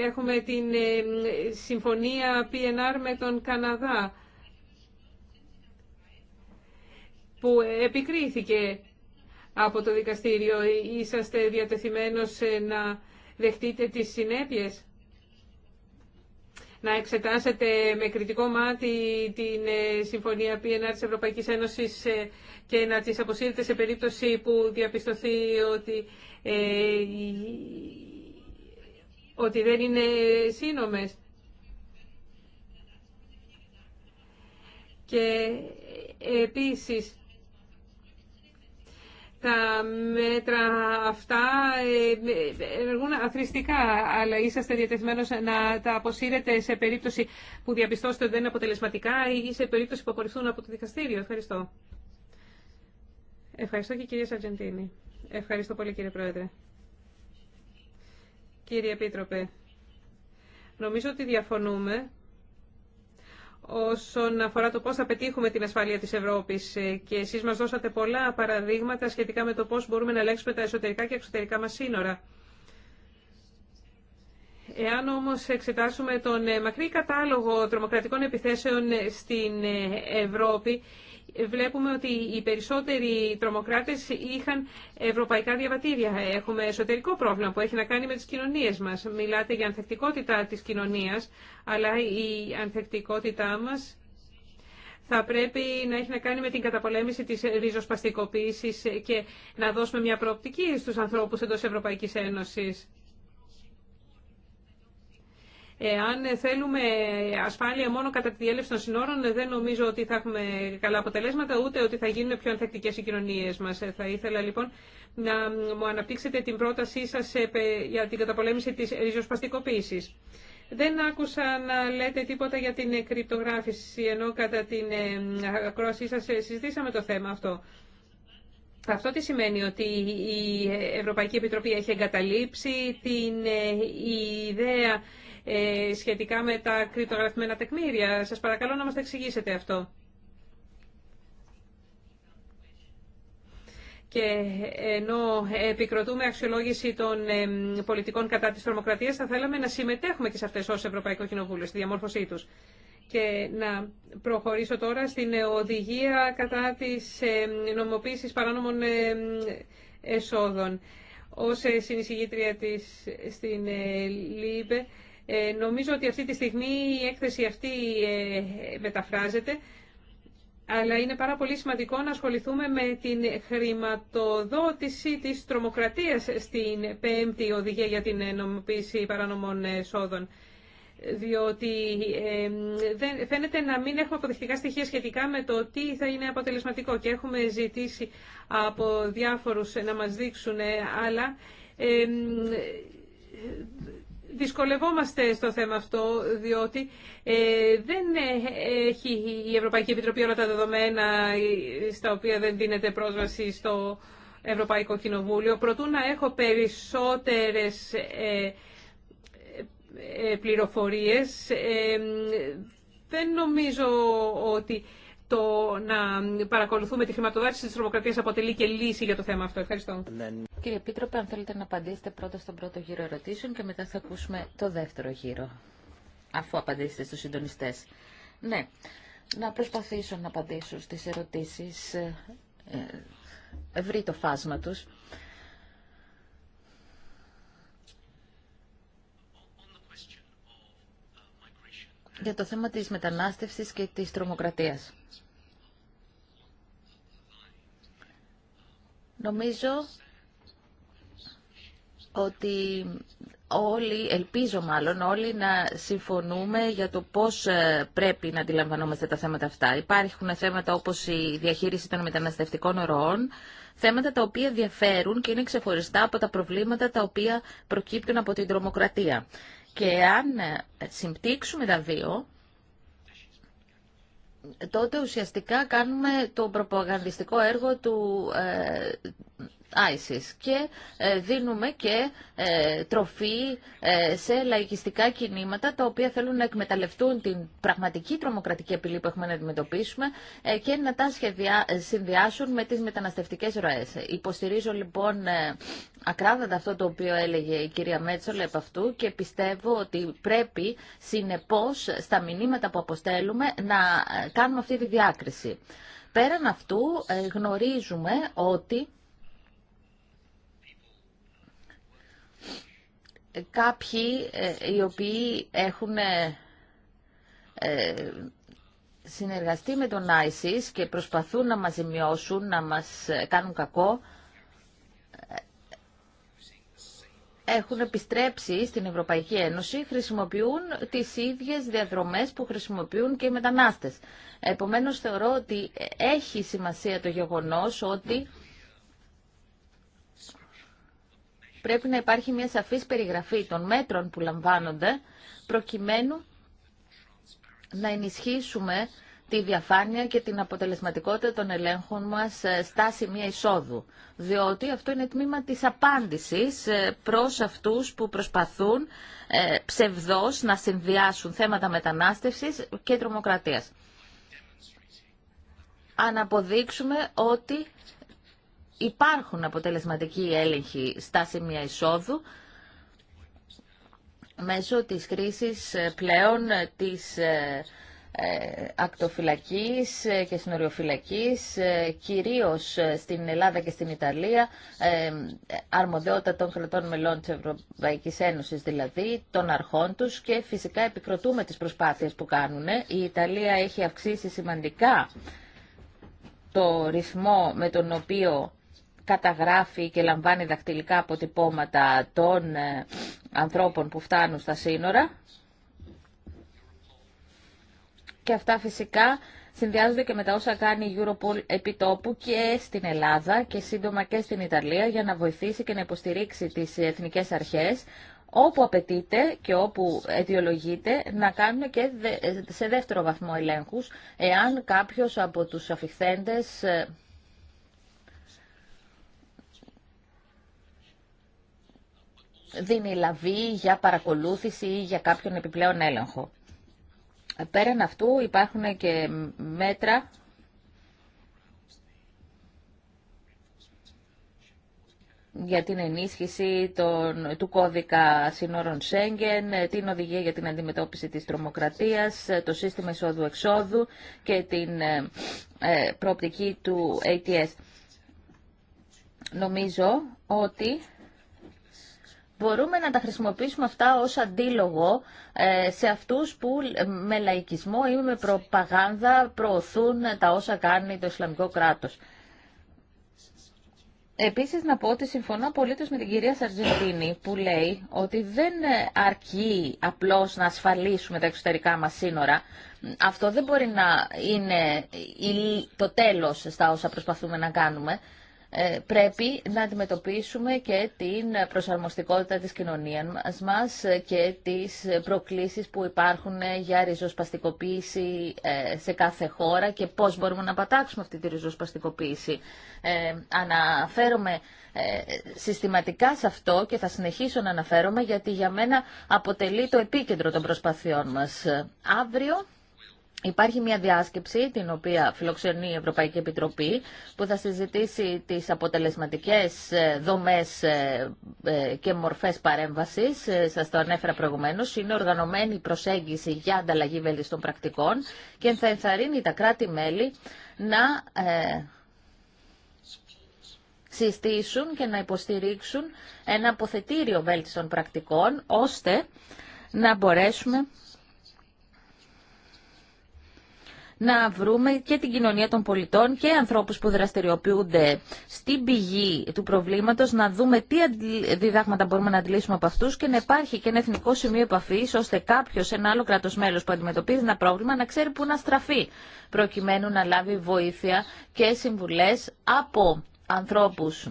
έχουμε την ε, συμφωνία PNR με τον Καναδά, που επικρίθηκε από το δικαστήριο. Είσαστε διατεθειμένος ε, να δεχτείτε τις συνέπειες να εξετάσετε με κριτικό μάτι την ε, συμφωνία PNR της Ευρωπαϊκής Ένωσης και να τις αποσύρετε σε περίπτωση που διαπιστωθεί ότι ότι δεν είναι σύνομες. Και επίσης, τα μέτρα αυτά ε, ενεργούν αθρηστικά, αλλά είσαστε διατεθειμένος να τα αποσύρετε σε περίπτωση που διαπιστώσετε ότι δεν είναι αποτελεσματικά ή σε περίπτωση που απορριφθούν από το δικαστήριο. Ευχαριστώ. Ευχαριστώ και κυρία Σαρτζεντίνη. Ευχαριστώ πολύ κύριε Πρόεδρε κύριε Επίτροπε. Νομίζω ότι διαφωνούμε όσον αφορά το πώς θα πετύχουμε την ασφάλεια της Ευρώπης ε, και εσείς μας δώσατε πολλά παραδείγματα σχετικά με το πώς μπορούμε να ελέγξουμε τα εσωτερικά και εξωτερικά μας σύνορα. Εάν όμως εξετάσουμε τον ε, μακρύ κατάλογο τρομοκρατικών επιθέσεων ε, στην Ευρώπη, βλέπουμε ότι οι περισσότεροι τρομοκράτες είχαν ευρωπαϊκά διαβατήρια. Έχουμε εσωτερικό πρόβλημα που έχει να κάνει με τις κοινωνίες μας. Μιλάτε για ανθεκτικότητα της κοινωνίας, αλλά η ανθεκτικότητά μας θα πρέπει να έχει να κάνει με την καταπολέμηση της ριζοσπαστικοποίησης και να δώσουμε μια προοπτική στους ανθρώπους εντός Ευρωπαϊκής Ένωσης. Αν θέλουμε ασφάλεια μόνο κατά τη διέλευση των συνόρων, δεν νομίζω ότι θα έχουμε καλά αποτελέσματα, ούτε ότι θα γίνουν πιο ανθεκτικέ οι κοινωνίε μα. Ε, θα ήθελα λοιπόν να μου αναπτύξετε την πρότασή σα ε, για την καταπολέμηση τη ριζοσπαστικοποίηση. Δεν άκουσα να λέτε τίποτα για την κρυπτογράφηση, ενώ κατά την ε, ακρόασή σα συζητήσαμε το θέμα αυτό. Αυτό τι σημαίνει ότι η Ευρωπαϊκή Επιτροπή έχει εγκαταλείψει την ιδέα ε, σχετικά με τα κρυπτογραφημένα τεκμήρια. Σας παρακαλώ να μας τα εξηγήσετε αυτό. Και ενώ επικροτούμε αξιολόγηση των πολιτικών κατά της θερμοκρατίας, θα θέλαμε να συμμετέχουμε και σε αυτές ως Ευρωπαϊκό Κοινοβούλιο, στη διαμόρφωσή τους. Και να προχωρήσω τώρα στην οδηγία κατά της νομοποίησης παράνομων εσόδων. Ως ε, συνεισηγήτρια της στην ε, ΛΥΠΕ, ε, νομίζω ότι αυτή τη στιγμή η έκθεση αυτή ε, μεταφράζεται, αλλά είναι πάρα πολύ σημαντικό να ασχοληθούμε με την χρηματοδότηση της τρομοκρατίας στην πέμπτη οδηγία για την νομοποίηση παρανομών εσόδων διότι ε, φαίνεται να μην έχουμε αποδεικτικά στοιχεία σχετικά με το τι θα είναι αποτελεσματικό και έχουμε ζητήσει από διάφορους να μας δείξουν, αλλά δυσκολευόμαστε στο θέμα αυτό, διότι ε, δεν έχει η Ευρωπαϊκή Επιτροπή όλα τα δεδομένα ε, στα οποία δεν δίνεται πρόσβαση στο Ευρωπαϊκό Κοινοβούλιο. Προτού να έχω περισσότερες ε, πληροφορίες, δεν νομίζω ότι το να παρακολουθούμε τη χρηματοδότηση της τρομοκρατίας αποτελεί και λύση για το θέμα αυτό. Ευχαριστώ. Κύριε Πίτροπε, αν θέλετε να απαντήσετε πρώτα στον πρώτο γύρο ερωτήσεων και μετά θα ακούσουμε το δεύτερο γύρο, αφού απαντήσετε στους συντονιστές. Ναι, να προσπαθήσω να απαντήσω στις ερωτήσεις ε, ε, ευρύ το φάσμα τους. για το θέμα της μετανάστευσης και της τρομοκρατίας. Νομίζω ότι όλοι, ελπίζω μάλλον όλοι να συμφωνούμε για το πώς ε, πρέπει να αντιλαμβανόμαστε τα θέματα αυτά. Υπάρχουν θέματα όπως η διαχείριση των μεταναστευτικών ροών, θέματα τα οποία διαφέρουν και είναι ξεχωριστά από τα προβλήματα τα οποία προκύπτουν από την τρομοκρατία. Και αν ε, συμπτύξουμε τα δύο, τότε ουσιαστικά κάνουμε το προπαγανδιστικό έργο του, ε, και ε, δίνουμε και ε, τροφή ε, σε λαϊκιστικά κινήματα τα οποία θέλουν να εκμεταλλευτούν την πραγματική τρομοκρατική απειλή που έχουμε να αντιμετωπίσουμε και να τα συνδυάσουν με τις μεταναστευτικές ροές. Υποστηρίζω λοιπόν ακράδαντα αυτό το οποίο έλεγε η κυρία Μέτσολα επ' αυτού και πιστεύω ότι πρέπει συνεπώς στα μηνύματα που αποστέλουμε να κάνουμε αυτή τη διάκριση. Πέραν αυτού γνωρίζουμε ότι κάποιοι ε, οι οποίοι έχουν ε, ε, συνεργαστεί με τον ISIS και προσπαθούν να μας ζημιώσουν, να μας κάνουν κακό, έχουν επιστρέψει στην Ευρωπαϊκή Ένωση, χρησιμοποιούν τις ίδιες διαδρομές που χρησιμοποιούν και οι μετανάστες. Επομένως θεωρώ ότι έχει σημασία το γεγονός ότι πρέπει να υπάρχει μια σαφής περιγραφή των μέτρων που λαμβάνονται προκειμένου να ενισχύσουμε τη διαφάνεια και την αποτελεσματικότητα των ελέγχων μας ε, στα σημεία εισόδου. Διότι αυτό είναι τμήμα της απάντησης ε, προς αυτούς που προσπαθούν ε, ψευδώς να συνδυάσουν θέματα μετανάστευσης και τρομοκρατίας. Αν ότι υπάρχουν αποτελεσματικοί έλεγχοι στα σημεία εισόδου μέσω της χρήσης ε, πλέον της ε, ε, ακτοφυλακής και συνοριοφυλακής, κυρίως στην Ελλάδα και στην Ιταλία, αρμοδιότητα των κρατών μελών της Ευρωπαϊκής Ένωσης δηλαδή, των αρχών τους και φυσικά επικροτούμε τις προσπάθειες που κάνουν. Η Ιταλία έχει αυξήσει σημαντικά το ρυθμό με τον οποίο καταγράφει και λαμβάνει δακτυλικά αποτυπώματα των ε, ανθρώπων που φτάνουν στα σύνορα. Και αυτά φυσικά συνδυάζονται και με τα όσα κάνει η Europol επιτόπου και στην Ελλάδα και σύντομα και στην Ιταλία για να βοηθήσει και να υποστηρίξει τις εθνικές αρχές όπου απαιτείται και όπου αιτιολογείται να κάνουν και σε δεύτερο βαθμό ελέγχους εάν κάποιος από τους αφιχθέντες ε, δίνει λαβή για παρακολούθηση ή για κάποιον επιπλέον έλεγχο. Πέραν αυτού υπάρχουν και μέτρα για την ενίσχυση των, του κώδικα σύνορων Σέγγεν, την οδηγία για την αντιμετώπιση της τρομοκρατίας, το σύστημα εισόδου-εξόδου και την προπτική ε, ε, προοπτική του ATS. Νομίζω ότι μπορούμε να τα χρησιμοποιήσουμε αυτά ως αντίλογο ε, σε αυτούς που ε, με λαϊκισμό ή με προπαγάνδα προωθούν τα όσα κάνει το Ισλαμικό κράτος. Επίσης να πω ότι συμφωνώ απολύτως με την κυρία Σαρτζεντίνη που λέει ότι δεν ε, αρκεί απλώς να ασφαλίσουμε τα εξωτερικά μας σύνορα. Αυτό δεν μπορεί να είναι το τέλος στα όσα προσπαθούμε να κάνουμε. Ε, πρέπει να αντιμετωπίσουμε και την προσαρμοστικότητα της κοινωνίας μας ε, και τις προκλήσεις που υπάρχουν για ριζοσπαστικοποίηση ε, σε κάθε χώρα και πώς μπορούμε να πατάξουμε αυτή τη ριζοσπαστικοποίηση. αναφέρομαι συστηματικά σε αυτό και θα συνεχίσω να αναφέρομαι γιατί για μένα αποτελεί το επίκεντρο των προσπαθειών μας. Αύριο Υπάρχει μια διάσκεψη την οποία φιλοξενεί η Ευρωπαϊκή Επιτροπή που θα συζητήσει τις αποτελεσματικές ε, δομές ε, ε, και μορφές παρέμβασης. Σας το ανέφερα προηγουμένως. Είναι οργανωμένη προσέγγιση για ανταλλαγή βέλτιστων πρακτικών και θα ενθαρρύνει τα κράτη-μέλη να συστήσουν και να υποστηρίξουν ένα αποθετήριο βέλτιστων πρακτικών ώστε να μπορέσουμε να βρούμε και την κοινωνία των πολιτών και ανθρώπους που δραστηριοποιούνται στην πηγή του προβλήματος, να δούμε τι διδάγματα μπορούμε να αντιλήσουμε από αυτούς και να υπάρχει και ένα εθνικό σημείο επαφής, ώστε κάποιος, ένα άλλο κράτος μέλος που αντιμετωπίζει ένα πρόβλημα, να ξέρει πού να στραφεί, προκειμένου να λάβει βοήθεια και συμβουλές από ανθρώπους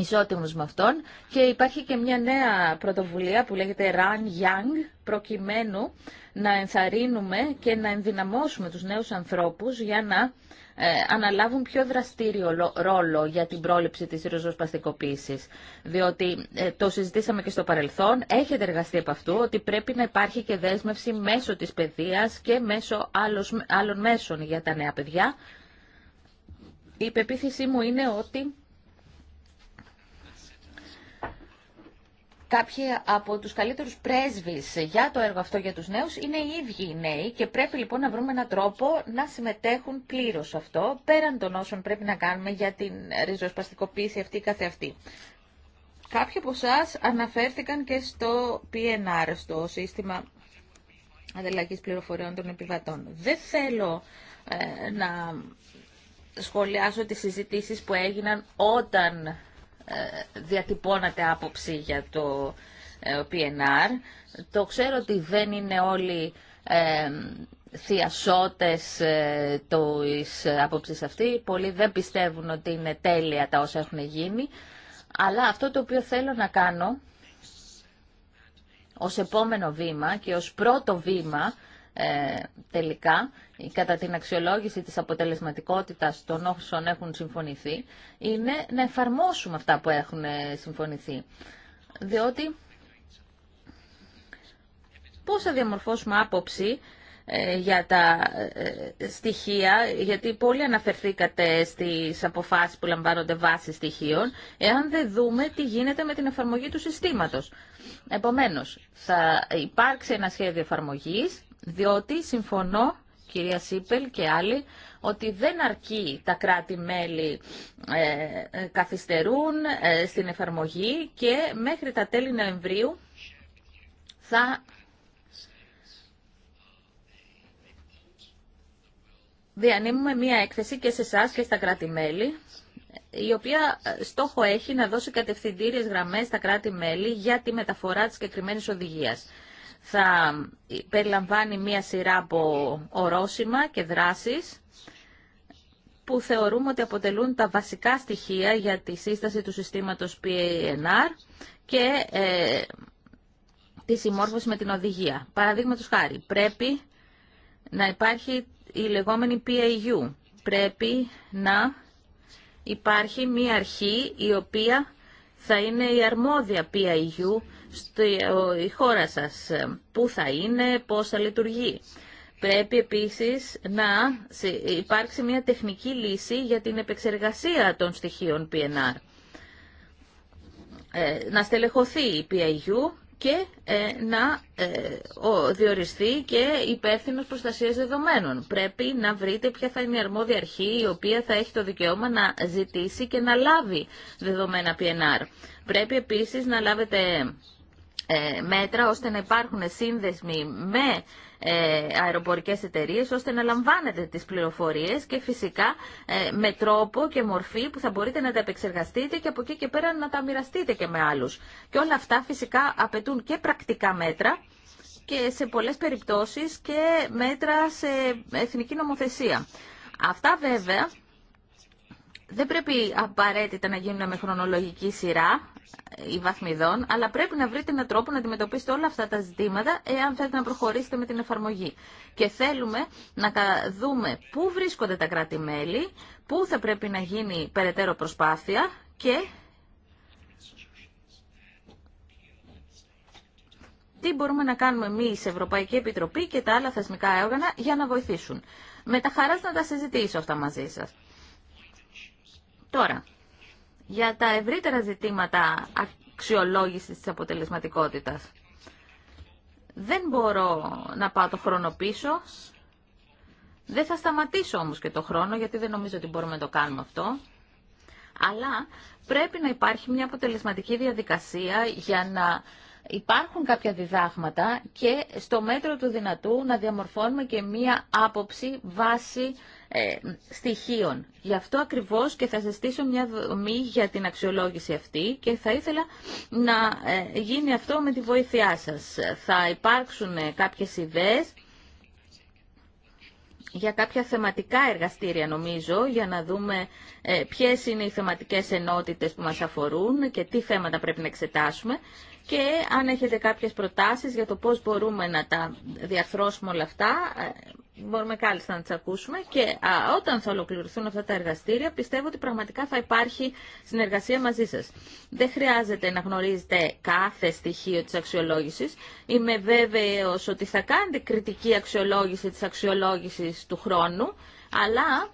ισότιμους με αυτόν και υπάρχει και μια νέα πρωτοβουλία που λέγεται Run Young προκειμένου να ενθαρρύνουμε και να ενδυναμώσουμε τους νέους ανθρώπους για να ε, αναλάβουν πιο δραστήριο ρόλο για την πρόληψη της ριζοσπαστικοποίησης. Διότι ε, το συζητήσαμε και στο παρελθόν, έχετε εργαστεί από αυτού ότι πρέπει να υπάρχει και δέσμευση μέσω της παιδείας και μέσω άλλων μέσων για τα νέα παιδιά. Η πεποίθησή μου είναι ότι Κάποιοι από τους καλύτερους πρέσβεις για το έργο αυτό για τους νέους είναι οι ίδιοι οι νέοι και πρέπει λοιπόν να βρούμε έναν τρόπο να συμμετέχουν πλήρως σε αυτό, πέραν των όσων πρέπει να κάνουμε για την ριζοσπαστικοποίηση αυτή καθεαυτή. Κάποιοι από εσά αναφέρθηκαν και στο PNR, στο σύστημα ανταλλαγής πληροφοριών των επιβατών. Δεν θέλω ε, να σχολιάσω τις συζητήσεις που έγιναν όταν ε, διατυπώνατε άποψη για το ε, PNR. Το ξέρω ότι δεν είναι όλοι ε, θειασότες ε, της ε, αυτή. Πολλοί δεν πιστεύουν ότι είναι τέλεια τα όσα έχουν γίνει. Αλλά αυτό το οποίο θέλω να κάνω ως επόμενο βήμα και ως πρώτο βήμα τελικά κατά την αξιολόγηση της αποτελεσματικότητας των όσων έχουν συμφωνηθεί είναι να εφαρμόσουμε αυτά που έχουν ε, συμφωνηθεί. Διότι πώς θα διαμορφώσουμε άποψη ε, για τα ε, στοιχεία, γιατί πολύ αναφερθήκατε στις αποφάσεις που λαμβάνονται βάσει στοιχείων, εάν δεν δούμε τι γίνεται με την εφαρμογή του συστήματος. Επομένως, θα υπάρξει ένα σχέδιο εφαρμογής, διότι συμφωνώ κυρία Σίπελ και άλλοι ότι δεν αρκεί τα κράτη-μέλη ε, ε, καθυστερούν ε, στην εφαρμογή και μέχρι τα τέλη Νοεμβρίου θα διανύμουμε μία έκθεση και σε εσά και στα κράτη-μέλη η οποία στόχο έχει να δώσει κατευθυντήριες γραμμές στα κράτη-μέλη για τη μεταφορά της συγκεκριμένη οδηγίας θα περιλαμβάνει μία σειρά από ορόσημα και δράσεις που θεωρούμε ότι αποτελούν τα βασικά στοιχεία για τη σύσταση του συστήματος PANR και ε, τη συμμόρφωση με την οδηγία. Παραδείγματο χάρη, πρέπει να υπάρχει η λεγόμενη PAU. Πρέπει να υπάρχει μία αρχή η οποία θα είναι η αρμόδια PAU στη η χώρα σας, ε, πού θα είναι, πώς θα λειτουργεί. Πρέπει επίσης να υπάρξει μια τεχνική λύση για την επεξεργασία των στοιχείων PNR. Ε, να στελεχωθεί η PIU και ε, να διοριστεί και υπεύθυνο προστασίας δεδομένων. Πρέπει να βρείτε ποια θα είναι η αρμόδια αρχή η οποία θα έχει το δικαίωμα να ζητήσει και να λάβει δεδομένα PNR. Πρέπει επίσης να λάβετε ε, μέτρα ώστε να υπάρχουν σύνδεσμοι με ε, αεροπορικές εταιρείες ώστε να λαμβάνετε τις πληροφορίες και φυσικά ε, με τρόπο και μορφή που θα μπορείτε να τα επεξεργαστείτε και από εκεί και πέρα να τα μοιραστείτε και με άλλους. Και όλα αυτά φυσικά απαιτούν και πρακτικά μέτρα και σε πολλές περιπτώσεις και μέτρα σε εθνική νομοθεσία. Αυτά βέβαια δεν πρέπει απαραίτητα να γίνουν με χρονολογική σειρά ε, οι βαθμιδών, αλλά πρέπει να βρείτε έναν τρόπο να αντιμετωπίσετε όλα αυτά τα ζητήματα εάν θέλετε να προχωρήσετε με την εφαρμογή. Και θέλουμε να δούμε πού βρίσκονται τα κράτη-μέλη, πού θα πρέπει να γίνει περαιτέρω προσπάθεια και τι μπορούμε να κάνουμε εμεί, η Ευρωπαϊκή Επιτροπή και τα άλλα θεσμικά έργανα για να βοηθήσουν. Με τα χαρά να τα συζητήσω αυτά μαζί σας. Τώρα, για τα ευρύτερα ζητήματα αξιολόγηση τη αποτελεσματικότητα, Δεν μπορώ να πάω το χρόνο πίσω. Δεν θα σταματήσω όμως και το χρόνο, γιατί δεν νομίζω ότι μπορούμε να το κάνουμε αυτό. Αλλά πρέπει να υπάρχει μια αποτελεσματική διαδικασία για να υπάρχουν κάποια διδάγματα και στο μέτρο του δυνατού να διαμορφώνουμε και μια άποψη βάση ε, στοιχείων. Γι' αυτό ακριβώς και θα στήσω μια δομή για την αξιολόγηση αυτή και θα ήθελα να ε, γίνει αυτό με τη βοήθειά σας. Θα υπάρξουν ε, κάποιες ιδέες για κάποια θεματικά εργαστήρια νομίζω, για να δούμε ε, ποιες είναι οι θεματικές ενότητες που μας αφορούν και τι θέματα πρέπει να εξετάσουμε και αν έχετε κάποιες προτάσεις για το πώς μπορούμε να τα διαρθρώσουμε όλα αυτά, ε, μπορούμε κάλλιστα να τις ακούσουμε και όταν θα ολοκληρωθούν αυτά τα εργαστήρια πιστεύω ότι πραγματικά θα υπάρχει συνεργασία μαζί σας. Δεν χρειάζεται να γνωρίζετε κάθε στοιχείο της αξιολόγησης. Είμαι βέβαιος ότι θα κάνετε κριτική αξιολόγηση της αξιολόγησης του χρόνου, αλλά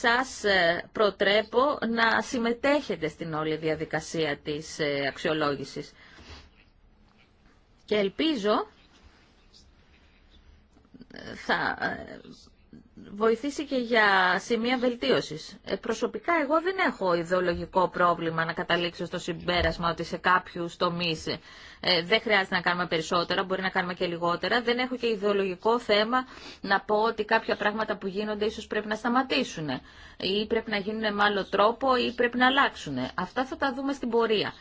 σας ε, προτρέπω να συμμετέχετε στην όλη διαδικασία της ε, αξιολόγησης και ελπίζω θα ε, βοηθήσει και για σημεία βελτίωσης. Ε, προσωπικά εγώ δεν έχω ιδεολογικό πρόβλημα να καταλήξω στο συμπέρασμα ότι σε κάποιους τομείς ε, δεν χρειάζεται να κάνουμε περισσότερα, μπορεί να κάνουμε και λιγότερα. Δεν έχω και ιδεολογικό θέμα να πω ότι κάποια πράγματα που γίνονται ίσως πρέπει να σταματήσουν ή πρέπει να γίνουν με άλλο τρόπο ή πρέπει να αλλάξουν. Αυτά θα τα δούμε στην πορεία.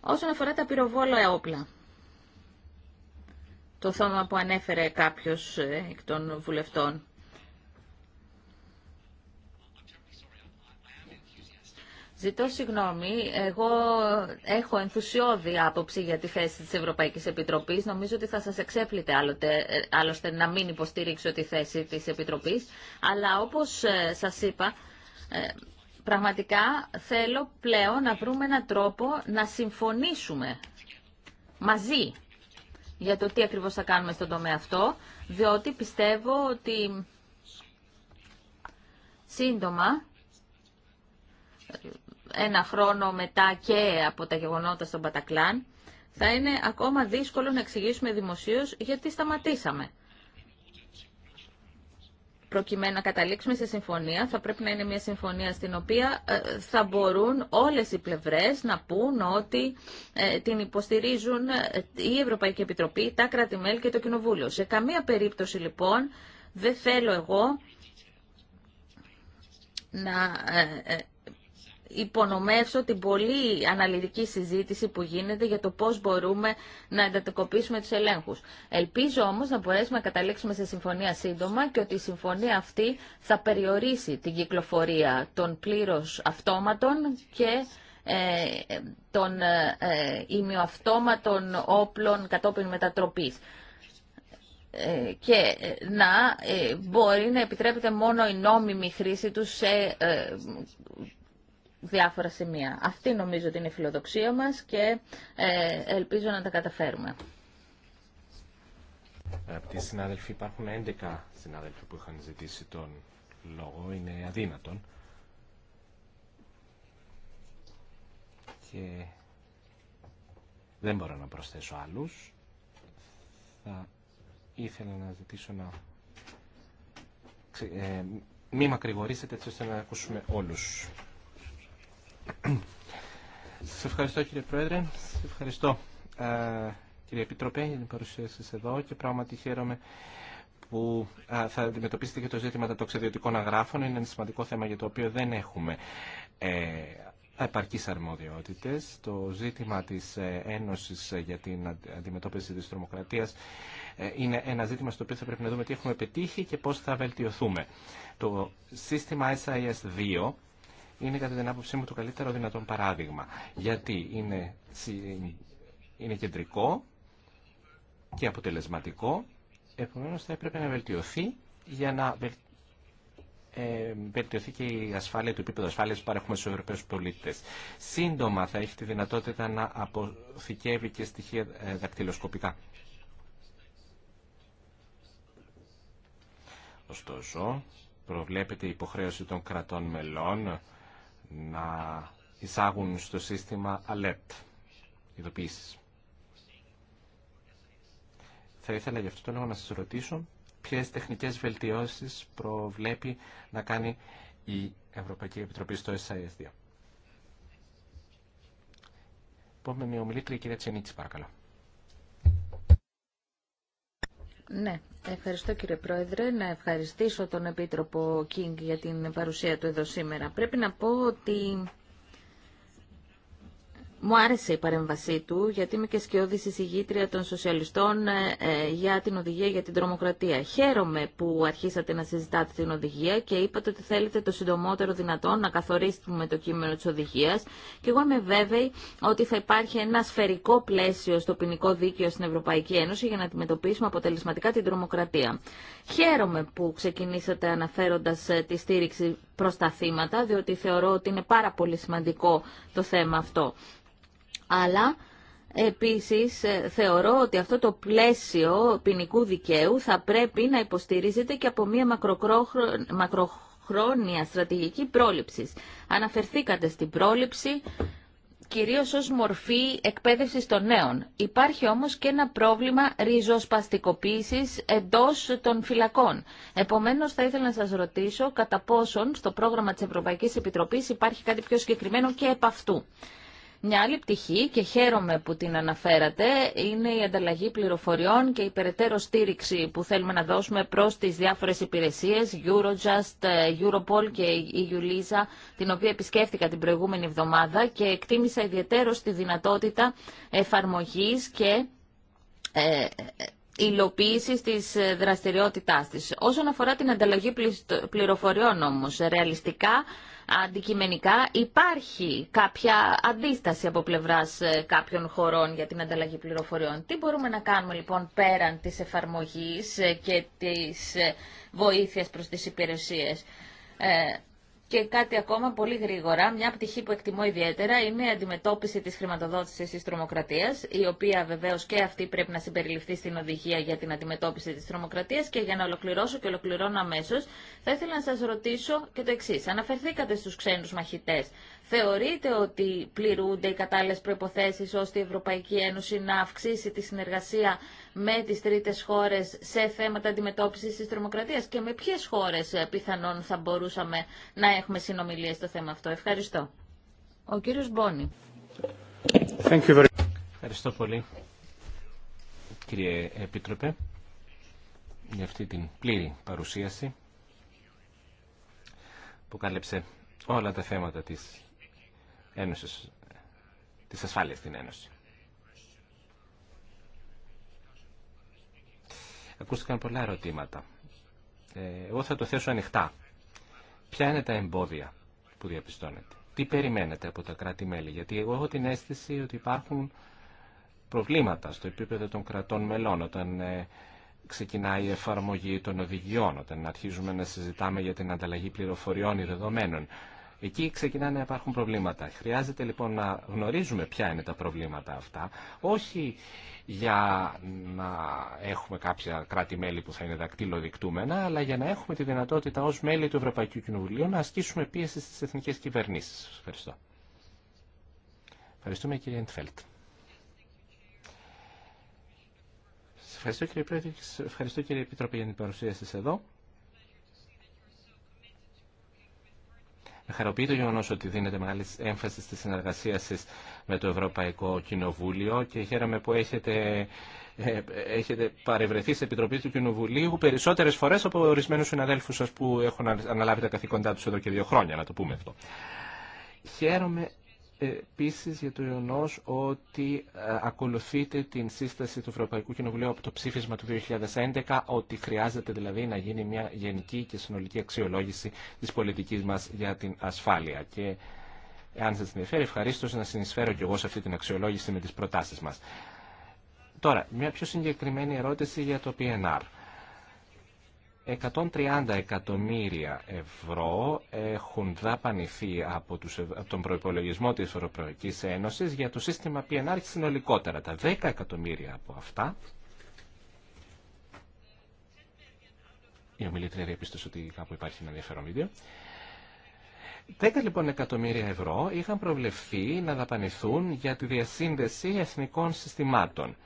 Όσον αφορά τα πυροβόλα όπλα, το θέμα που ανέφερε κάποιος ε, εκ των βουλευτών, Ζητώ συγγνώμη, εγώ έχω ενθουσιώδη άποψη για τη θέση της Ευρωπαϊκής Επιτροπής. Νομίζω ότι θα σας εξέπλητε άλλοτε, ε, άλλωστε να μην υποστηρίξω τη θέση της Επιτροπής. Αλλά όπως ε, σας είπα, Πραγματικά θέλω πλέον να βρούμε έναν τρόπο να συμφωνήσουμε μαζί για το τι ακριβώς θα κάνουμε στον τομέα αυτό, διότι πιστεύω ότι σύντομα, ένα χρόνο μετά και από τα γεγονότα στον Πατακλάν, θα είναι ακόμα δύσκολο να εξηγήσουμε δημοσίως γιατί σταματήσαμε προκειμένου να καταλήξουμε σε συμφωνία, θα πρέπει να είναι μια συμφωνία στην οποία ε, θα μπορούν όλες οι πλευρές να πούν ότι ε, την υποστηρίζουν ε, η Ευρωπαϊκή Επιτροπή, τα κράτη-μέλη και το Κοινοβούλιο. Σε καμία περίπτωση λοιπόν δεν θέλω εγώ να υπονομεύσω την πολύ αναλυτική συζήτηση που γίνεται για το πώς μπορούμε να εντατικοποιήσουμε τους ελέγχους. Ελπίζω όμως να μπορέσουμε να καταλήξουμε σε συμφωνία σύντομα και ότι η συμφωνία αυτή θα περιορίσει την κυκλοφορία των πλήρως αυτόματων και ε, των ε, ε, ημιοαυτόματων όπλων κατόπιν μετατροπής και να μπορεί να επιτρέπεται μόνο η νόμιμη χρήση τους σε διάφορα σημεία. Αυτή νομίζω ότι είναι η φιλοδοξία μας και ε, ελπίζω να τα καταφέρουμε. Αγαπητοί συνάδελφοι, υπάρχουν 11 συνάδελφοι που είχαν ζητήσει τον λόγο. Είναι αδύνατον. Και δεν μπορώ να προσθέσω άλλους. Θα ήθελα να ζητήσω να ε, μη μακρηγορήσετε έτσι ώστε να ακούσουμε όλους. Σας ευχαριστώ κύριε Πρόεδρε, σας ευχαριστώ ε, κύριε Επιτροπέ για την παρουσία σας εδώ και πράγματι χαίρομαι που ε, θα αντιμετωπίσετε και το ζήτημα των τοξιδιωτικών αγράφων. Είναι ένα σημαντικό θέμα για το οποίο δεν έχουμε ε, επαρκείς αρμοδιότητες. Το ζήτημα της Ένωσης για την αντιμετώπιση της τρομοκρατίας είναι ένα ζήτημα στο οποίο θα πρέπει να δούμε τι έχουμε πετύχει και πώς θα βελτιωθούμε. Το σύστημα SIS-2 είναι κατά την άποψή μου το καλύτερο δυνατόν παράδειγμα. Γιατί είναι, κεντρικό και αποτελεσματικό, επομένως θα έπρεπε να βελτιωθεί για να ε, βελτιωθεί και η ασφάλεια του επίπεδου ασφάλειας που παρέχουμε στους Ευρωπαίους πολίτες. Σύντομα θα έχει τη δυνατότητα να αποθηκεύει και στοιχεία ε, δακτυλοσκοπικά. Ωστόσο, προβλέπεται η υποχρέωση των κρατών μελών να εισάγουν στο σύστημα alert, ειδοποίησης. Θα ήθελα γι' αυτό το λόγο να σας ρωτήσω ποιες τεχνικές βελτιώσεις προβλέπει να κάνει η Ευρωπαϊκή Επιτροπή στο SIS2. Επόμενη ομιλήτρια, η κυρία Τσενίτση, παρακαλώ. Ναι, ευχαριστώ κύριε Πρόεδρε. Να ευχαριστήσω τον Επίτροπο Κίνγκ για την παρουσία του εδώ σήμερα. Πρέπει να πω ότι μου άρεσε η παρέμβασή του, γιατί είμαι και σκιώδη εισηγήτρια των σοσιαλιστών ε, ε, για την οδηγία για την τρομοκρατία. Χαίρομαι που αρχίσατε να συζητάτε την οδηγία και είπατε ότι θέλετε το συντομότερο δυνατόν να καθορίσουμε το κείμενο τη οδηγία. και εγώ είμαι βέβαιη ότι θα υπάρχει ένα σφαιρικό πλαίσιο στο ποινικό δίκαιο στην Ευρωπαϊκή Ένωση για να αντιμετωπίσουμε αποτελεσματικά την τρομοκρατία. Χαίρομαι που ξεκινήσατε αναφέροντα ε, τη στήριξη προς τα θύματα, διότι θεωρώ ότι είναι πάρα πολύ σημαντικό το θέμα αυτό. Αλλά Επίσης, ε, θεωρώ ότι αυτό το πλαίσιο ποινικού δικαίου θα πρέπει να υποστηρίζεται και από μια μακροχρόνια στρατηγική πρόληψης. Αναφερθήκατε στην πρόληψη κυρίως ως μορφή εκπαίδευσης των νέων. Υπάρχει όμως και ένα πρόβλημα ριζοσπαστικοποίησης εντός των φυλακών. Επομένως θα ήθελα να σας ρωτήσω κατά πόσον στο πρόγραμμα της Ευρωπαϊκής Επιτροπής υπάρχει κάτι πιο συγκεκριμένο και επ' αυτού. Μια άλλη πτυχή και χαίρομαι που την αναφέρατε είναι η ανταλλαγή πληροφοριών και η περαιτέρω στήριξη που θέλουμε να δώσουμε προς τις διάφορες υπηρεσίες Eurojust, ε, Europol και η Ιουλίζα, την οποία επισκέφθηκα την προηγούμενη εβδομάδα και εκτίμησα ιδιαίτερο τη δυνατότητα εφαρμογής και ε, υλοποίηση τη δραστηριότητά τη. Όσον αφορά την ανταλλαγή πληροφοριών όμω, ρεαλιστικά αντικειμενικά υπάρχει κάποια αντίσταση από πλευράς ε, κάποιων χωρών για την ανταλλαγή πληροφοριών. Τι μπορούμε να κάνουμε λοιπόν πέραν της εφαρμογής ε, και της ε, βοήθειας προς τις υπηρεσίες. Ε, και κάτι ακόμα πολύ γρήγορα, μια πτυχή που εκτιμώ ιδιαίτερα είναι η αντιμετώπιση της χρηματοδότησης της τρομοκρατίας, η οποία βεβαίως και αυτή πρέπει να συμπεριληφθεί στην οδηγία για την αντιμετώπιση της τρομοκρατίας και για να ολοκληρώσω και ολοκληρώνω αμέσω. θα ήθελα να σας ρωτήσω και το εξής. Αναφερθήκατε στου ξένου μαχητέ. Θεωρείτε ότι πληρούνται οι κατάλληλες προϋποθέσεις ώστε η Ευρωπαϊκή Ένωση να αυξήσει τη συνεργασία με τις τρίτες χώρες σε θέματα αντιμετώπισης της τρομοκρατίας και με ποιες χώρες ε, πιθανόν θα μπορούσαμε να έχουμε συνομιλίες στο θέμα αυτό. Ευχαριστώ. Ο κύριος Μπόνι. Ευχαριστώ πολύ, κύριε Επίτροπε, για αυτή την πλήρη παρουσίαση που κάλεψε όλα τα θέματα της Ένωσης, της ασφάλειας στην Ένωση. Ακούστηκαν πολλά ερωτήματα. Ε, εγώ θα το θέσω ανοιχτά. Ποια είναι τα εμπόδια που διαπιστώνετε. Τι περιμένετε από τα κράτη-μέλη. Γιατί εγώ έχω την αίσθηση ότι υπάρχουν προβλήματα στο επίπεδο των κρατών μελών όταν ε, ξεκινάει η εφαρμογή των οδηγιών, όταν αρχίζουμε να συζητάμε για την ανταλλαγή πληροφοριών ή δεδομένων. Εκεί ξεκινάνε να υπάρχουν προβλήματα. Χρειάζεται λοιπόν να γνωρίζουμε ποια είναι τα προβλήματα αυτά, όχι για να έχουμε κάποια κράτη-μέλη που θα είναι δακτυλοδεικτούμενα, αλλά για να έχουμε τη δυνατότητα ως μέλη του Ευρωπαϊκού Κοινοβουλίου να ασκήσουμε πίεση στις εθνικές κυβερνήσεις. ευχαριστώ. Ευχαριστούμε κύριε Εντφέλτ. ευχαριστώ κύριε Πρόεδρε και ευχαριστώ κύριε Επιτροπή για την παρουσία σας εδώ. Με χαροποιεί το γεγονό ότι δίνεται μεγάλη έμφαση στη συνεργασία σα με το Ευρωπαϊκό Κοινοβούλιο και χαίρομαι που έχετε, ε, έχετε παρευρεθεί σε επιτροπή του Κοινοβουλίου περισσότερε φορέ από ορισμένου συναδέλφου σα που έχουν αναλάβει τα καθήκοντά του εδώ και δύο χρόνια, να το πούμε αυτό. Χαίρομαι επίση για το γεγονό ότι ε, ακολουθείτε την σύσταση του Ευρωπαϊκού Κοινοβουλίου από το ψήφισμα του 2011 ότι χρειάζεται δηλαδή να γίνει μια γενική και συνολική αξιολόγηση της πολιτικής μας για την ασφάλεια. Και αν σας ενδιαφέρει ευχαρίστω να συνεισφέρω και εγώ σε αυτή την αξιολόγηση με τις προτάσεις μας. Τώρα, μια πιο συγκεκριμένη ερώτηση για το PNR. 130 εκατομμύρια ευρώ έχουν δαπανηθεί από, τους, τον προϋπολογισμό της Ευρωπαϊκής Ένωσης για το σύστημα PNR συνολικότερα. Τα 10 εκατομμύρια από αυτά Η ομιλήτρια διαπίστωσε ότι κάπου υπάρχει ένα ενδιαφέρον βίντεο. 10 λοιπόν εκατομμύρια ευρώ είχαν προβλεφθεί να δαπανηθούν για τη διασύνδεση εθνικών συστημάτων.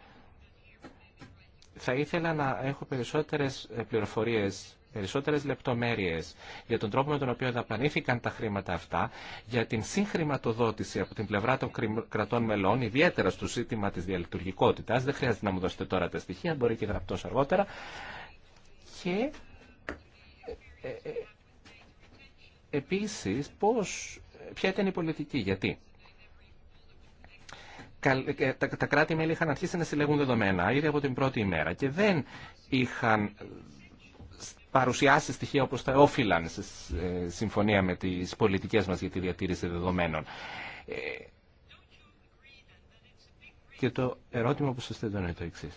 Θα ήθελα να έχω περισσότερες ε, πληροφορίες περισσότερες λεπτομέρειες για τον τρόπο με τον οποίο δαπανήθηκαν τα χρήματα αυτά, για την συγχρηματοδότηση από την πλευρά των κρατών μελών, ιδιαίτερα στο ζήτημα της διαλειτουργικότητας. Δεν χρειάζεται να μου δώσετε τώρα τα στοιχεία, μπορεί και γραπτό αργότερα. Και ε, ε, ε ποια ήταν η πολιτική, γιατί. Ε, τα κράτη-μέλη είχαν αρχίσει να συλλέγουν δεδομένα ήδη από την πρώτη ημέρα και δεν είχαν ε, παρουσιάσει στοιχεία όπως τα όφυλαν σε συμφωνία με τις πολιτικές μας για τη διατήρηση δεδομένων. Ε, και το ερώτημα που σας θέτω είναι το εξή.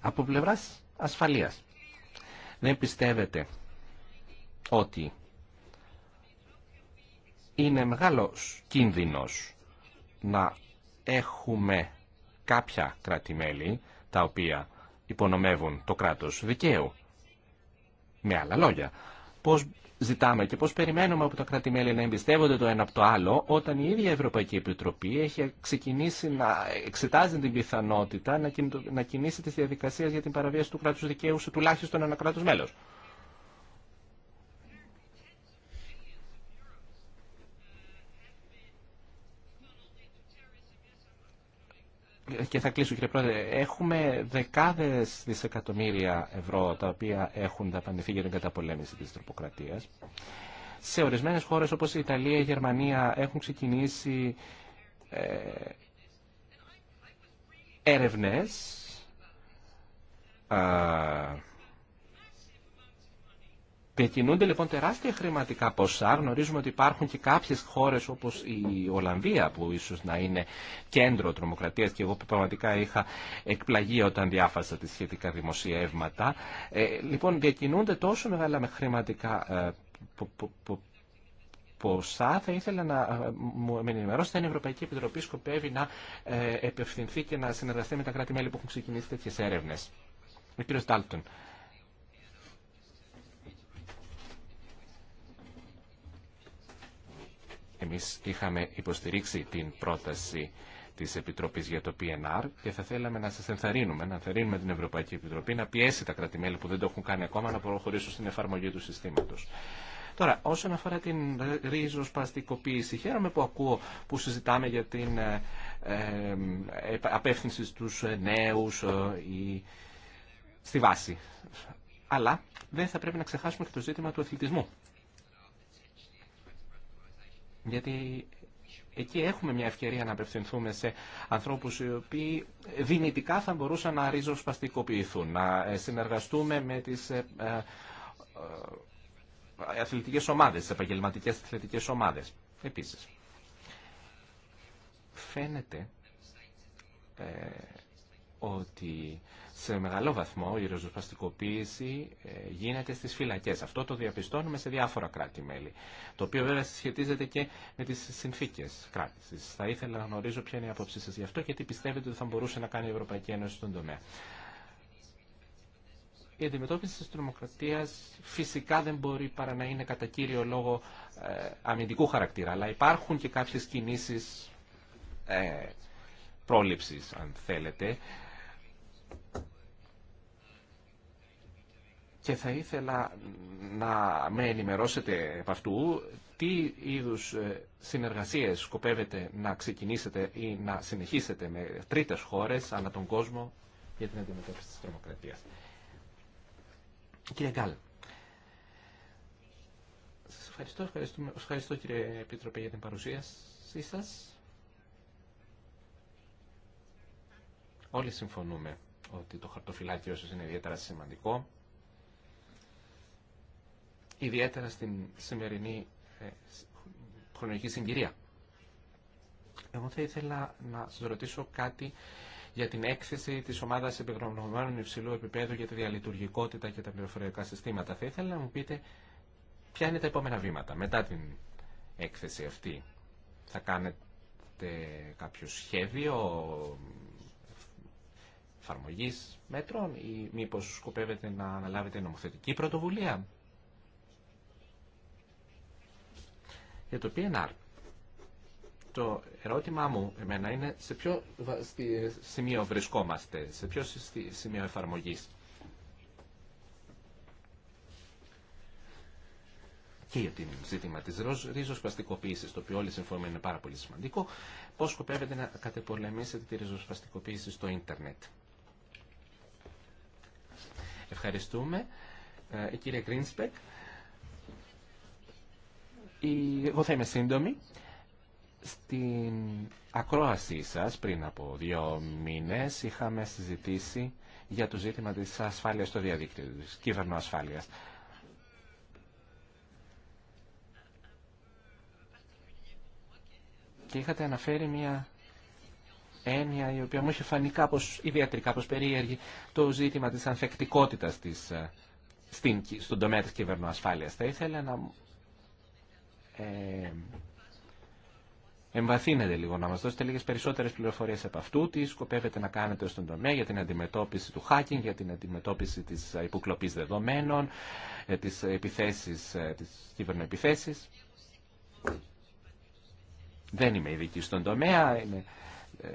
Από πλευράς ασφαλείας, δεν πιστεύετε ότι είναι μεγάλος κίνδυνος να έχουμε κάποια κράτη-μέλη τα οποία υπονομεύουν το κράτος δικαίου. Με άλλα λόγια, πώς ζητάμε και πώς περιμένουμε από τα κράτη-μέλη να εμπιστεύονται το ένα από το άλλο όταν η ίδια Ευρωπαϊκή Επιτροπή έχει ξεκινήσει να εξετάζει την πιθανότητα να κινήσει τις διαδικασίες για την παραβίαση του κράτους δικαίου σε τουλάχιστον ένα κράτος μέλος. και θα κλείσω κύριε Πρόεδρε, έχουμε δεκάδες δισεκατομμύρια ευρώ τα οποία έχουν δαπανηθεί για την καταπολέμηση της τροποκρατίας. Σε ορισμένες χώρες όπως η Ιταλία, η Γερμανία έχουν ξεκινήσει ε, έρευνες α, Διακινούνται λοιπόν τεράστια χρηματικά ποσά. Γνωρίζουμε ότι υπάρχουν και κάποιες χώρες όπως η Ολλανδία που ίσως να είναι κέντρο τρομοκρατίας και εγώ πραγματικά είχα εκπλαγεί όταν διάφασα τις σχετικά δημοσιεύματα. Ε, λοιπόν, διακινούνται τόσο μεγάλα με χρηματικά ε, ποσά. Θα ήθελα να ε, μου ενημερώσετε αν η Ευρωπαϊκή Επιτροπή σκοπεύει να ε, επευθυνθεί και να συνεργαστεί με τα κράτη-μέλη που έχουν ξεκινήσει τέτοιες έρευνες. Ο Ντάλτον. Εμείς είχαμε υποστηρίξει την πρόταση της Επιτροπής για το PNR και θα θέλαμε να σας ενθαρρύνουμε, να ενθαρρύνουμε την Ευρωπαϊκή Επιτροπή να πιέσει τα κρατημέλη που δεν το έχουν κάνει ακόμα να προχωρήσουν στην εφαρμογή του συστήματος. Τώρα, όσον αφορά την ρίζοσπαστικοποίηση, χαίρομαι που ακούω που συζητάμε για την ε, ε, ε απεύθυνση στους ε, νέους ε, στη βάση. Αλλά δεν θα πρέπει να ξεχάσουμε και το ζήτημα του αθλητισμού. Γιατί εκεί έχουμε μια ευκαιρία να απευθυνθούμε σε ανθρώπους οι οποίοι δυνητικά θα μπορούσαν να ριζοσπαστικοποιηθούν, να ε, συνεργαστούμε με τις ε, ε, αθλητικές ομάδες, τις επαγγελματικές αθλητικές ομάδες. Επίσης, φαίνεται ότι σε μεγάλο βαθμό η ριζοσπαστικοποίηση ε, γίνεται στις φυλακές. Αυτό το διαπιστώνουμε σε διάφορα κράτη-μέλη, το οποίο βέβαια σχετίζεται και με τις συνθήκες κράτησης. Θα ήθελα να γνωρίζω ποια είναι η άποψή σας γι' αυτό και τι πιστεύετε ότι θα μπορούσε να κάνει η Ευρωπαϊκή Ένωση στον τομέα. Η αντιμετώπιση της τρομοκρατίας φυσικά δεν μπορεί παρά να είναι κατά κύριο λόγο ε, αμυντικού χαρακτήρα, αλλά υπάρχουν και κάποιες κινήσεις ε, πρόληψης, αν θέλετε, και θα ήθελα να με ενημερώσετε από αυτού τι είδους ε, συνεργασίες σκοπεύετε να ξεκινήσετε ή να συνεχίσετε με τρίτες χώρες ανά τον κόσμο για την αντιμετώπιση της τρομοκρατίας. Κύριε Γκάλ, σας ευχαριστώ, ευχαριστώ κύριε Επίτροπε για την παρουσίασή σας. Όλοι συμφωνούμε ότι το χαρτοφυλάκιο σας είναι ιδιαίτερα σημαντικό ιδιαίτερα στην σημερινή ε, χρονική συγκυρία. Εγώ θα ήθελα να σα ρωτήσω κάτι για την έκθεση τη ομάδα επιγνωμένων υψηλού επίπεδου για τη διαλειτουργικότητα και τα πληροφοριακά συστήματα. Θα ήθελα να μου πείτε ποια είναι τα επόμενα βήματα μετά την έκθεση αυτή. Θα κάνετε κάποιο σχέδιο εφαρμογή μέτρων ή μήπω σκοπεύετε να αναλάβετε νομοθετική πρωτοβουλία. Για το PNR, το ερώτημά μου εμένα είναι σε ποιο σημείο βρισκόμαστε, σε ποιο σημείο εφαρμογής. και για την ζήτημα της ριζοσπαστικοποίησης, το οποίο όλοι συμφωνούμε είναι πάρα πολύ σημαντικό, πώς σκοπεύετε να κατεπολεμήσετε τη ριζοσπαστικοποίηση στο ίντερνετ. Ευχαριστούμε. Ε, κύριε Γκρίνσπεκ, εγώ θα είμαι σύντομη. Στην ακρόασή σας πριν από δύο μήνες είχαμε συζητήσει για το ζήτημα της ασφάλειας στο διαδίκτυο, της κυβερνοασφάλειας. Και είχατε αναφέρει μια έννοια η οποία μου είχε φανεί κάπως ιδιαίτερη, κάπως περίεργη, το ζήτημα της ανθεκτικότητας της, ε, στην, στον τομέα της κυβερνοασφάλειας. Θα ήθελα να ε, λίγο, να μας δώσετε λίγες περισσότερες πληροφορίες από αυτού, τι σκοπεύετε να κάνετε στον τομέα για την αντιμετώπιση του hacking, για την αντιμετώπιση της υποκλοπής δεδομένων, ε, της επιθέσεις, ε, της κυβερνοεπιθέσεις. Δεν είμαι ειδική στον τομέα, είναι, ε,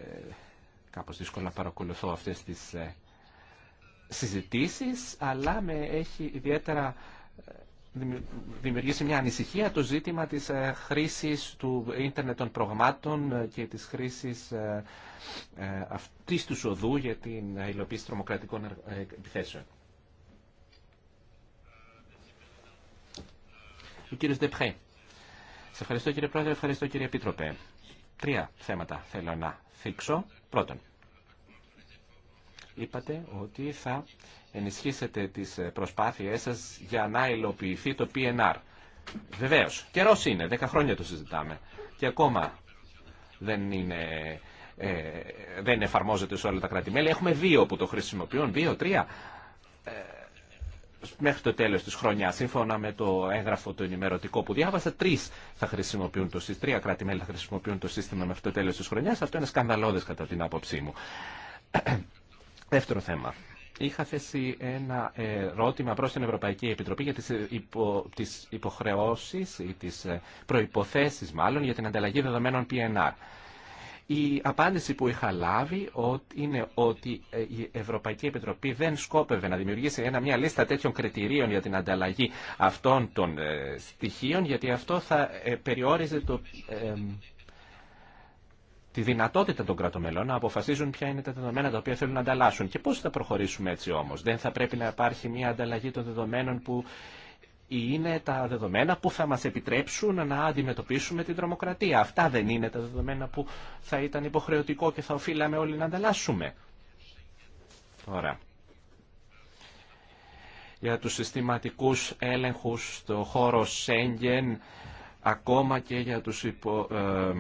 κάπως να παρακολουθώ αυτές τις ε, συζητήσεις, αλλά με έχει ιδιαίτερα ε, δημιουργήσει μια ανησυχία το ζήτημα της ε, χρήσης του ίντερνετ των προγμάτων ε, και της χρήσης ε, αυτής του οδού για την υλοποίηση τρομοκρατικών επιθέσεων. Ο κύριος Ντεπχέ. Σε ευχαριστώ κύριε Πρόεδρε, ευχαριστώ κύριε Επίτροπε. Τρία θέματα θέλω να θίξω. Πρώτον, είπατε ότι θα ενισχύσετε τις ε, προσπάθειές σας για να υλοποιηθεί το PNR. Βεβαίως, καιρός είναι, δέκα χρόνια το συζητάμε και ακόμα δεν είναι... Ε, δεν εφαρμόζεται σε όλα τα κράτη-μέλη. Έχουμε δύο που το χρησιμοποιούν, δύο, τρία, ε, μέχρι το τέλος της χρονιάς. Σύμφωνα με το έγγραφο το ενημερωτικό που διάβασα, τρεις θα χρησιμοποιούν το σύστημα, τρία κράτη-μέλη θα χρησιμοποιούν το σύστημα μέχρι το τέλος της χρονιάς. Αυτό είναι σκανδαλώδες κατά την άποψή μου. Δεύτερο θέμα. Είχα θέσει ένα ερώτημα προς την Ευρωπαϊκή Επιτροπή για τις, υπο, τις υποχρεώσεις ή τις ε, προϋποθέσεις μάλλον για την ανταλλαγή δεδομένων PNR. Η απάντηση που είχα λάβει είναι ότι ε, η Ευρωπαϊκή Επιτροπή δεν σκόπευε να δημιουργήσει ένα, μια λίστα τέτοιων κριτηρίων για την ανταλλαγή αυτών των ε, στοιχείων, γιατί αυτό θα περιόριζε το τη δυνατότητα των κρατομελών να αποφασίζουν ποια είναι τα δεδομένα τα οποία θέλουν να ανταλλάσσουν. Και πώς θα προχωρήσουμε έτσι όμως. Δεν θα πρέπει να υπάρχει μια ανταλλαγή των δεδομένων που είναι τα δεδομένα που θα μας επιτρέψουν να αντιμετωπίσουμε την τρομοκρατία. Αυτά δεν είναι τα δεδομένα που θα ήταν υποχρεωτικό και θα οφείλαμε όλοι να ανταλλάσσουμε. Ωραία. Για τους συστηματικούς έλεγχους στο χώρο Σέγγεν ακόμα και για τους υπο, ε,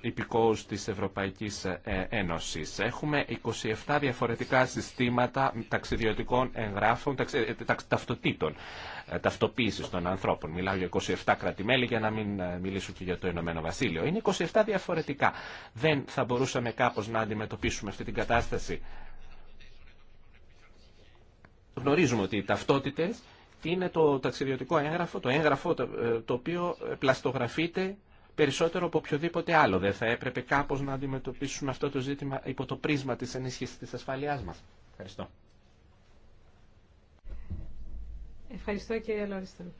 υπηκόους της Ευρωπαϊκής ε, Ένωσης. Έχουμε 27 διαφορετικά συστήματα ταξιδιωτικών εγγράφων, ταξι, ε, ταυτοτήτων, ε, ταυτοποίησης των ανθρώπων. Μιλάω για 27 κρατημέλη για να μην μιλήσω και για το Ηνωμένο Βασίλειο. Είναι 27 διαφορετικά. Δεν θα μπορούσαμε κάπως να αντιμετωπίσουμε αυτή την κατάσταση. Γνωρίζουμε ότι οι ταυτότητες είναι το ταξιδιωτικό έγγραφο, το έγγραφο ε, το οποίο πλαστογραφείται περισσότερο από οποιοδήποτε άλλο. Δεν θα έπρεπε κάπως να αντιμετωπίσουμε αυτό το ζήτημα υπό το πρίσμα της ενίσχυσης της ασφαλείας μας. Ευχαριστώ. Ευχαριστώ κύριε Λόριστον.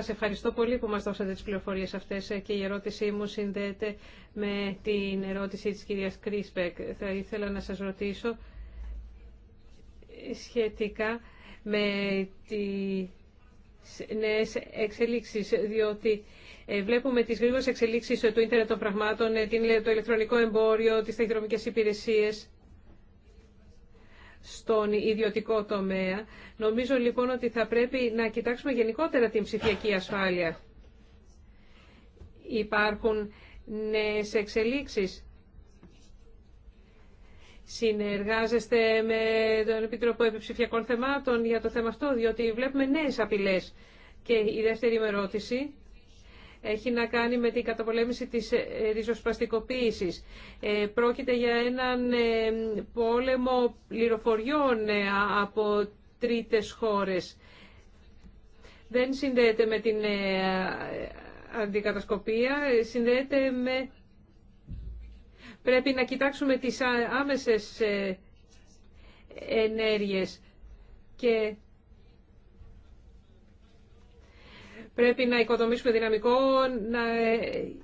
Σα ευχαριστώ πολύ που μας δώσατε τις πληροφορίες αυτές και η ερώτησή μου συνδέεται με την ερώτηση της κυρίας Κρίσπεκ. Θα ήθελα να σας ρωτήσω σχετικά με τι νέε εξελίξει, διότι ε, βλέπουμε τις γρήγορε εξελίξεις του ίντερνετ των πραγμάτων, ε, το ηλεκτρονικό εμπόριο, τις ταχυδρομικέ υπηρεσίε στον ιδιωτικό τομέα. Νομίζω λοιπόν ότι θα πρέπει να κοιτάξουμε γενικότερα την ψηφιακή ασφάλεια. Υπάρχουν νέες εξελίξεις. Συνεργάζεστε με τον Επίτροπο Επιψηφιακών Θεμάτων για το θέμα αυτό, διότι βλέπουμε νέες απειλές. Και η δεύτερη μου ερώτηση έχει να κάνει με την καταπολέμηση της ε, ριζοσπαστικοποίησης. Ε, πρόκειται για έναν ε, πόλεμο πληροφοριών από τρίτες χώρες. Δεν συνδέεται με την αντικατασκοπία, συνδέεται με... Πρέπει να κοιτάξουμε τις άμεσες ενέργειες και Πρέπει να οικοδομήσουμε δυναμικό, να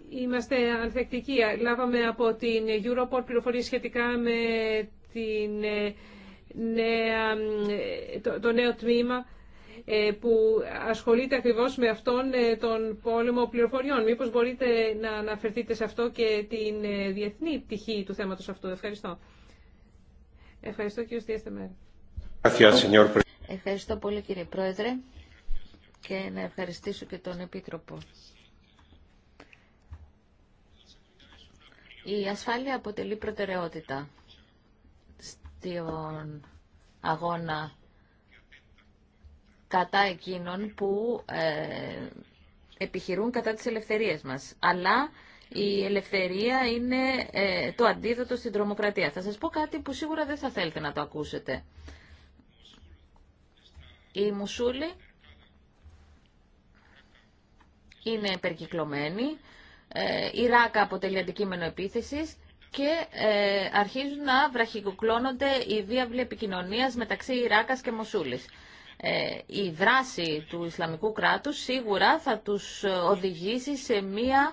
είμαστε ανθεκτικοί. Λάβαμε από την Europol πληροφορίες σχετικά με την ε, το, το νέο τμήμα ε, που ασχολείται ακριβώς με αυτόν ε, τον πόλεμο πληροφοριών. Μήπως μπορείτε να αναφερθείτε σε αυτό και την διεθνή πτυχή του θέματος αυτού. Ευχαριστώ. Ευχαριστώ κύριο Στιέστεμερ. Ευχαριστώ πολύ κύριε Πρόεδρε και να ευχαριστήσω και τον Επίτροπο. Η ασφάλεια αποτελεί προτεραιότητα στον αγώνα κατά εκείνων που ε, επιχειρούν κατά τις ελευθερίες μας. Αλλά η ελευθερία είναι ε, το αντίδοτο στην τρομοκρατία. Θα σας πω κάτι που σίγουρα δεν θα θέλετε να το ακούσετε. Η Μουσούλη είναι επερκυκλωμένοι, ε, η ράκα αποτελεί αντικείμενο επίθεσης και ε, αρχίζουν να βραχικοκλώνονται οι διάβλοι επικοινωνίας μεταξύ Ιράκας και Μοσούλης. Ε, η δράση του Ισλαμικού κράτους σίγουρα θα τους οδηγήσει σε μία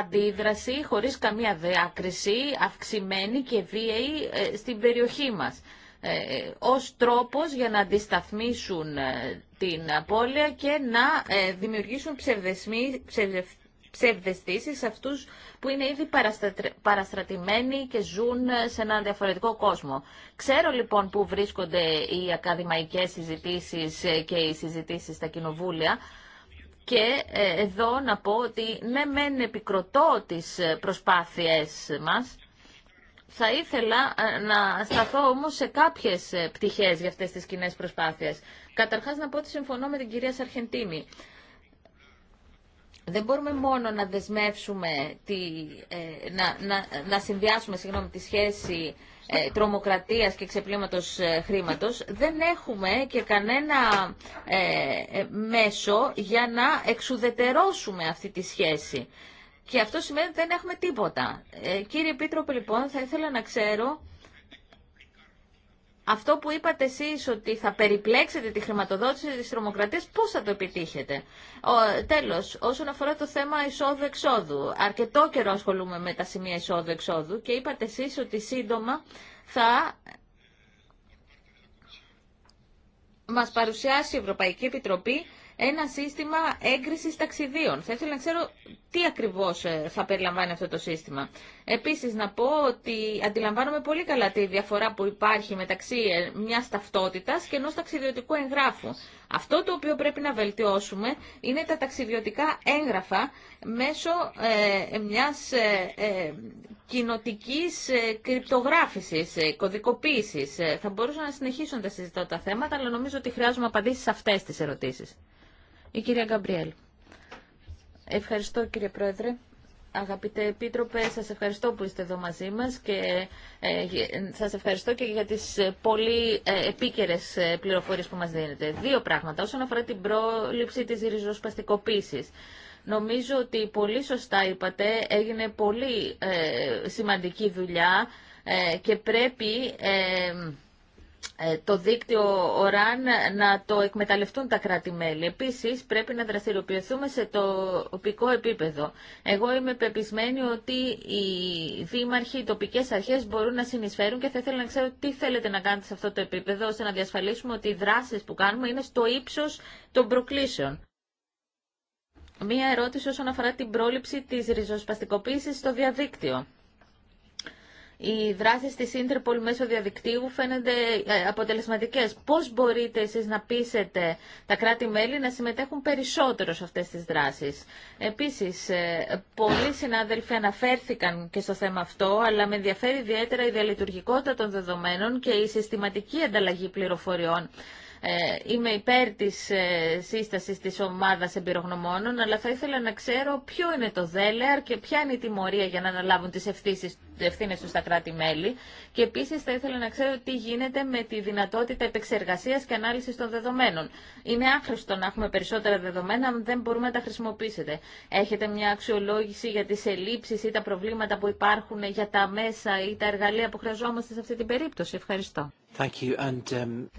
αντίδραση χωρίς καμία διάκριση, αυξημένη και βίαιη στην περιοχή μας ως τρόπος για να αντισταθμίσουν την απώλεια και να ε, δημιουργήσουν ψευδεστήσει ψευδεστήσεις σε αυτούς που είναι ήδη παραστρατημένοι και ζουν σε έναν διαφορετικό κόσμο. Ξέρω λοιπόν που βρίσκονται οι ακαδημαϊκές συζητήσεις και οι συζητήσεις στα κοινοβούλια και ε, εδώ να πω ότι ναι μεν επικροτώ τις προσπάθειές μας θα ήθελα ε, να σταθώ όμως σε κάποιες ε, πτυχές για αυτές τις κοινέ προσπάθειες. Καταρχάς να πω ότι συμφωνώ με την κυρία Σαρχεντίνη. Δεν μπορούμε μόνο να δεσμεύσουμε, ε, να, να, να συνδυάσουμε συγγνώμη, τη σχέση τρομοκρατίας και ξεπλήματος χρήματος, δεν έχουμε και κανένα μέσο για να εξουδετερώσουμε αυτή τη σχέση. Και αυτό σημαίνει ότι δεν έχουμε τίποτα. Ε, κύριε Επίτροπε, λοιπόν, θα ήθελα να ξέρω αυτό που είπατε εσείς ότι θα περιπλέξετε τη χρηματοδότηση της τρομοκρατίας, πώς θα το επιτύχετε. Ο, τέλος, όσον αφορά το θέμα εισόδου-εξόδου, αρκετό καιρό ασχολούμαι με τα σημεία εισόδου-εξόδου και είπατε εσείς ότι σύντομα θα μας παρουσιάσει η Ευρωπαϊκή Επιτροπή ένα σύστημα έγκρισης ταξιδίων. Θα ήθελα να ξέρω τι ακριβώς ε, θα περιλαμβάνει αυτό το σύστημα. Επίσης να πω ότι αντιλαμβάνομαι πολύ καλά τη διαφορά που υπάρχει μεταξύ ε, μιας ταυτότητας και ενός ταξιδιωτικού εγγράφου. Αυτό το οποίο πρέπει να βελτιώσουμε είναι τα ταξιδιωτικά έγγραφα μέσω ε, μιας ε, ε, κοινοτικής ε, κρυπτογράφησης, κωδικοποίησης. Θα μπορούσα να συνεχίσω να τα συζητώ τα θέματα, αλλά νομίζω ότι χρειάζομαι απαντήσεις σε αυτές τις ερωτήσεις. Η κυρία Γκαμπριέλ. Ευχαριστώ κύριε Πρόεδρε. Αγαπητέ Επίτροπε, σας ευχαριστώ που είστε εδώ μαζί μας και ε, σας ευχαριστώ και για τις ε, πολύ ε, επίκαιρες πληροφορίες που μας δίνετε. Δύο πράγματα όσον αφορά την πρόληψη της ριζοσπαστικοποίησης. Νομίζω ότι πολύ σωστά είπατε, έγινε πολύ σημαντική δουλειά και πρέπει... Ε, το δίκτυο ΟΡΑΝ να το εκμεταλλευτούν τα κράτη-μέλη. Επίσης, πρέπει να δραστηριοποιηθούμε σε το τοπικό επίπεδο. Εγώ είμαι πεπισμένη ότι οι δήμαρχοι, οι τοπικές αρχές μπορούν να συνεισφέρουν και θα ήθελα να ξέρω τι θέλετε να κάνετε σε αυτό το επίπεδο, ώστε να διασφαλίσουμε ότι οι δράσεις που κάνουμε είναι στο ύψο των προκλήσεων. Μία ερώτηση όσον αφορά την πρόληψη της ριζοσπαστικοποίησης στο διαδίκτυο οι δράσεις της Interpol μέσω διαδικτύου φαίνονται ε, αποτελεσματικές. Πώς μπορείτε εσείς να πείσετε τα κράτη-μέλη να συμμετέχουν περισσότερο σε αυτές τις δράσεις. Επίσης, ε, πολλοί συνάδελφοι αναφέρθηκαν και στο θέμα αυτό, αλλά με ενδιαφέρει ιδιαίτερα η διαλειτουργικότητα των δεδομένων και η συστηματική ανταλλαγή πληροφοριών ε, είμαι υπέρ της ε, σύστασης της ομάδας εμπειρογνωμόνων, αλλά θα ήθελα να ξέρω ποιο είναι το δέλεαρ και ποια είναι η τιμωρία για να αναλάβουν τις ευθύνε του στα κράτη-μέλη. Και επίσης θα ήθελα να ξέρω τι γίνεται με τη δυνατότητα επεξεργασίας και ανάλυσης των δεδομένων. Είναι άχρηστο να έχουμε περισσότερα δεδομένα, αν δεν μπορούμε να τα χρησιμοποιήσετε. Έχετε μια αξιολόγηση για τις ελλείψεις ή τα προβλήματα που υπάρχουν για τα μέσα ή τα εργαλεία που χρειαζόμαστε σε αυτή την περίπτωση. Ευχαριστώ. Thank you. And, um,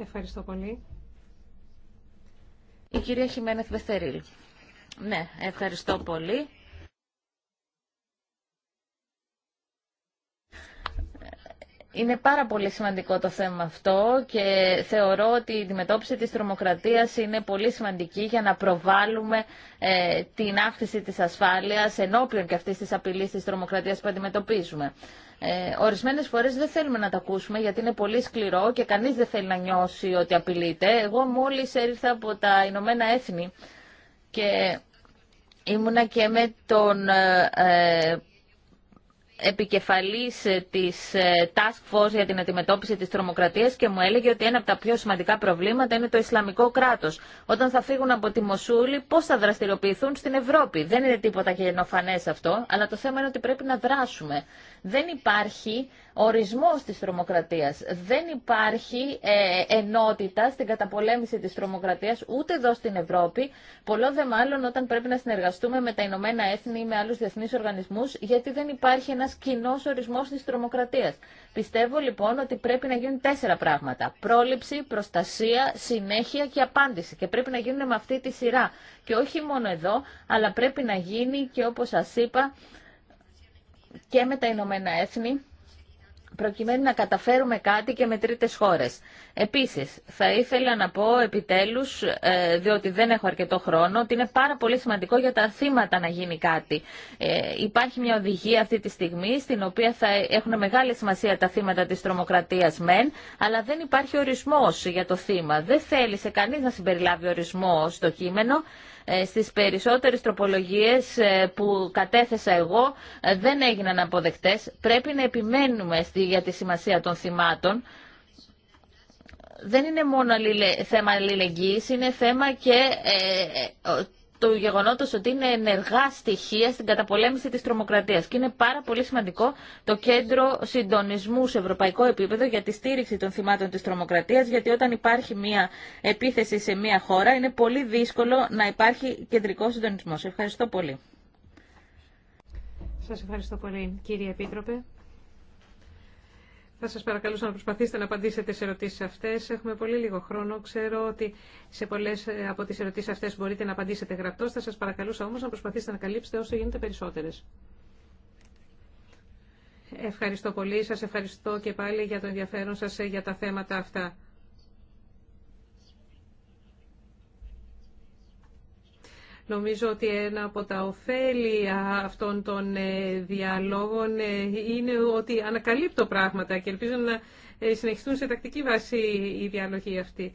Ευχαριστώ πολύ. Η κυρία Χιμένεθ Βεθερίλ. Ναι, ευχαριστώ πολύ. Είναι πάρα πολύ σημαντικό το θέμα αυτό και θεωρώ ότι η αντιμετώπιση της τρομοκρατίας είναι πολύ σημαντική για να προβάλλουμε ε, την αύξηση της ασφάλειας ενώπιον και αυτής της απειλής της τρομοκρατίας που αντιμετωπίζουμε. Ε, ορισμένες φορές δεν θέλουμε να τα ακούσουμε γιατί είναι πολύ σκληρό και κανείς δεν θέλει να νιώσει ότι απειλείται. Εγώ μόλις έρθα από τα Ηνωμένα Έθνη και ήμουνα και με τον ε, ε επικεφαλής ε, της ε, Task Force για την αντιμετώπιση της τρομοκρατίας και μου έλεγε ότι ένα από τα πιο σημαντικά προβλήματα είναι το Ισλαμικό κράτος. Όταν θα φύγουν από τη Μοσούλη πώς θα δραστηριοποιηθούν στην Ευρώπη. Δεν είναι τίποτα γενοφανές αυτό, αλλά το θέμα είναι ότι πρέπει να δράσουμε. Δεν υπάρχει ορισμός της τρομοκρατίας. Δεν υπάρχει ε, ενότητα στην καταπολέμηση της τρομοκρατίας ούτε εδώ στην Ευρώπη, πολλό δε μάλλον όταν πρέπει να συνεργαστούμε με τα Ηνωμένα Έθνη ή με άλλους διεθνείς οργανισμούς, γιατί δεν υπάρχει ένας κοινό ορισμός της τρομοκρατίας. Πιστεύω λοιπόν ότι πρέπει να γίνουν τέσσερα πράγματα. Πρόληψη, προστασία, συνέχεια και απάντηση. Και πρέπει να γίνουν με αυτή τη σειρά. Και όχι μόνο εδώ, αλλά πρέπει να γίνει και όπως σας είπα και με τα Ηνωμένα Έθνη προκειμένου να καταφέρουμε κάτι και με τρίτες χώρες. Επίσης, θα ήθελα να πω επιτέλους, ε, διότι δεν έχω αρκετό χρόνο, ότι είναι πάρα πολύ σημαντικό για τα θύματα να γίνει κάτι. Ε, υπάρχει μια οδηγία αυτή τη στιγμή, στην οποία θα έχουν μεγάλη σημασία τα θύματα της τρομοκρατίας μεν, αλλά δεν υπάρχει ορισμός για το θύμα. Δεν θέλησε κανείς να συμπεριλάβει ορισμό στο κείμενο. Ε, στις περισσότερες τροπολογίες ε, που κατέθεσα εγώ ε, δεν έγιναν αποδεκτές. Πρέπει να επιμένουμε για τη σημασία των θυμάτων δεν είναι μόνο θέμα αλληλεγγύης, είναι θέμα και το γεγονότος ότι είναι ενεργά στοιχεία στην καταπολέμηση της τρομοκρατίας. Και είναι πάρα πολύ σημαντικό το κέντρο συντονισμού σε ευρωπαϊκό επίπεδο για τη στήριξη των θυμάτων της τρομοκρατίας, γιατί όταν υπάρχει μια επίθεση σε μια χώρα είναι πολύ δύσκολο να υπάρχει κεντρικό συντονισμός. Ευχαριστώ πολύ. Σας ευχαριστώ πολύ κύριε Επίτροπε. Θα σας παρακαλούσα να προσπαθήσετε να απαντήσετε σε ερωτήσεις αυτές. Έχουμε πολύ λίγο χρόνο. Ξέρω ότι σε πολλές ε, από τις ερωτήσεις αυτές μπορείτε να απαντήσετε γραπτώς. Θα σας παρακαλούσα όμως να προσπαθήσετε να καλύψετε όσο γίνεται περισσότερες. Ευχαριστώ πολύ. Σας ευχαριστώ και πάλι για το ενδιαφέρον σας ε, για τα θέματα αυτά. Νομίζω ότι ένα από τα ωφέλη αυτών των ε, διαλόγων ε, είναι ότι ανακαλύπτω πράγματα και ελπίζω να ε, συνεχιστούν σε τακτική βάση οι διάλογοι αυτοί.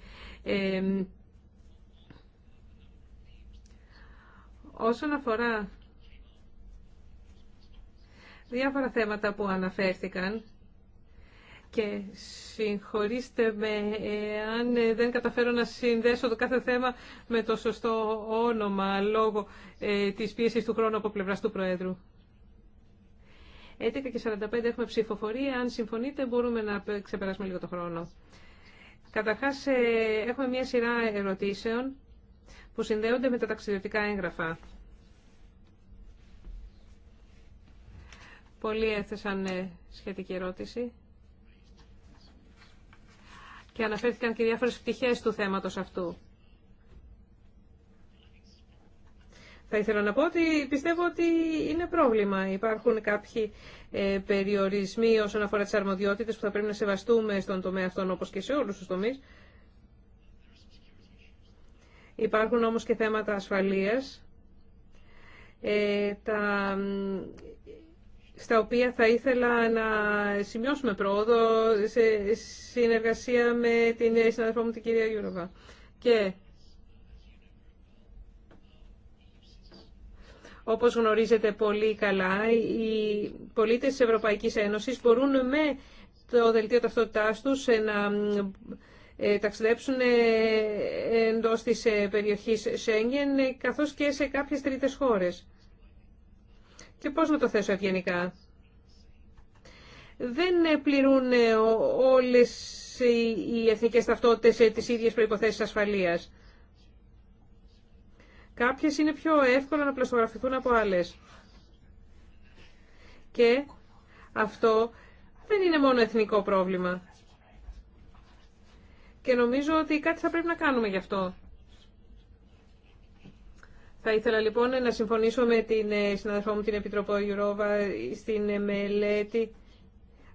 όσον αφορά διάφορα θέματα που αναφέρθηκαν, και συγχωρήστε με αν ε, δεν καταφέρω να συνδέσω το κάθε θέμα με το σωστό όνομα λόγω ε, της πίεσης του χρόνου από πλευράς του Προέδρου. 11 και 45 έχουμε ψηφοφορία. Αν συμφωνείτε μπορούμε να ξεπεράσουμε λίγο το χρόνο. Καταρχάς ε, έχουμε μια σειρά ερωτήσεων που συνδέονται με τα ταξιδιωτικά έγγραφα. Πολλοί έθεσαν ε, σχετική ερώτηση και αναφέρθηκαν και διάφορες πτυχές του θέματος αυτού. Θα ήθελα να πω ότι πιστεύω ότι είναι πρόβλημα. Υπάρχουν κάποιοι ε, περιορισμοί όσον αφορά τις αρμοδιότητες που θα πρέπει να σεβαστούμε στον τομέα αυτόν όπως και σε όλους τους τομείς. Υπάρχουν όμως και θέματα ασφαλείας. Ε, τα στα οποία θα ήθελα να σημειώσουμε πρόοδο σε συνεργασία με την συναδελφό μου την κυρία Γιούροβα. Και όπως γνωρίζετε πολύ καλά, οι πολίτες της Ευρωπαϊκής Ένωσης μπορούν με το δελτίο ταυτότητάς τους να ε, ταξιδέψουν ε, εντός της ε, περιοχής Σέγγεν καθώς και σε κάποιες τρίτες χώρες. Και πώς να το θέσω ευγενικά. Δεν πληρούν ε, όλες οι εθνικές ταυτότητες ε, τις ίδιες προϋποθέσεις ασφαλείας. Κάποιες είναι πιο εύκολο να πλαστογραφηθούν από άλλες. Και αυτό δεν είναι μόνο εθνικό πρόβλημα. Και νομίζω ότι κάτι θα πρέπει να κάνουμε γι' αυτό. Θα ήθελα λοιπόν να συμφωνήσω με την ε, συναδελφό μου την Επιτροπό Γιουρόβα στην ε, μελέτη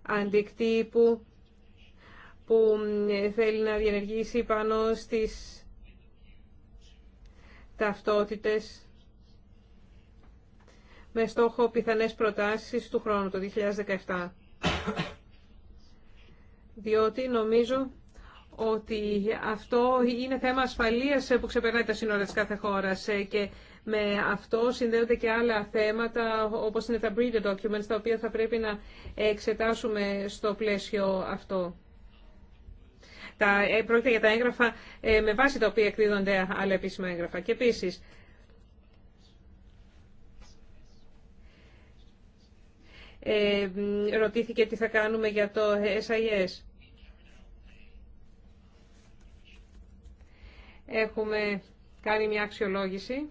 αντικτύπου που ε, θέλει να διενεργήσει πάνω στις ταυτότητες με στόχο πιθανές προτάσεις του χρόνου, το 2017. Διότι νομίζω ότι αυτό είναι θέμα ασφαλείας που ξεπερνάει τα σύνορα της κάθε χώρας και με αυτό συνδέονται και άλλα θέματα όπως είναι τα breeder documents τα οποία θα πρέπει να εξετάσουμε στο πλαίσιο αυτό. Τα, ε, πρόκειται για τα έγγραφα ε, με βάση τα οποία εκδίδονται άλλα επίσημα έγγραφα. Και επίσης, ε, ρωτήθηκε τι θα κάνουμε για το SIS. Έχουμε κάνει μια αξιολόγηση.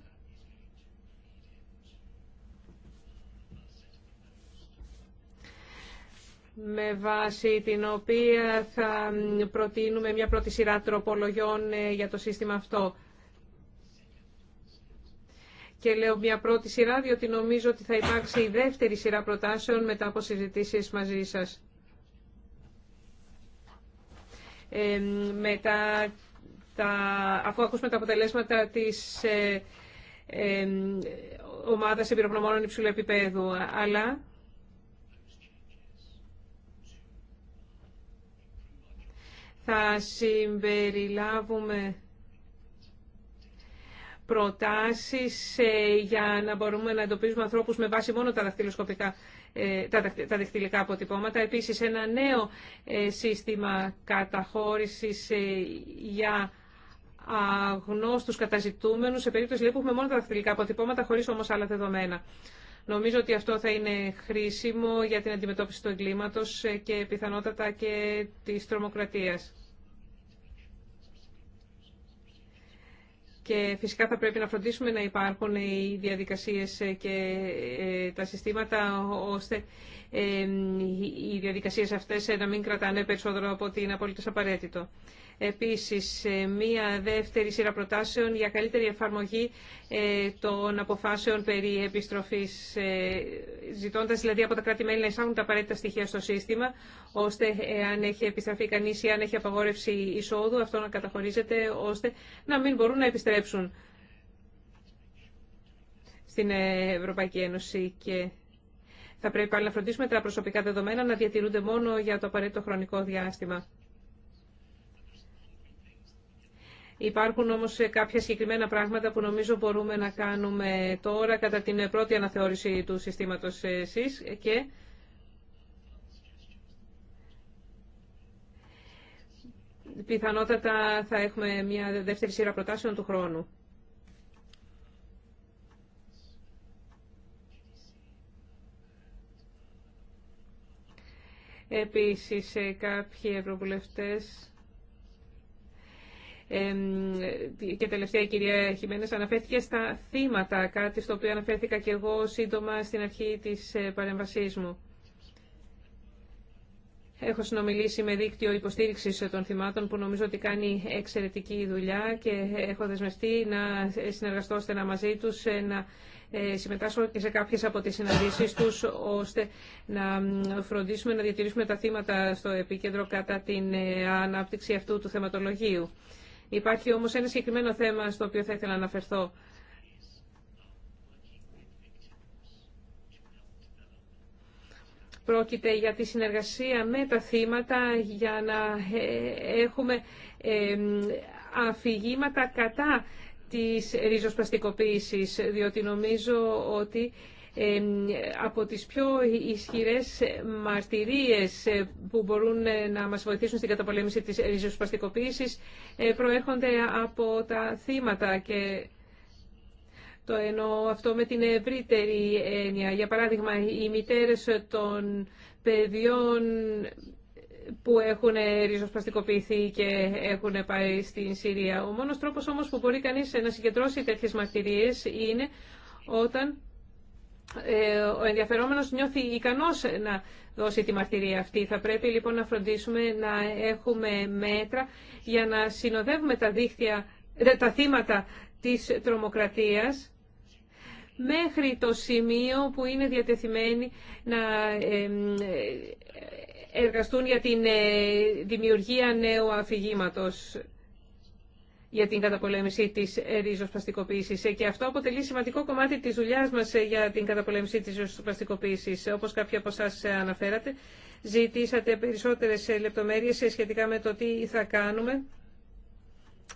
με βάση την οποία θα προτείνουμε μια πρώτη σειρά τροπολογιών ε, για το σύστημα αυτό. Και λέω μια πρώτη σειρά, διότι νομίζω ότι θα υπάρξει η δεύτερη σειρά προτάσεων μετά από συζητήσεις μαζί σας. Ε, μετά τα, αφού ακούσουμε τα αποτελέσματα της ε, ε, ομάδας εμπειρογνωμόνων υψηλού επίπεδου, αλλά θα συμπεριλάβουμε προτάσεις ε, για να μπορούμε να εντοπίζουμε ανθρώπους με βάση μόνο τα δαχτυλοσκοπικά ε, τα δαχτυλικά αποτυπώματα. Επίσης, ένα νέο ε, σύστημα καταχώρησης για αγνώστου καταζητούμενου σε περίπτωση λέει, που έχουμε μόνο τα δαχτυλικά αποτυπώματα χωρίς όμως άλλα δεδομένα. Νομίζω ότι αυτό θα είναι χρήσιμο για την αντιμετώπιση του εγκλήματος και πιθανότατα και της τρομοκρατίας. Και φυσικά θα πρέπει να φροντίσουμε να υπάρχουν οι διαδικασίες και ε, τα συστήματα ώστε ε, οι διαδικασίες αυτές ε, να μην κρατάνε περισσότερο από ότι είναι απολύτως απαραίτητο. Επίσης, μία δεύτερη σειρά προτάσεων για καλύτερη εφαρμογή ε, των αποφάσεων περί επιστροφής, ε, ζητώντας δηλαδή από τα κράτη-μέλη να εισάγουν τα απαραίτητα στοιχεία στο σύστημα, ώστε ε, αν έχει επιστραφεί κανείς ή αν έχει απαγόρευση εισόδου, αυτό να καταχωρίζεται, ώστε να μην μπορούν να επιστρέψουν στην Ευρωπαϊκή Ένωση και θα πρέπει πάλι να φροντίσουμε τα προσωπικά δεδομένα να διατηρούνται μόνο για το απαραίτητο χρονικό διάστημα. Υπάρχουν όμως κάποια συγκεκριμένα πράγματα που νομίζω μπορούμε να κάνουμε τώρα κατά την πρώτη αναθεώρηση του συστήματος ε, ΣΥΣ και πιθανότατα θα έχουμε μια δεύτερη σειρά προτάσεων του χρόνου. Επίσης, ε, κάποιοι ευρωβουλευτές και τελευταία η κυρία Χιμένε αναφέρθηκε στα θύματα, κάτι στο οποίο αναφέρθηκα και εγώ σύντομα στην αρχή της ε, παρεμβασή μου. Έχω συνομιλήσει με δίκτυο υποστήριξη των θυμάτων που νομίζω ότι κάνει εξαιρετική δουλειά και έχω δεσμευτεί να συνεργαστώ στενά μαζί τους, ε, να ε, συμμετάσχω και σε κάποιε από τι συναντήσεις του, ώστε να φροντίσουμε να διατηρήσουμε τα θύματα στο επίκεντρο κατά την ανάπτυξη αυτού του θεματολογίου. Υπάρχει όμως ένα συγκεκριμένο θέμα στο οποίο θα ήθελα να αναφερθώ. Πρόκειται για τη συνεργασία με τα θύματα για να ε, έχουμε αφηγήματα κατά της ριζοσπαστικοποίησης, διότι νομίζω ότι από τις πιο ισχυρές μαρτυρίες ε, που μπορούν ε, να μας βοηθήσουν στην καταπολέμηση της ριζοσπαστικοποίησης ε, προέρχονται από τα θύματα και το εννοώ αυτό με την ευρύτερη έννοια. Για παράδειγμα, οι μητέρες των παιδιών που έχουν ριζοσπαστικοποιηθεί και έχουν πάει στην Συρία. Ο μόνος τρόπος όμως που μπορεί κανείς να συγκεντρώσει τέτοιες μαρτυρίες είναι όταν ε, ο ενδιαφερόμενος νιώθει ικανός να δώσει τη μαρτυρία αυτή. Θα πρέπει λοιπόν να φροντίσουμε να έχουμε μέτρα για να συνοδεύουμε τα, δίχτυα, τα θύματα της τρομοκρατίας μέχρι το σημείο που είναι διατεθειμένοι να εργαστούν για την ε, δημιουργία νέου αφηγήματος για την καταπολέμηση της ρίζοσπαστικοποίηση. και αυτό αποτελεί σημαντικό κομμάτι τη δουλειά μα για την καταπολέμηση της ρίζοσπαστικοποίηση. Όπω κάποιοι από εσά αναφέρατε, ζητήσατε περισσότερε λεπτομέρειε σχετικά με το τι θα κάνουμε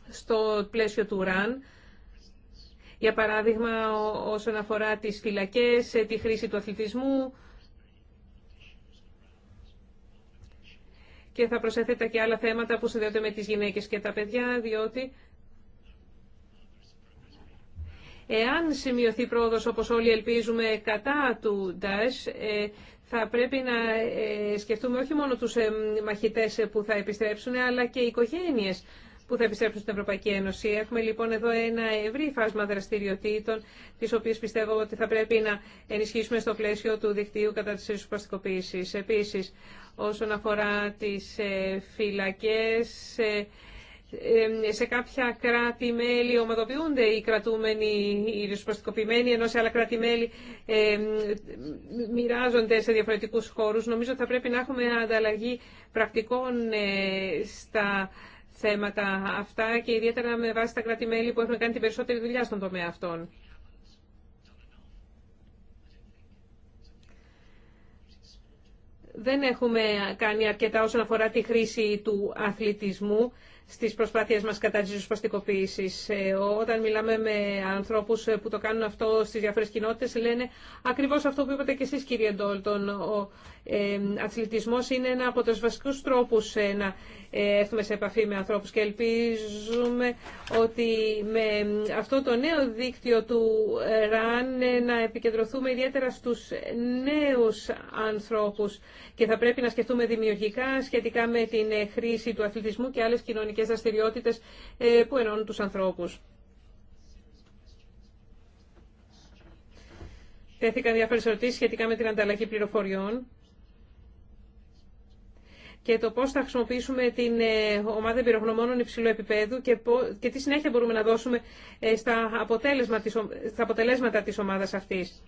στο πλαίσιο του ΡΑΝ. Για παράδειγμα, όσον αφορά τις φυλακές, τη χρήση του αθλητισμού, και θα προσέθετε και άλλα θέματα που συνδέονται με τις γυναίκες και τα παιδιά, διότι Εάν σημειωθεί πρόοδος, όπως όλοι ελπίζουμε, κατά του ΝΤΑΕΣ, ε, θα πρέπει να ε, σκεφτούμε όχι μόνο τους μαχητές ε, που θα επιστρέψουν, αλλά και οι οικογένειες που θα επιστρέψουν στην Ευρωπαϊκή Ένωση. Έχουμε λοιπόν εδώ ένα ευρύ φάσμα δραστηριοτήτων, τις οποίες πιστεύω ότι θα πρέπει να ενισχύσουμε στο πλαίσιο του δικτύου κατά της ισοπαστικοποίησης. Επίσης, όσον αφορά τις φυλακές, ε, σε κάποια κράτη-μέλη ομαδοποιούνται οι κρατούμενοι, οι ριζοσπαστικοποιημένοι, ενώ σε άλλα κράτη-μέλη ε, μοιράζονται σε διαφορετικούς χώρους. Νομίζω ότι θα πρέπει να έχουμε ανταλλαγή πρακτικών ε, στα θέματα αυτά και ιδιαίτερα με βάση τα κράτη-μέλη που έχουν κάνει την περισσότερη δουλειά στον τομέα αυτών. δεν έχουμε κάνει αρκετά όσον αφορά τη χρήση του αθλητισμού στις προσπάθειες μας κατά της ζωσπαστικοποίησης. Ε, όταν μιλάμε με ανθρώπους που το κάνουν αυτό στις διάφορες κοινότητες, λένε ακριβώς αυτό που είπατε και εσείς κύριε Ντόλτον. Ο ε, αθλητισμός είναι ένα από τους βασικούς τρόπους ε, να έρθουμε σε επαφή με ανθρώπους και ελπίζουμε ότι με αυτό το νέο δίκτυο του ΡΑΝ να επικεντρωθούμε ιδιαίτερα στους νέους ανθρώπους και θα πρέπει να σκεφτούμε δημιουργικά σχετικά με την ε, χρήση του αθλητισμού και άλλες κοινωνικές δραστηριότητες ε, που ενώνουν τους ανθρώπους. Τέθηκαν διάφορες ερωτήσεις σχετικά με την ανταλλαγή πληροφοριών και το πώς θα χρησιμοποιήσουμε την ε, ομάδα εμπειρογνωμόνων υψηλού επίπεδου και, και τι συνέχεια μπορούμε να δώσουμε στα, στα αποτελέσματα της ομάδας αυτής.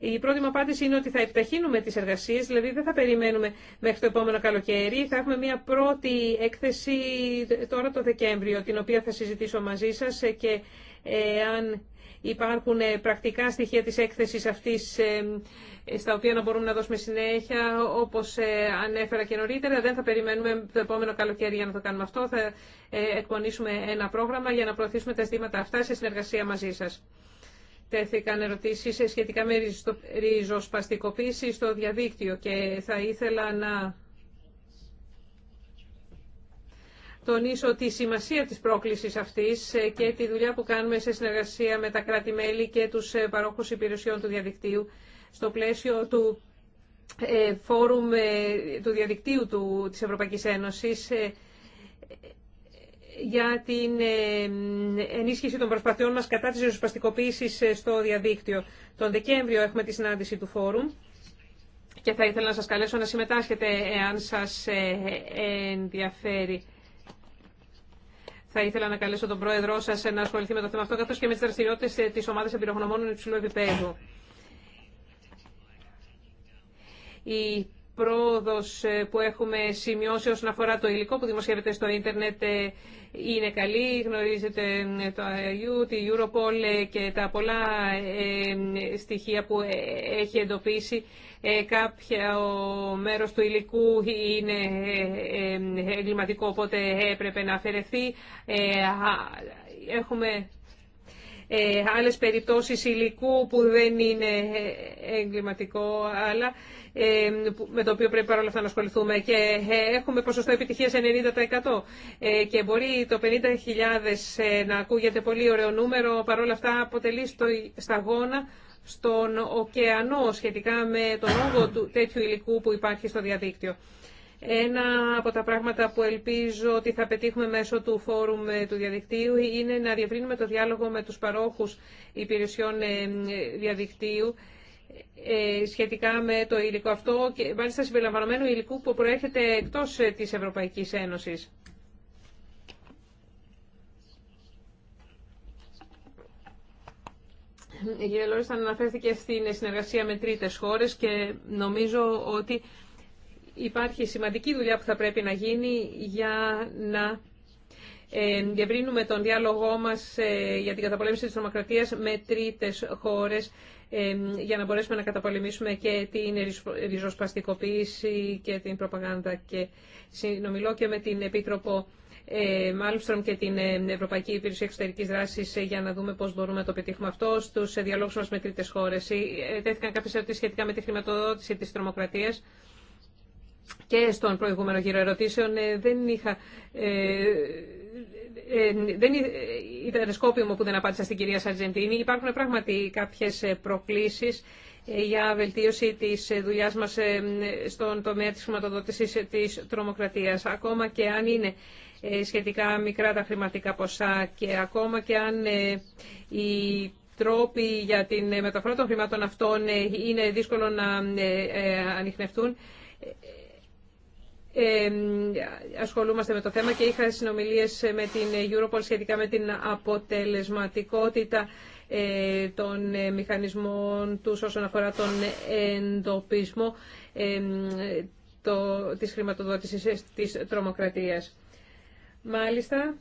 Η πρώτη μου απάντηση είναι ότι θα επιταχύνουμε τι εργασίε, δηλαδή δεν θα περιμένουμε μέχρι το επόμενο καλοκαίρι. Θα έχουμε μια πρώτη έκθεση τώρα το Δεκέμβριο, την οποία θα συζητήσω μαζί σα και ε, αν υπάρχουν ε, πρακτικά στοιχεία της έκθεσης αυτής ε, στα οποία να μπορούμε να δώσουμε συνέχεια, όπως ανέφερα και νωρίτερα. Δεν θα περιμένουμε το επόμενο καλοκαίρι για να το κάνουμε αυτό. Θα εκπονήσουμε ένα πρόγραμμα για να προωθήσουμε τα ζητήματα αυτά σε συνεργασία μαζί σας τέθηκαν ερωτήσεις σχετικά με ριζοσπαστικοποίηση στο διαδίκτυο και θα ήθελα να τονίσω τη σημασία της πρόκλησης αυτής και τη δουλειά που κάνουμε σε συνεργασία με τα κράτη-μέλη και τους ε, παρόχους υπηρεσιών του διαδικτύου στο πλαίσιο του ε, φόρουμ ε, του διαδικτύου του, της Ευρωπαϊκής Ένωσης για την ε, ενίσχυση των προσπαθειών μας κατά της ριζοσπαστικοποίησης ε, στο διαδίκτυο. Τον Δεκέμβριο έχουμε τη συνάντηση του φόρουμ και θα ήθελα να σας καλέσω να συμμετάσχετε εάν σας ε, ενδιαφέρει. Θα ήθελα να καλέσω τον πρόεδρό σας να ασχοληθεί με το θέμα αυτό, καθώς και με τις δραστηριότητες της ομάδας εμπειρογνωμόνων υψηλού επίπεδου. Πρόοδο ε, που έχουμε σημειώσει όσον αφορά το υλικό που δημοσιεύεται στο ίντερνετ ε, είναι καλή. Γνωρίζετε ε, το IU, τη Europol και τα πολλά στοιχεία που έχει εντοπίσει. Κάποια ο μέρος του υλικού είναι εγκληματικό, οπότε έπρεπε να αφαιρεθεί. Έχουμε ε, άλλες περιπτώσεις υλικού που δεν είναι ε, εγκληματικό, αλλά ε, με το οποίο πρέπει παρόλα αυτά να ασχοληθούμε. Και έχουμε ποσοστό επιτυχίας 90% και μπορεί το 50.000 να ακούγεται πολύ ωραίο νούμερο, παρόλα αυτά αποτελεί στο, σταγόνα στον ωκεανό σχετικά με τον όγκο του τέτοιου υλικού που υπάρχει στο διαδίκτυο. Ένα από τα πράγματα που ελπίζω ότι θα πετύχουμε μέσω του φόρουμ ε, του διαδικτύου είναι να διευρύνουμε το διάλογο με τους παρόχους υπηρεσιών ε, διαδικτύου ε, σχετικά με το υλικό αυτό και μάλιστα συμπεριλαμβανομένου υλικού που προέρχεται εκτός της Ευρωπαϊκής Ένωσης. Η κυρία Λόριστα αναφέρθηκε στην συνεργασία με τρίτες χώρες και νομίζω ότι Υπάρχει σημαντική δουλειά που θα πρέπει να γίνει για να ε, διευρύνουμε τον διάλογό μας ε, για την καταπολέμηση της τρομοκρατίας με τρίτες χώρες ε, για να μπορέσουμε να καταπολεμήσουμε και την ριζοσπαστικοποίηση και την προπαγάνδα. Και συνομιλώ και με την Επίτροπο Μάλμστρομ και την Ευρωπαϊκή Υπηρεσία Εξωτερική Δράση για να δούμε πώ μπορούμε να το πετύχουμε αυτό στου διαλόγου μα με τρίτε χώρε. Τέθηκαν κάποιε ερωτήσει σχετικά με τη χρηματοδότηση τη τρομοκρατία και στον προηγούμενο γύρο ερωτήσεων ε, δεν είχα... Ε, ε, δεν ήταν σκόπιμο που δεν απάντησα στην κυρία Σαρτζεντίνη. Υπάρχουν πράγματι κάποιες προκλήσεις για βελτίωση της δουλειάς μας στον τομέα της χρηματοδότησης της τρομοκρατίας. Ακόμα και αν είναι σχετικά μικρά τα χρηματικά ποσά και ακόμα και αν οι τρόποι για την μεταφορά των χρημάτων αυτών είναι δύσκολο να ανοιχνευτούν, ασχολούμαστε με το θέμα και είχα συνομιλίες με την Europol σχετικά με την αποτελεσματικότητα ε, των ε, μηχανισμών τους όσον αφορά τον εντοπισμό το, της χρηματοδότησης ε, της τρομοκρατίας. Μάλιστα,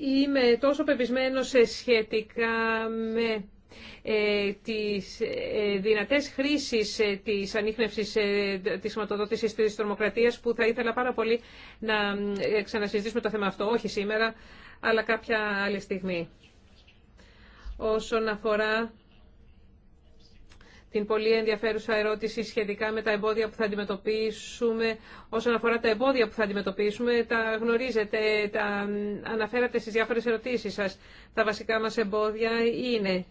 Είμαι τόσο πεπισμένος σχετικά με ε, τις ε, δυνατές χρήσεις ε, της ανείχνευσης της χρηματοδότησης της τρομοκρατίας που θα ήθελα πάρα πολύ να ξανασυζητήσουμε το θέμα αυτό, όχι σήμερα, αλλά κάποια άλλη στιγμή. Όσον αφορά την πολύ ενδιαφέρουσα ερώτηση σχετικά με τα εμπόδια που θα αντιμετωπίσουμε. Όσον αφορά τα εμπόδια που θα αντιμετωπίσουμε, τα γνωρίζετε, τα αναφέρατε στις διάφορες ερωτήσεις σας. Τα βασικά μας εμπόδια είναι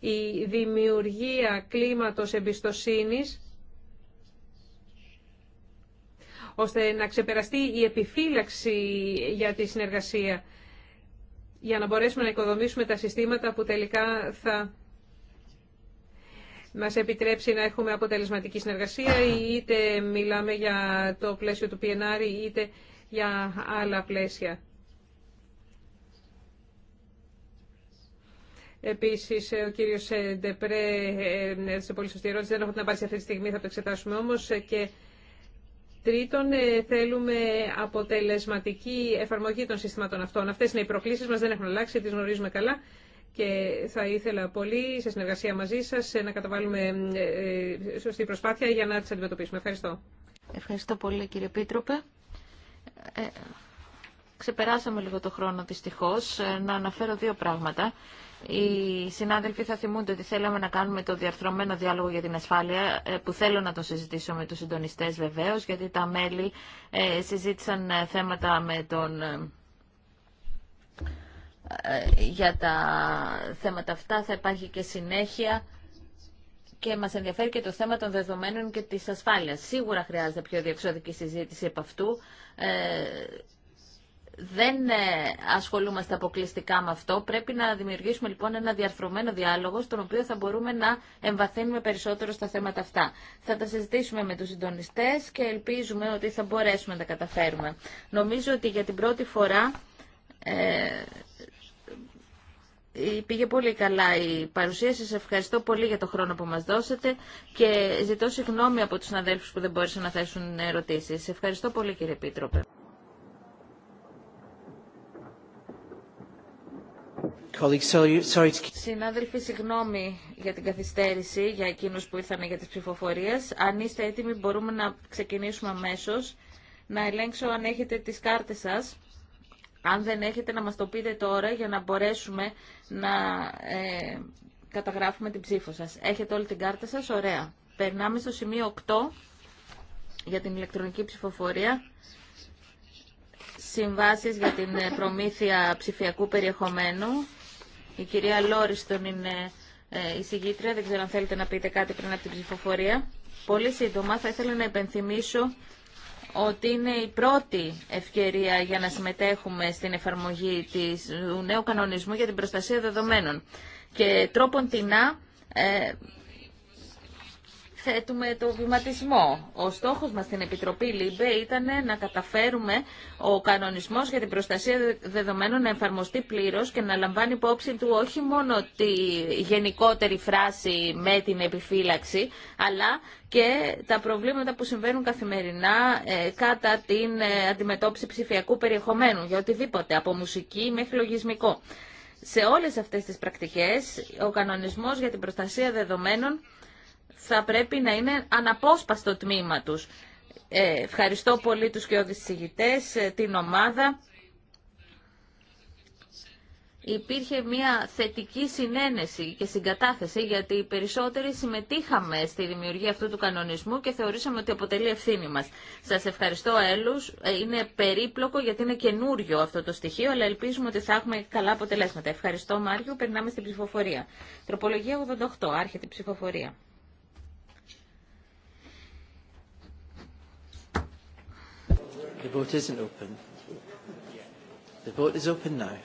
η δημιουργία κλίματος εμπιστοσύνης, ώστε να ξεπεραστεί η επιφύλαξη για τη συνεργασία, για να μπορέσουμε να οικοδομήσουμε τα συστήματα που τελικά θα μας επιτρέψει να έχουμε αποτελεσματική συνεργασία, είτε μιλάμε για το πλαίσιο του PNR, είτε για άλλα πλαίσια. Επίσης, ε, ο κύριος ε, Ντεπρέ ε, έδωσε πολύ σωστή ερώτηση. Δεν έχω την απάντηση αυτή τη στιγμή, θα το εξετάσουμε όμως. Και τρίτον, θέλουμε αποτελεσματική εφαρμογή των συστημάτων αυτών. Αυτές είναι οι προκλήσεις μας, δεν έχουν αλλάξει, τις γνωρίζουμε καλά και θα ήθελα πολύ σε συνεργασία μαζί σα να καταβάλουμε ε, ε, σωστή προσπάθεια για να τι αντιμετωπίσουμε. Ευχαριστώ. Ευχαριστώ πολύ κύριε Πίτροπε. Ε, ξεπεράσαμε λίγο το χρόνο δυστυχώ Να αναφέρω δύο πράγματα. Οι συνάδελφοι θα θυμούνται ότι θέλαμε να κάνουμε το διαρθρωμένο διάλογο για την ασφάλεια, που θέλω να το συζητήσω με τους συντονιστές βεβαίως, γιατί τα μέλη συζήτησαν θέματα με τον ε, για τα θέματα αυτά. Θα υπάρχει και συνέχεια και μας ενδιαφέρει και το θέμα των δεδομένων και της ασφάλειας. Σίγουρα χρειάζεται πιο διεξοδική συζήτηση από αυτού. Ε, δεν ε, ασχολούμαστε αποκλειστικά με αυτό. Πρέπει να δημιουργήσουμε λοιπόν ένα διαρθρωμένο διάλογο στον οποίο θα μπορούμε να εμβαθύνουμε περισσότερο στα θέματα αυτά. Θα τα συζητήσουμε με τους συντονιστές και ελπίζουμε ότι θα μπορέσουμε να τα καταφέρουμε. Νομίζω ότι για την πρώτη φορά ε, ε, πήγε πολύ καλά η παρουσία σας. Ευχαριστώ πολύ για το χρόνο που μας δώσετε και ζητώ συγγνώμη από τους αδέλφους που δεν μπόρεσαν να θέσουν ερωτήσεις. Ευχαριστώ πολύ κύριε Πίτροπε. Συνάδελφοι, συγγνώμη για την καθυστέρηση για εκείνους που ήρθαν για τις ψηφοφορίες. Αν είστε έτοιμοι μπορούμε να ξεκινήσουμε αμέσως. Να ελέγξω αν έχετε τις κάρτες σας. Αν δεν έχετε να μας το πείτε τώρα για να μπορέσουμε να ε, καταγράφουμε την ψήφο σας. Έχετε όλη την κάρτα σας, ωραία. Περνάμε στο σημείο 8 για την ηλεκτρονική ψηφοφορία. Συμβάσεις για την ε, προμήθεια ψηφιακού περιεχομένου. Η κυρία Λόριστον είναι ε, η συγκήτρια. Δεν ξέρω αν θέλετε να πείτε κάτι πριν από την ψηφοφορία. Πολύ σύντομα θα ήθελα να υπενθυμίσω ότι είναι η πρώτη ευκαιρία για να συμμετέχουμε στην εφαρμογή της, του νέου κανονισμού για την προστασία δεδομένων. Και τρόπον την ε, θέτουμε το βηματισμό. Ο στόχος μας στην Επιτροπή ΛΥΜΠΕ ήταν να καταφέρουμε ο κανονισμός για την προστασία δεδομένων να εφαρμοστεί πλήρως και να λαμβάνει υπόψη του όχι μόνο τη γενικότερη φράση με την επιφύλαξη, αλλά και τα προβλήματα που συμβαίνουν καθημερινά ε, κατά την ε, αντιμετώπιση ψηφιακού περιεχομένου για οτιδήποτε, από μουσική μέχρι λογισμικό. Σε όλες αυτές τις πρακτικές, ο κανονισμός για την προστασία δεδομένων θα πρέπει να είναι αναπόσπαστο τμήμα τους. Ε, ευχαριστώ πολύ τους και συγητές, ε, την ομάδα. Υπήρχε μια θετική συνένεση και συγκατάθεση γιατί οι περισσότεροι συμμετείχαμε στη δημιουργία αυτού του κανονισμού και θεωρήσαμε ότι αποτελεί ευθύνη μας. Σας ευχαριστώ έλους. Ε, είναι περίπλοκο γιατί είναι καινούριο αυτό το στοιχείο αλλά ελπίζουμε ότι θα έχουμε καλά αποτελέσματα. Ευχαριστώ Μάριο. Περνάμε στην ψηφοφορία. Τροπολογία 88. Άρχεται η ψηφοφορία. The vote isn't open. The vote is open now.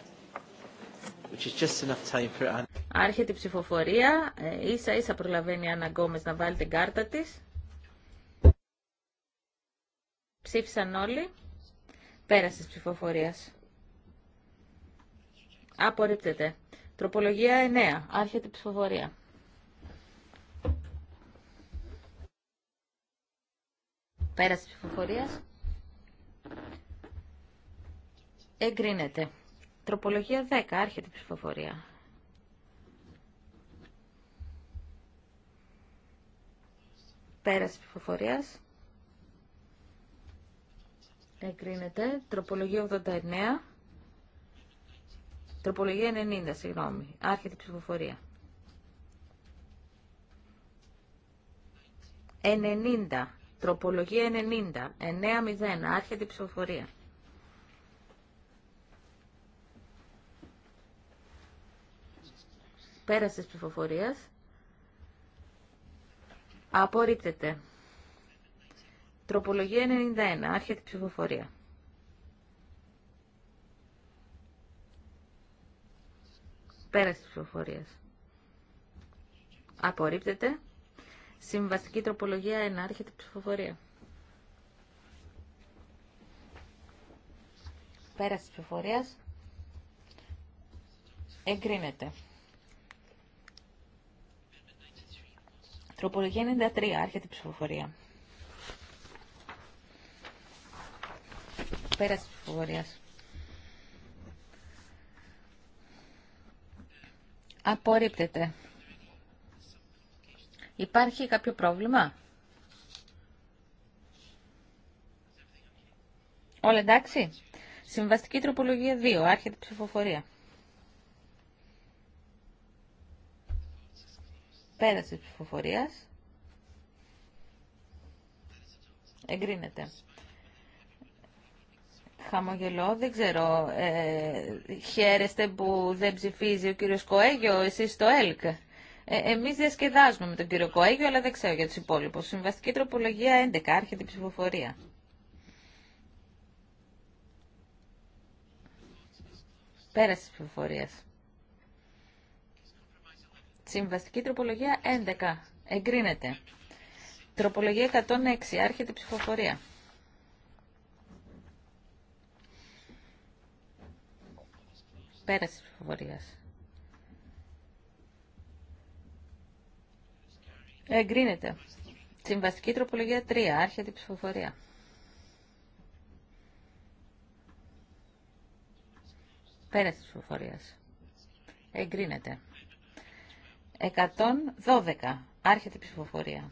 Which is just enough time for Άρχεται η ψηφοφορία. Ε, ίσα ίσα προλαβαίνει η Άννα Γκόμες να βάλει την κάρτα της. Ψήφισαν όλοι. Πέρασε της ψηφοφορίας. Απορρίπτεται. Τροπολογία 9. Άρχεται η ψηφοφορία. Πέρασε της ψηφοφορίας. Εγκρίνεται. Τροπολογία 10. Άρχεται η ψηφοφορία. Πέραση ψηφοφορία. Εγκρίνεται. Τροπολογία 89. Τροπολογία 90, συγγνώμη. Άρχεται η ψηφοφορία. 90. Τροπολογία 90. 9-0. Άρχεται η ψηφοφορία. Πέραση της ψηφοφορίας. Απορρίπτεται. Τροπολογία 91. Άρχεται η ψηφοφορία. Πέραση τη ψηφοφορίας. Απορρίπτεται. Συμβαστική τροπολογία 1. Άρχεται η ψηφοφορία. Πέραση της ψηφοφορίας. Εγκρίνεται. Τροπολογία 93. Άρχεται η ψηφοφορία. Πέραση τη ψηφοφορία. Απορρίπτεται. Υπάρχει κάποιο πρόβλημα. Όλα εντάξει. Συμβαστική τροπολογία 2. Άρχεται η ψηφοφορία. Πέρας της ψηφοφορίας. Εγκρίνεται. Χαμογελώ, δεν ξέρω. Ε, χαίρεστε που δεν ψηφίζει ο κύριος Κοέγιο, εσείς το ΕΛΚ. Ε, εμείς διασκεδάζουμε με τον κύριο Κοέγιο, αλλά δεν ξέρω για τους υπόλοιπους. Συμβαστική τροπολογία 11, άρχεται η ψηφοφορία. Πέραση τη ψηφοφορίας. Συμβαστική τροπολογία 11. Εγκρίνεται. Τροπολογία 106. Άρχεται η ψηφοφορία. Πέραση της ψηφοφορίας. Εγκρίνεται. Συμβαστική τροπολογία 3. Άρχεται η ψηφοφορία. Πέραση ψηφοφορία. ψηφοφορίας. Εγκρίνεται. 112. Άρχεται η ψηφοφορία.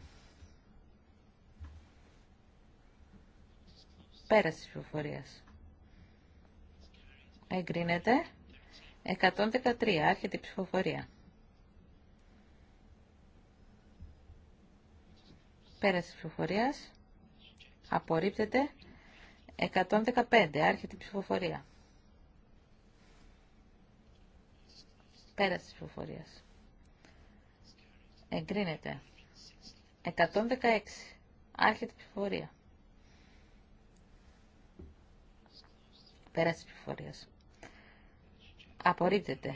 Πέραση της ψηφοφορίας. Εγκρίνεται. 113. Άρχεται η ψηφοφορία. Πέραση της ψηφοφορίας. Απορρίπτεται. 115. Άρχεται η ψηφοφορία. Πέραση της ψηφοφορίας. Εγκρίνεται. 116. Άρχεται η ψηφοφορία. Πέραση ψηφοφορίας. Απορρίπτεται.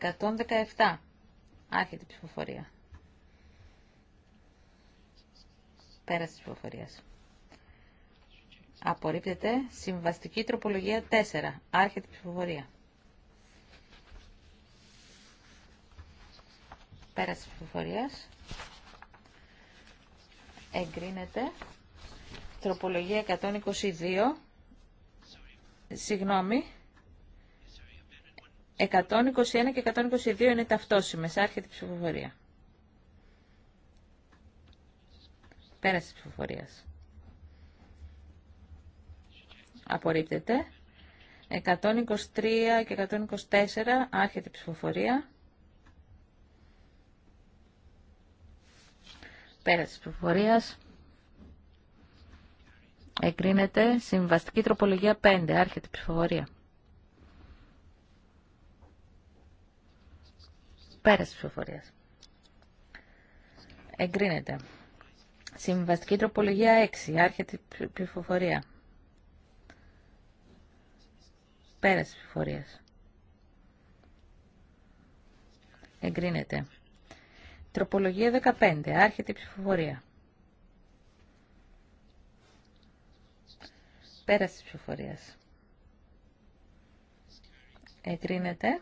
117. Άρχεται η ψηφοφορία. Πέραση ψηφοφορίας. Απορρίπτεται. Συμβαστική τροπολογία 4. Άρχεται η ψηφοφορία. Πέρας της ψηφοφορίας. Εγκρίνεται. Τροπολογία 122. Συγγνώμη. 121 και 122 είναι ταυτόσιμες. Άρχεται η ψηφοφορία. Πέρας της ψηφοφορίας. Απορρίπτεται. 123 και 124 άρχεται η ψηφοφορία. Πέρα της προφορίας. Εγκρίνεται συμβαστική τροπολογία 5. Άρχεται η ψηφοφορία. Πέρα της ψηφοφορίας. Εγκρίνεται. Συμβαστική τροπολογία 6. Άρχεται η ψηφοφορία. Πέρα της Εγκρίνεται. Τροπολογία 15. Άρχεται η ψηφοφορία. Πέραση τη ψηφοφορίας. Εγκρίνεται.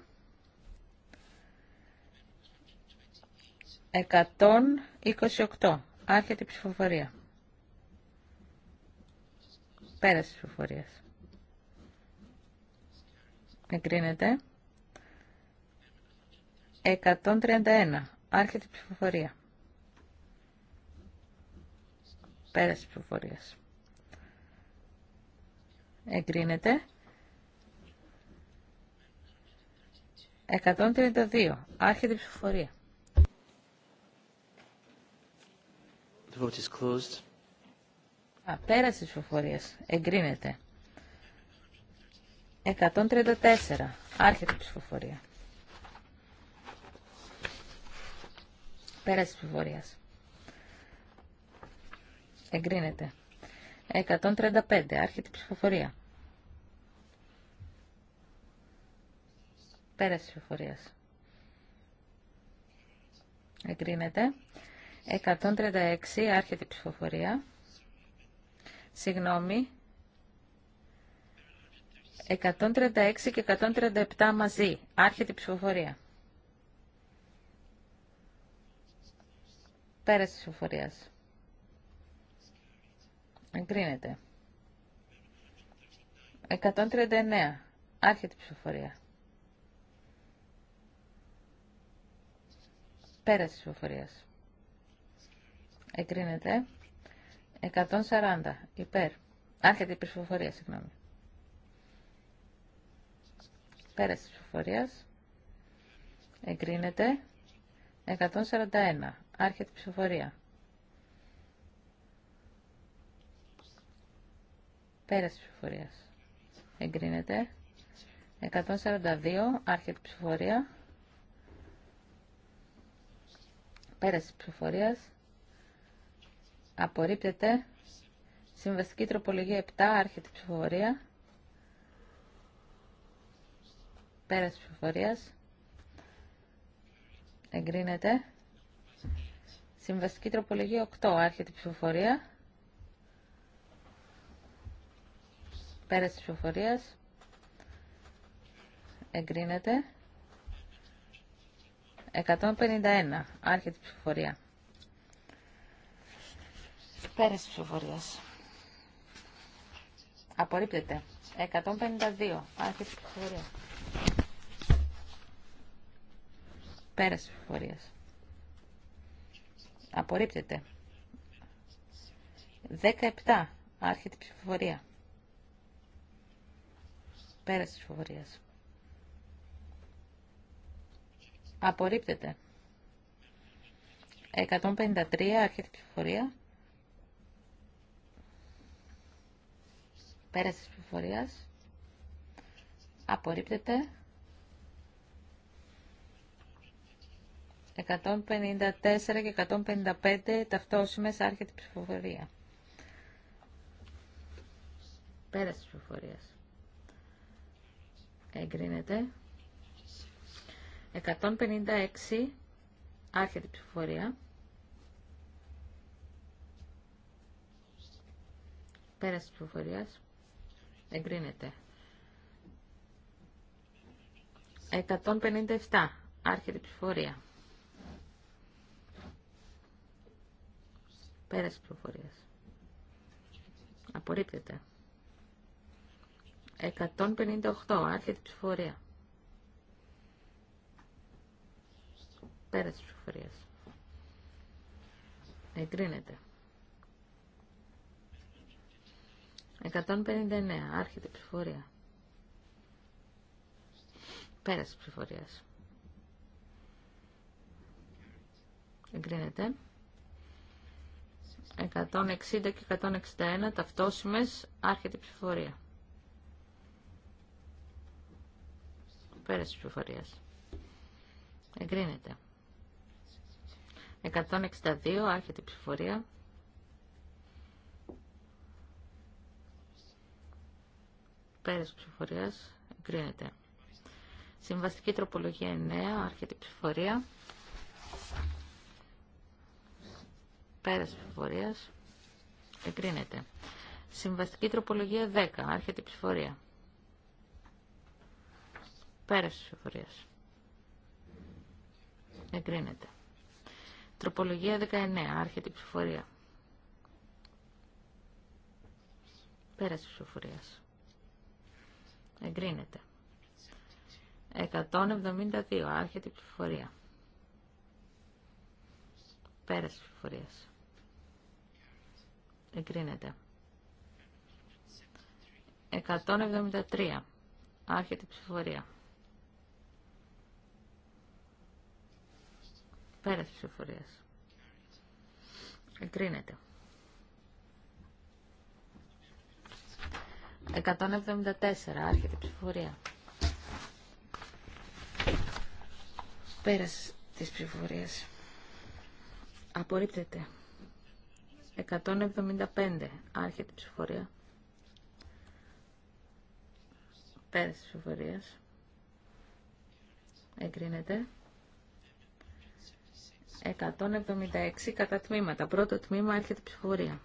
128. Άρχεται η ψηφοφορία. Πέραση τη ψηφοφορίας. Εγκρίνεται. 131. Άρχεται η ψηφοφορία. Πέραση της ψηφοφορίας. Εγκρίνεται. 132. Άρχεται η ψηφοφορία. The vote is closed. Α, πέραση της ψηφοφορίες. Εγκρίνεται. 134. Άρχεται η ψηφοφορία. Πέραση της ψηφοφορίας. Εγκρίνεται. 135. Άρχεται η ψηφοφορία. Πέραση της ψηφοφορίας. Εγκρίνεται. 136. Άρχεται η ψηφοφορία. Συγγνώμη. 136 και 137 μαζί. Άρχεται η ψηφοφορία. Πέρας της ψηφοφορίας. Εγκρίνεται. 139. Άρχεται η ψηφοφορία. Πέρας της ψηφοφορία. Εγκρίνεται. 140. Υπέρ. Άρχεται η ψηφοφορία, συγγνώμη. Πέρας τη ψηφοφορία. Εγκρίνεται. 141. Άρχεται η ψηφοφορία. Πέραση ψηφοφορίας. Εγκρίνεται. 142. Άρχεται η ψηφοφορία. Πέραση ψηφοφορίας. Απορρίπτεται. Συμβαστική τροπολογία 7. Άρχεται η ψηφοφορία. Πέραση ψηφοφορίας. Εγκρίνεται. Συμβαστική τροπολογία 8. Άρχεται η ψηφοφορία. Πέραση της ψηφοφορίας. Εγκρίνεται. 151. Άρχεται η ψηφοφορία. Πέρας της ψηφοφορίας. Απορρίπτεται. 152. Άρχεται η ψηφοφορία. Πέρας ψηφοφορίας. Απορρίπτεται. 17. Άρχεται η ψηφοφορία. Πέραση τη ψηφοφορία. Απορρίπτεται. 153. Άρχεται η ψηφοφορία. Πέραση τη ψηφοφορία. Απορρίπτεται. 154 και 155 ταυτόσημες άρχεται η ψηφοφορία. Πέρας της ψηφοφορίας. Εγκρίνεται. 156 άρχεται η ψηφοφορία. Πέραση της ψηφοφορίας. Εγκρίνεται. 157 άρχεται η ψηφοφορία. Πέραση προφορίας. Απορρίπτεται. 158. Άρχεται η ψηφορία. Πέραση ψηφοφορία. Εγκρίνεται. 159. Άρχεται η ψηφορία. Πέραση ψηφοφορία. Εγκρίνεται. 160 και 161 ταυτόσημες, άρχεται η ψηφοφορία. Πέρασε της Εγκρίνεται. 162 άρχεται η ψηφοφορία. Πέρασε της ψηφοφορίας. Εγκρίνεται. Συμβαστική τροπολογία 9 άρχεται η ψηφοφορία. Πέρας ψηφοφορίας. Εγκρίνεται. Συμβαστική τροπολογία 10. Άρχεται η ψηφορία. Πέρας ψηφοφορίας. Εγκρίνεται. Τροπολογία 19. Άρχεται η ψηφορία. Πέρας ψηφοφορίας. Εγκρίνεται. 172. Άρχεται η ψηφοφορία. Πέρας ψηφοφορίας. Εγκρίνεται. 173. Άρχεται η ψηφοφορία. Πέρας ψηφοφορίας. Εγκρίνεται. 174. Άρχεται η ψηφοφορία. Πέρας της ψηφοφορίας. Απορρίπτεται. 175. Άρχεται η ψηφορία. Πέρας της ψηφορίας. Εγκρίνεται. 176 κατά τμήματα. Πρώτο τμήμα έρχεται η ψηφοφορία.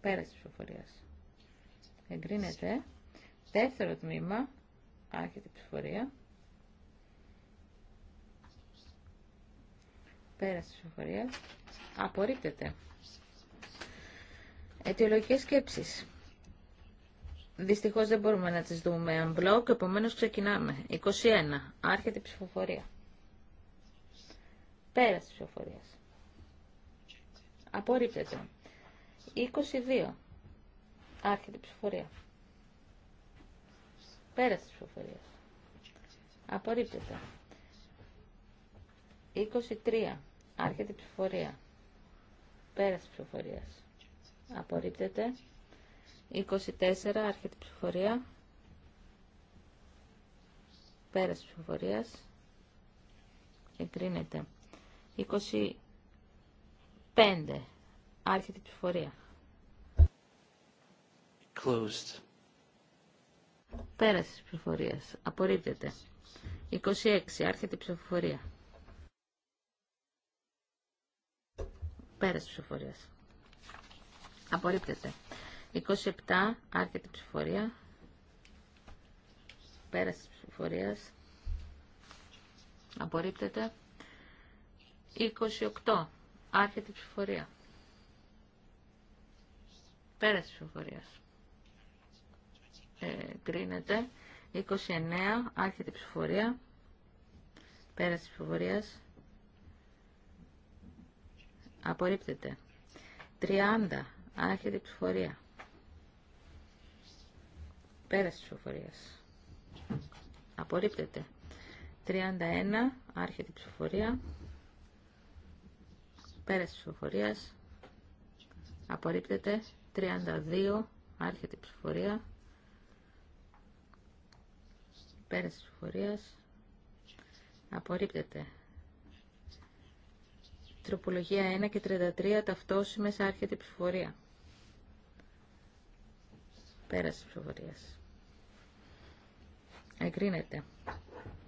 Πέρα της ψηφοφορίας. Εγκρίνεται. Δεύτερο τμήμα. Άρχεται η ψηφοφορία. Πέρας της ψηφοφορίας. Απορρίπτεται. Αιτιολογικές σκέψεις. Δυστυχώς δεν μπορούμε να τι δούμε αν μπλοκ, επομένως ξεκινάμε. 21. Άρχεται η ψηφοφορία. Πέρας της ψηφοφορίας. Απορρίπτεται. 22. Άρχεται η ψηφοφορία. Πέρας της ψηφοφορίας. Απορρίπτεται. 23. Άρχεται η ψηφοφορία. Πέραση ψηφοφορία. Απορρίπτεται. 24. Άρχεται η ψηφοφορία. Πέραση ψηφοφορία. Εγκρίνεται. 25. Άρχεται η ψηφοφορία. Closed. Πέραση ψηφοφορία. Απορρίπτεται. 26. Άρχεται η ψηφοφορία. Πέρας ψηφοφορίας. Απορρίπτεται. 27. Άρχεται ψηφοφορία. Πέρας της ψηφοφορίας. Απορρίπτεται. 28. Άρχεται ψηφοφορία. Πέρας της ψηφοφορίας. Ε, κρίνεται. 29. Άρχεται ψηφοφορία. Πέρας της ψηφοφορίας. Απορρίπτεται. 30. Άρχεται η ψηφορία. Πέρασε τη ψηφοφορία. Απορρίπτεται. 31. Άρχεται η ψηφορία. Πέραση τη ψηφοφορία, Απορρίπτεται. 32. Άρχεται η ψηφορία. Πέρασε τη ψηφοφορία. Απορρίπτεται. Τροπολογία 1 και 33 ταυτόσημες άρχεται η ψηφοφορία. Πέραση ψηφορία. Εγκρίνεται.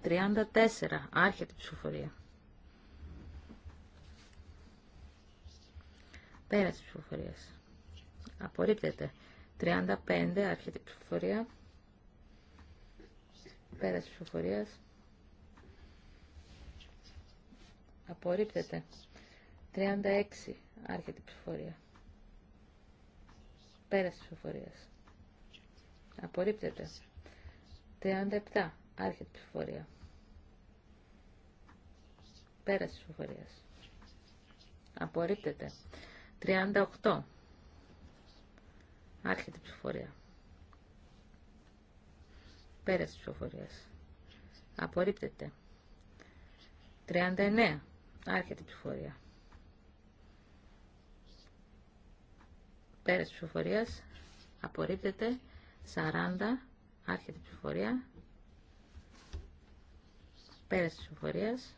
34 άρχεται η ψηφοφορία. Πέραση ψηφοφορία. Απορρίπτεται. 35 άρχεται η ψηφοφορία. Πέραση ψηφοφορία. Απορρίπτεται. 36 άρχεται η Πέρασε Πέραση ψηφορία. Απορρίπτεται. 37 άρχεται η Πέρασε Πέραση ψηφορία. Απορρίπτεται. 38 άρχεται η Πέρασε Πέραση ψηφορία. Απορρίπτεται. 39 άρχεται η ψηφορία. Πέρας ψηφοφορίας. Απορρίπτεται. 40. Άρχεται ψηφοφορία. Πέρας ψηφοφορίας.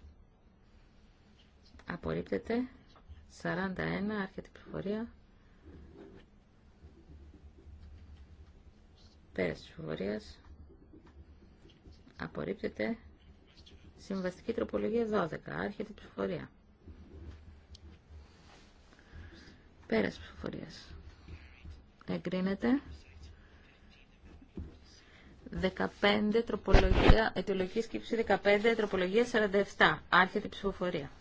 Απορρίπτεται. 41. Άρχεται ψηφοφορία. Πέρας ψηφοφορίας. Απορρίπτεται. Συμβαστική τροπολογία 12. Άρχεται ψηφοφορία. Πέρας ψηφοφορίας εγκρίνεται. 15, τροπολογία, αιτιολογική σκήψη 15, τροπολογία 47. Άρχεται η ψηφοφορία.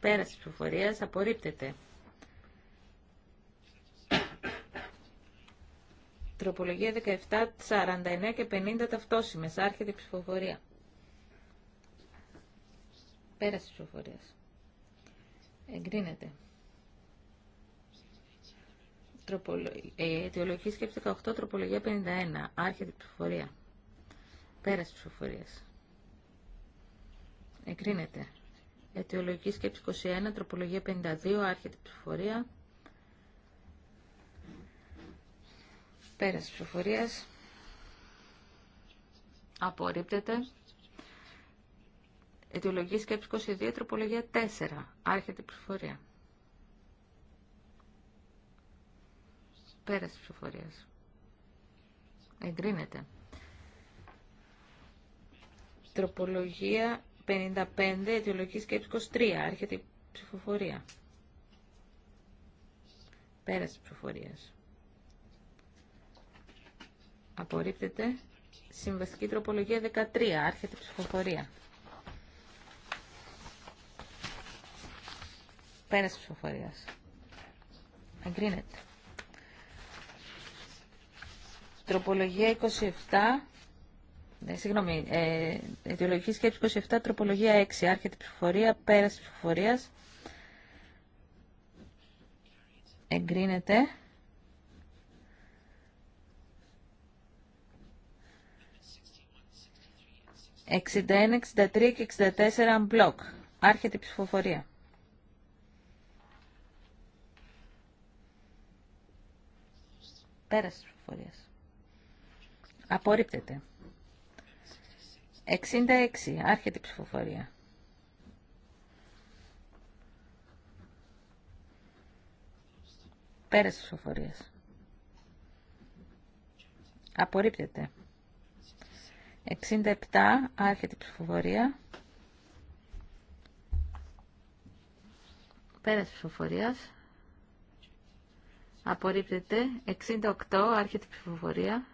Πέραση τη ψηφοφορίας απορρίπτεται. Τροπολογία 17, 49 και 50 ταυτόσημες. Άρχεται η ψηφοφορία. Πέραση της ψηφοφορίας. Ε, Εγκρίνεται. Αιτιολογική σκέψη 18, τροπολογία 51. Άρχεται η ψηφοφορία. Πέραση ψηφοφορία. Εγκρίνεται. Αιτιολογική σκέψη 21, τροπολογία 52. Άρχεται η ψηφοφορία. Πέραση ψηφοφορία. Απορρίπτεται. Αιτιολογή σκέψη 22, τροπολογία 4. Άρχεται η ψηφοφορία. Πέραση ψηφορία. Εγκρίνεται. Τροπολογία 55, αιτιολογική σκέψη 23. Άρχεται η ψηφοφορία. Πέραση ψηφοφορία. Απορρίπτεται. Συμβαστική τροπολογία 13. Άρχεται η ψηφοφορία. Πέρας ψηφοφορία. Εγκρίνεται. Τροπολογία 27. Ε, συγγνώμη, ε, ιδεολογική σκέψη 27, τροπολογία 6, άρχεται ψηφοφορία, πέραση πέραση Εγκρίνεται. «61, 63 και 64 μπλοκ. Άρχεται η ψηφοφορία. Πέραση της ψηφοφορίας. Απορρίπτεται. 66. Άρχεται η ψηφοφορία. Πέραση της ψηφοφορίας. Απορρίπτεται. 67. Άρχεται η ψηφοφορία. Πέραση της ψηφοφορίας. Απορρίπτεται. 68. Άρχεται η ψηφοφορία.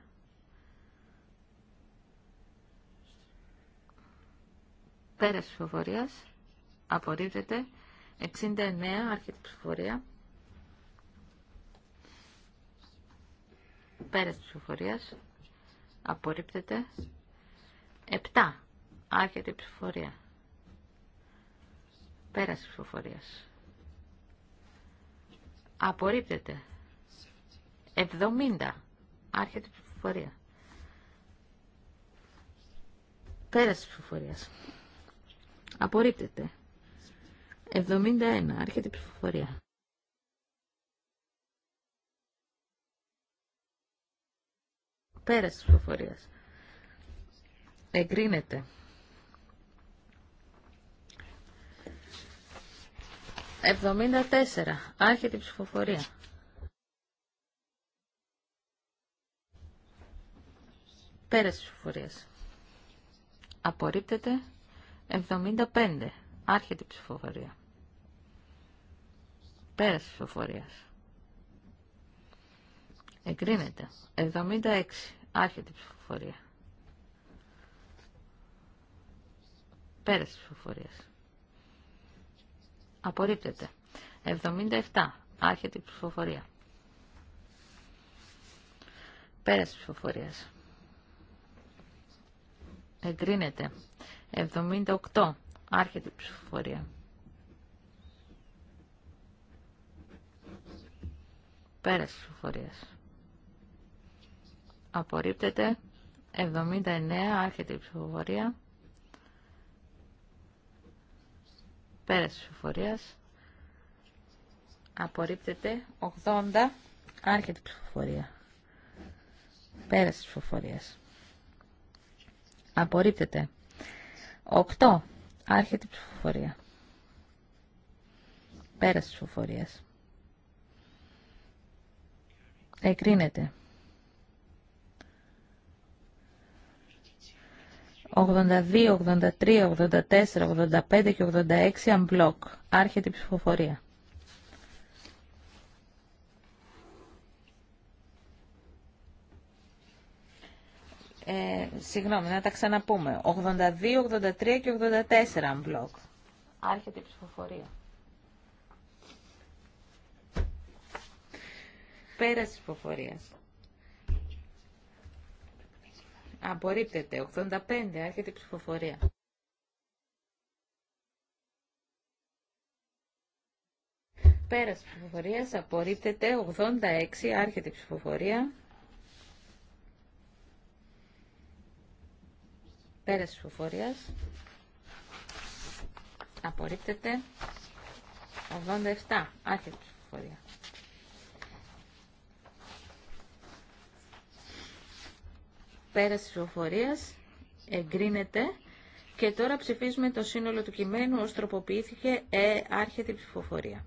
Πέρας ψηφοφορίας. Απορρίπτεται. 69. Άρχεται η ψηφοφορία. Πέρας ψηφοφορίας. Απορρίπτεται. 7. Άρχεται η ψηφοφορία. Πέρας ψηφοφορίας. Απορρίπτεται. 70. Άρχεται η ψηφοφορία. Πέραση ψηφοφορία. Απορρίπτεται. 71. Άρχεται η ψηφοφορία. Πέραση ψηφοφορία. Εγκρίνεται. 74. Άρχεται η ψηφοφορία. Πέρασε της ψηφοφορίες. Απορρίπτεται 75. Άρχεται η ψηφοφορία. Πέραση ψηφοφορία. ψηφοφορίες. Εγκρίνεται 76. Άρχεται η ψηφοφορία. Πέρας της ψηφοφορίες. Απορρίπτεται 77. Άρχεται η ψηφοφορία. Πέρας ψηφοφορία. Εγκρίνεται. 78. Άρχεται η ψηφοφορία. τη ψηφοφορία. Απορρίπτεται. 79. Άρχεται η ψηφοφορία. τη ψηφοφορία. Απορρίπτεται. 80. Άρχεται η ψηφοφορία. τη ψηφοφορία. Απορρίπτεται. 8. Άρχεται η ψηφοφορία. Πέρας της ψηφοφορίας. Εκρίνεται. 82, 83, 84, 85 και 86 αμπλοκ. Άρχεται η ψηφοφορία. Ε, συγγνώμη, να τα ξαναπούμε. 82, 83 και 84 μπλοκ. Άρχεται η ψηφοφορία. Πέραση ψηφοφορία. Απορρίπτεται. 85. Άρχεται η ψηφοφορία. Πέραση ψηφοφορία. Απορρίπτεται. 86. Άρχεται η ψηφοφορία. Πέρας ψηφοφορίας. Απορρίπτεται. 87. Άρχεται ψηφοφορία. Πέρας ψηφοφορίας. Εγκρίνεται. Και τώρα ψηφίζουμε το σύνολο του κειμένου ως τροποποιήθηκε ε, άρχεται η ψηφοφορία.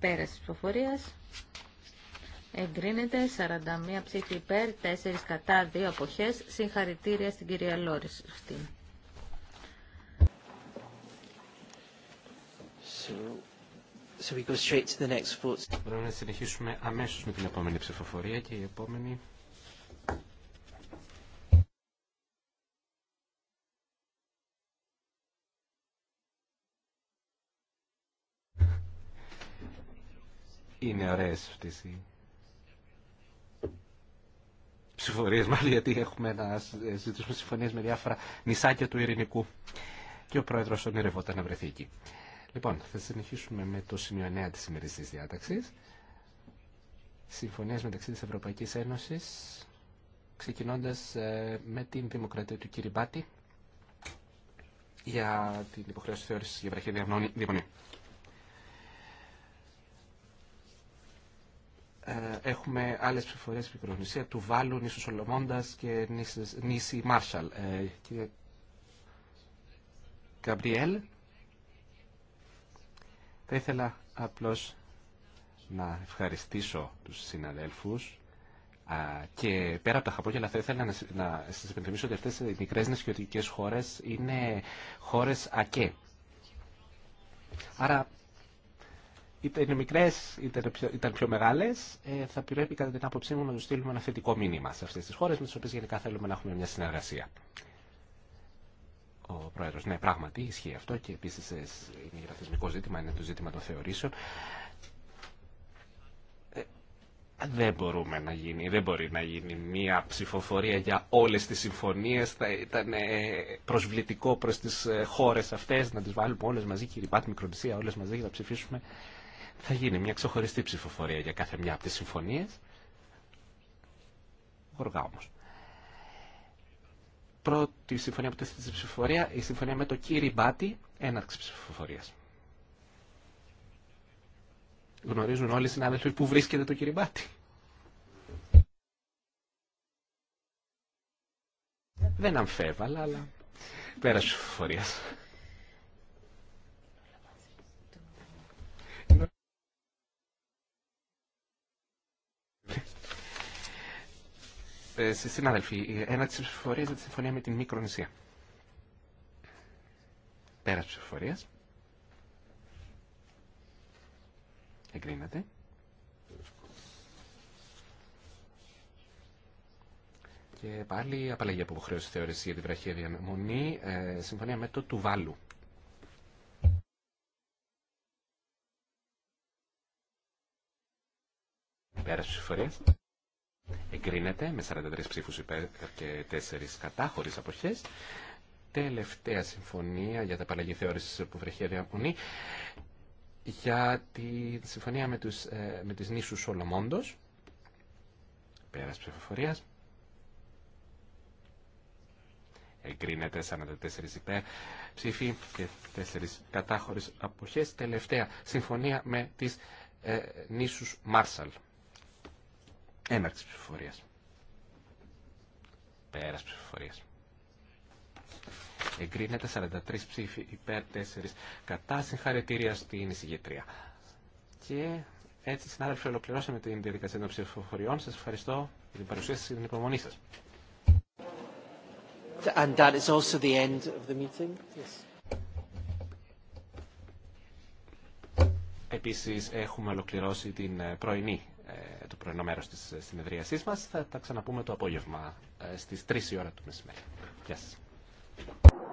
Πέρας ψηφοφορίας. Εγκρίνεται 41 ψήφοι υπέρ, 4 κατά, 2 αποχές. Συγχαρητήρια στην κυρία αυτή. So, Μπορούμε να συνεχίσουμε αμέσως με την επόμενη ψηφοφορία και η επόμενη... Είναι ωραίες αυτές οι ψηφορίε, γιατί έχουμε να ζητήσουμε συμφωνίες με διάφορα νησάκια του Ειρηνικού. Και ο πρόεδρος ονειρευόταν να βρεθεί εκεί. Λοιπόν, θα συνεχίσουμε με το σημείο 9 της σημερινής διάταξης. Συμφωνίες μεταξύ τη ευρωπαϊκή Ένωσης, ξεκινώντας ε, με την Δημοκρατία του Κυριμπάτη για την υποχρέωση θεώρηση για βραχή διαμονή. Ε, έχουμε άλλες στην Μικρονησία, του Βάλου, νήσου Σολομώντα και νήσι Μάρσαλ. Ε, κύριε Γκαμπριέλ, θα ήθελα απλώς να ευχαριστήσω τους συναδέλφους και πέρα από τα χαπόγελα θα ήθελα να σα υπενθυμίσω ότι αυτέ οι μικρέ νησιωτικέ χώρες είναι χώρες ΑΚΕ. Άρα είτε είναι μικρέ είτε ήταν πιο μεγάλε, ε, θα πρέπει κατά την άποψή μου να του στείλουμε ένα θετικό μήνυμα σε αυτέ τι χώρε με τι οποίε γενικά θέλουμε να έχουμε μια συνεργασία. Ο Πρόεδρο, ναι, πράγματι ισχύει αυτό και επίση ε, είναι θεσμικό ζήτημα, είναι το ζήτημα των θεωρήσεων. Ε, δεν μπορούμε να γίνει, δεν μπορεί να γίνει μία ψηφοφορία για όλες τις συμφωνίες. Θα ήταν προσβλητικό προς τις χώρες αυτές να τις βάλουμε όλες μαζί, κύριε Πάτ, Μικρονησία, όλες μαζί για να ψηφίσουμε θα γίνει μια ξεχωριστή ψηφοφορία για κάθε μια από τις συμφωνίες. Γοργά όμως. Πρώτη συμφωνία που τέθηκε στη ψηφοφορία, η συμφωνία με το κύρι Μπάτι, έναρξη ψηφοφορίας. Γνωρίζουν όλοι οι συνάδελφοι που βρίσκεται το κύρι Μπάτι. Δεν αμφέβαλα, αλλά πέρασε ψηφοφορία. Ε, συνάδελφοι, ένα της ψηφοφορίας για τη συμφωνία με την Μικρονησία. Πέρα της ψηφοφορίας. Και πάλι απαλλαγή από υποχρέωση θεώρηση για την βραχία διαμονή, ε, συμφωνία με το του βάλου. Πέρα ψηφοφορίας. Εγκρίνεται με 43 ψήφους υπέρ και 4 κατά, αποχές. Τελευταία συμφωνία για τα απαλλαγή θεώρηση που η διαπονεί για τη συμφωνία με, τους, ε, με τις νήσους Σολομόντος. Πέρας ψηφοφορίας. Εγκρίνεται 44 υπέρ ψηφί και 4 κατάχωρες αποχές. Τελευταία συμφωνία με τις ε, νήσους Μάρσαλ. Έναρξη ψηφοφορία. Πέρα ψηφοφορία. Εγκρίνεται 43 ψήφοι υπέρ 4 κατά συγχαρητήρια στην εισηγητρία. Και έτσι, συνάδελφοι, ολοκληρώσαμε την διαδικασία των ψηφοφοριών. Σα ευχαριστώ για την παρουσία σα και την υπομονή σα. Επίσης έχουμε ολοκληρώσει την ε, πρωινή πρωινό μέρο της ε, συνεδρίασή μας. Θα τα ξαναπούμε το απόγευμα ε, στις 3 η ώρα του μεσημέρι. Γεια σα.